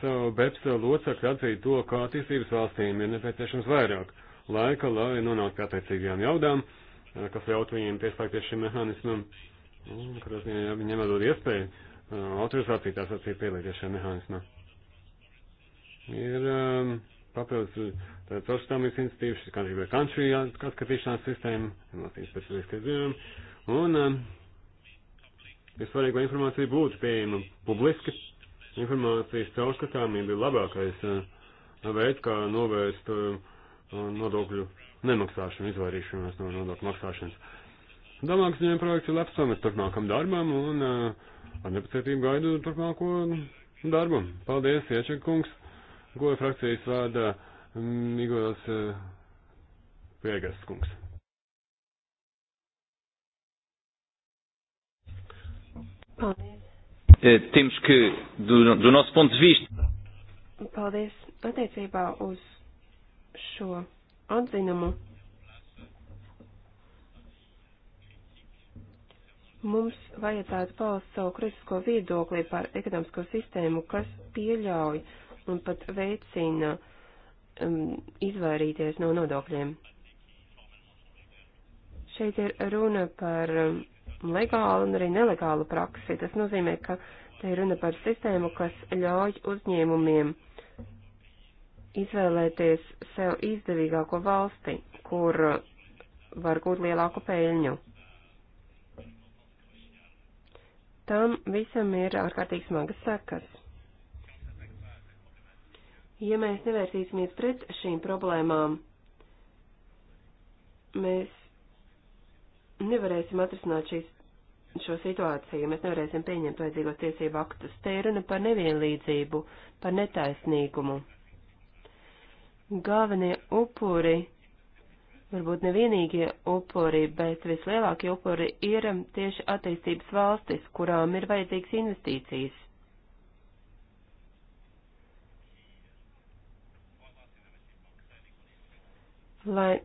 savu BEPS locekļu atzītu to, ka attīstības valstīm ir nepieciešams vairāk laika, lai nonāktu pie attiecīgajām jaudām, eh, kas ļautu viņiem pieslēgt pie šim mehānismam. Katrā ziņā, ja viņiem dod iespēju eh, autorizāciju tās acīm pielieties šajā mehānismā. Ir um, papildus eh, tāds augstāmības institīvs, kā arī vai country atskatīšanās sistēma, emocijas specifiskais dzīvēm, un um, ir svarīgi, lai informācija būtu pieejama publiski. Informācijas caurskatāmība ir labākais uh, veids, kā novērst uh, Uh, nodokļu nemaksāšanu, izvairīšanos no nodokļu maksāšanas. Domāju, ka ziņojuma projekts ir labs pamats turpmākam darbam un uh, ar nepacietību gaidu turpmāko darbu. Paldies, Iečak kungs, goja frakcijas vārdā Migos mm, uh, Piegas kungs. Paldies. Eh, Temos que, do, do nosso ponto de vista. Paldies. Attiecībā uz šo atzinumu, mums vajadzētu paust savu kritisko viedoklī par ekonomisko sistēmu, kas pieļauj un pat veicina um, izvairīties no nodokļiem. Šeit ir runa par um, legālu un arī nelegālu praksi. Tas nozīmē, ka te ir runa par sistēmu, kas ļauj uzņēmumiem izvēlēties sev izdevīgāko valsti, kur var gūt lielāku peļņu. Tam visam ir ārkārtīgi smagas sekas. Ja mēs nevērsīsimies pret šīm problēmām, mēs nevarēsim atrisināt šīs, šo situāciju, ja mēs nevarēsim pieņemt vajadzīgos tiesību aktus. Te ir runa par nevienlīdzību, par netaisnīgumu galvenie upuri, varbūt nevienīgie upuri, bet vislielākie upuri ir um, tieši attīstības valstis, kurām ir vajadzīgas investīcijas. Lai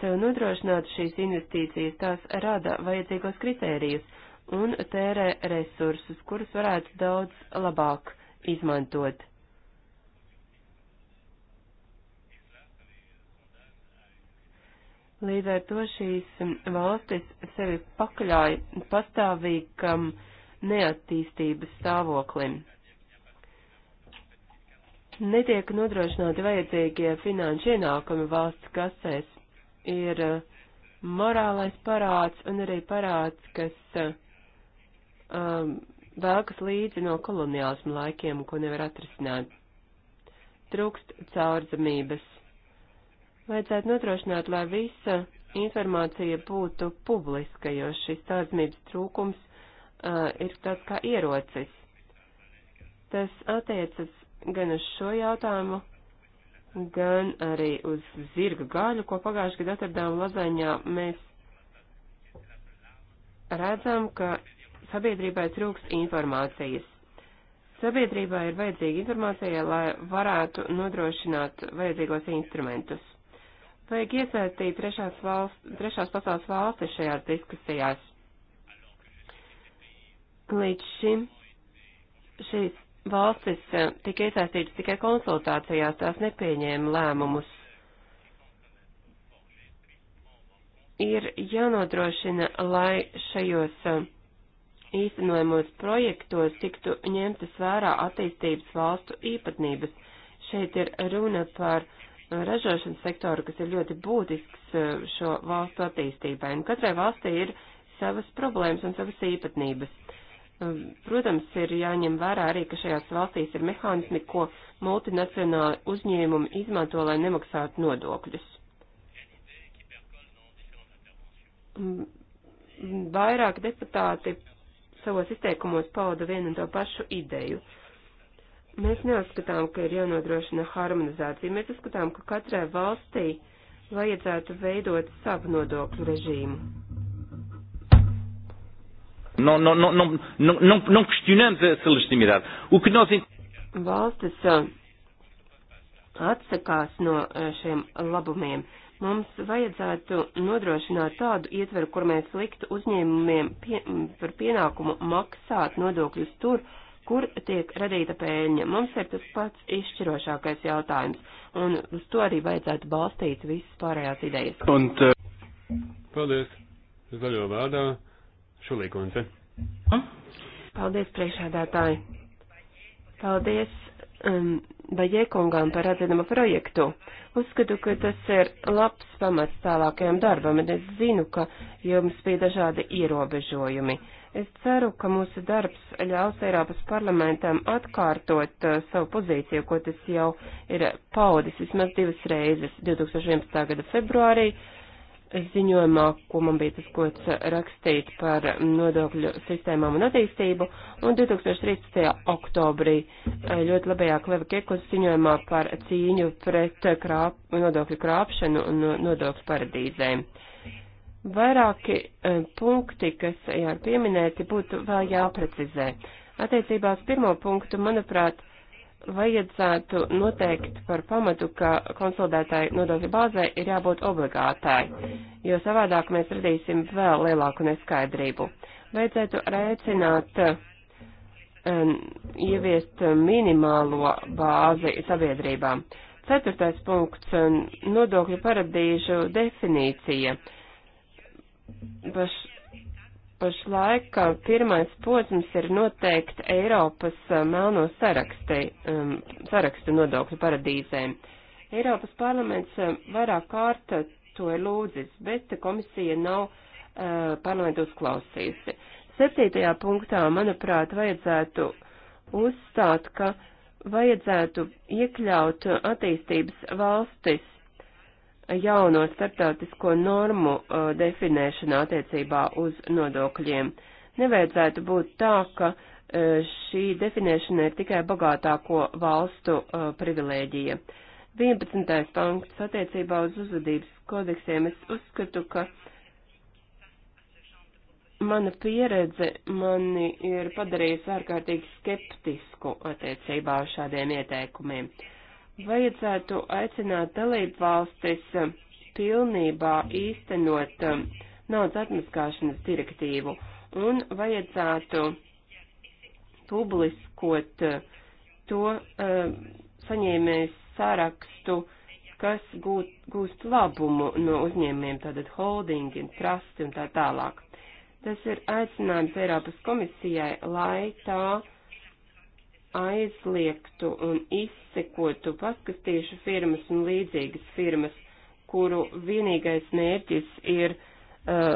sev nodrošinātu šīs investīcijas, tās rada vajadzīgos kritērijus un tērē resursus, kurus varētu daudz labāk izmantot. Līdz ar to šīs valstis sevi pakļauj pastāvīgam neattīstības stāvoklim. Netiek nodrošināti vajadzīgie finanšu ienākumi valsts kasēs. Ir e, morālais parāds un arī parāds, kas um, velkas līdzi no koloniālismu laikiem, ko nevar atrisināt. Trūkst caurzemības Vajadzētu nodrošināt, lai visa informācija būtu publiska, jo šis tādzmības trūkums uh, ir tāds kā ierocis. Tas attiecas gan uz šo jautājumu, gan arī uz zirga gaļu, ko pagājuši gadu atradām lazaņā. Mēs redzam, ka sabiedrībai trūks informācijas. Sabiedrībai ir vajadzīga informācija, lai varētu nodrošināt vajadzīgos instrumentus. Vajag iesaistīt trešās, valsts, trešās pasaules valstis šajās diskusijās. Līdz šim šīs valstis eh, tika iesaistītas tikai konsultācijās, tās nepieņēma lēmumus. Ir jānodrošina, lai šajos eh, īstenojumos projektos tiktu ņemtas vērā attīstības valstu īpatnības. Šeit ir runa par uh, ražošanas sektoru, kas ir ļoti būtisks eh, šo valstu attīstībai. Un katrai valstī ir savas problēmas un savas īpatnības. Um, protams, ir jāņem vērā arī, ka šajās valstīs ir mehānismi, ko multinacionāli uzņēmumi izmanto, lai nemaksātu nodokļus. Um, vairāk deputāti savos izteikumos pauda vienu un to pašu ideju. Uh, Mēs neuzskatām, ka ir jānodrošina harmonizācija. Mēs uzskatām, ka katrai valstī vajadzētu veidot savu nodokļu režīmu. Não, não, não, não, não, não questionamos essa legitimidade. O que nós Valstis atsakās no šiem labumiem. Mums vajadzētu nodrošināt tādu ietveru, kur mēs liktu uzņēmumiem pie, par pienākumu maksāt nodokļus tur, kur tiek radīta pēļņa. Mums ir tas pats izšķirošākais jautājums, un uz to arī vajadzētu balstīt visas pārējās idejas. Un, uh, paldies! Zaļo vārdā Šulīkunce. Paldies, priekšādātāji! Paldies um, Baģēkungām par atzinumu projektu. Uzskatu, ka tas ir labs pamats tālākajam darbam, un es zinu, ka jums bija dažādi ierobežojumi. Uh, Es ceru, ka mūsu darbs ļaus Eiropas parlamentam atkārtot uh, savu pozīciju, ko tas jau ir paudis vismaz divas reizes 2011. gada februārī ziņojumā, ko man bija tas gods rakstīt par nodokļu sistēmām un attīstību, un 2013. oktobrī uh, ļoti labajā Kleva Kekus ziņojumā par cīņu pret krāp, nodokļu krāpšanu un nodokļu paradīzēm. Uh, Vairāki e, punkti, kas jau ir pieminēti, būtu vēl jāprecizē. Attiecībā uz pirmo punktu, manuprāt, vajadzētu noteikt par pamatu, ka konsolidētāji nodokļu bāzē ir jābūt obligātāji, jo savādāk mēs radīsim vēl lielāku neskaidrību. Vajadzētu rēcināt um, ieviest minimālo bāzi sabiedrībām. Ceturtais punkts um, - nodokļu paradīžu definīcija. Uh, paš, pašlaik pirmais posms ir noteikti Eiropas eh, melno sarakstē, um, sarakstu nodokļu paradīzēm. Eiropas parlaments eh, vairāk kārt eh, to ir lūdzis, bet komisija nav uh, parlamentu uzklausījusi. Septītajā punktā, manuprāt, vajadzētu uzstāt, ka vajadzētu iekļaut attīstības valstis jauno starptautisko normu uh, definēšanā attiecībā uz nodokļiem. Nevajadzētu būt tā, ka uh, šī definēšana ir tikai bagātāko valstu uh, privilēģija. 11. punkts attiecībā uz uzvedības kodeksiem es uzskatu, ka mana pieredze mani ir padarījusi ārkārtīgi skeptisku attiecībā uz šādiem ieteikumiem. Uh, vajadzētu aicināt dalību valstis pilnībā īstenot um, naudas atmaskāšanas direktīvu un vajadzētu publiskot uh, to uh, um, saņēmējs sarakstu, kas gūt, gūst labumu no uzņēmiem, tātad holdingi, trusti un tā tālāk. Tas ir aicinājums Eiropas komisijai, lai tā uh, aizliegtu un izsekotu paskastīšu firmas un līdzīgas firmas, kuru vienīgais mērķis ir uh,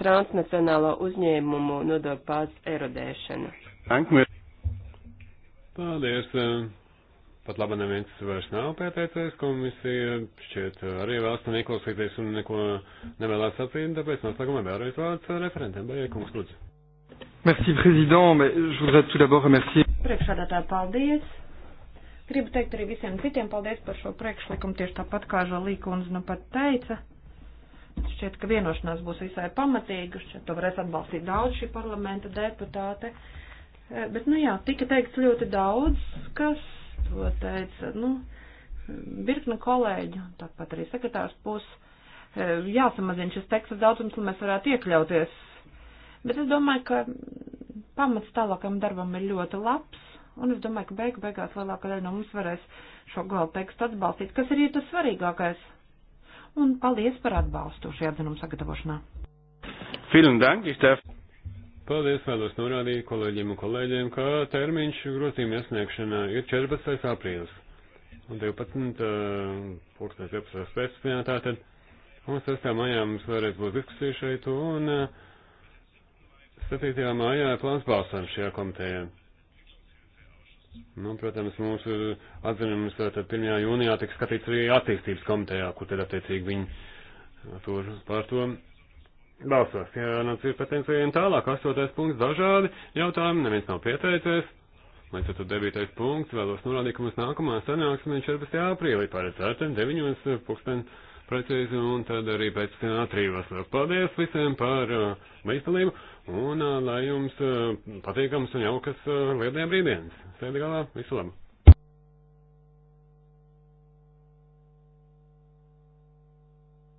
transnacionālo uzņēmumu nodokļu bāzes erodēšana. Paldies! Uh, pat labi neviens vairs nav pieteicies, komisija šķiet uh, arī vēlas tam ieklausīties un neko nevēlas sacīt, tāpēc noslēgumā vēlreiz vārds uh, referentiem. Baigie kungs, lūdzu. Merci, Président. Je voudrais tout d'abord remercier. Priekšādātāji, paldies. Gribu teikt arī visiem citiem paldies par šo priekšlikumu, tieši tāpat kā Žalīka un nu pat teica. Šķiet, ka vienošanās būs visai pamatīga, šķiet, to varēs atbalstīt daudz šī parlamenta deputāte. Eh, bet, nu jā, tika teikts ļoti daudz, kas to teica, nu, virkni kolēģi, tāpat arī sekretārs būs eh, jāsamazina šis teksta daudzums, lai mēs varētu iekļauties Bet es domāju, ka pamats tālākam darbam ir ļoti labs, un es domāju, ka beigu beigās lielākā daļa no mums varēs šo galu tekstu atbalstīt, kas arī ir tas svarīgākais. Un paldies par atbalstu šajā atzinuma sagatavošanā. Vielen Dank, ich darf. Paldies, vēlos norādīt kolēģiem un kolēģiem, ka termiņš grozījuma iesniegšanā ir 14. aprīlis un 12. pulkstens 12. pēcpusdienā tātad. Un 6. maijā mums vēlreiz būs diskusija šeit un uh, 7. mājā ir plāns balsojums šajā komitejā. Nu, protams, mūsu atzinums 1. jūnijā tiks skatīts arī attīstības komitejā, kur tad attiecīgi viņi tur pār to balsos. Jā, nāc nu, ir patencijiem tālāk, 8. punkts dažādi jautājumi, neviens nav pieteicies. Līdz ar to 9. punkts vēlos norādīt, ka mums nākamā sanāksme 14. aprīlī paredzēta 9. pulksten precīzi un tad arī pēc 3. Paldies visiem par uh, līdzdalību. Un eh, lai jums eh, patīkams un jaukas eh, lieldienu brīvdienas. Sēdi galā, visu labu!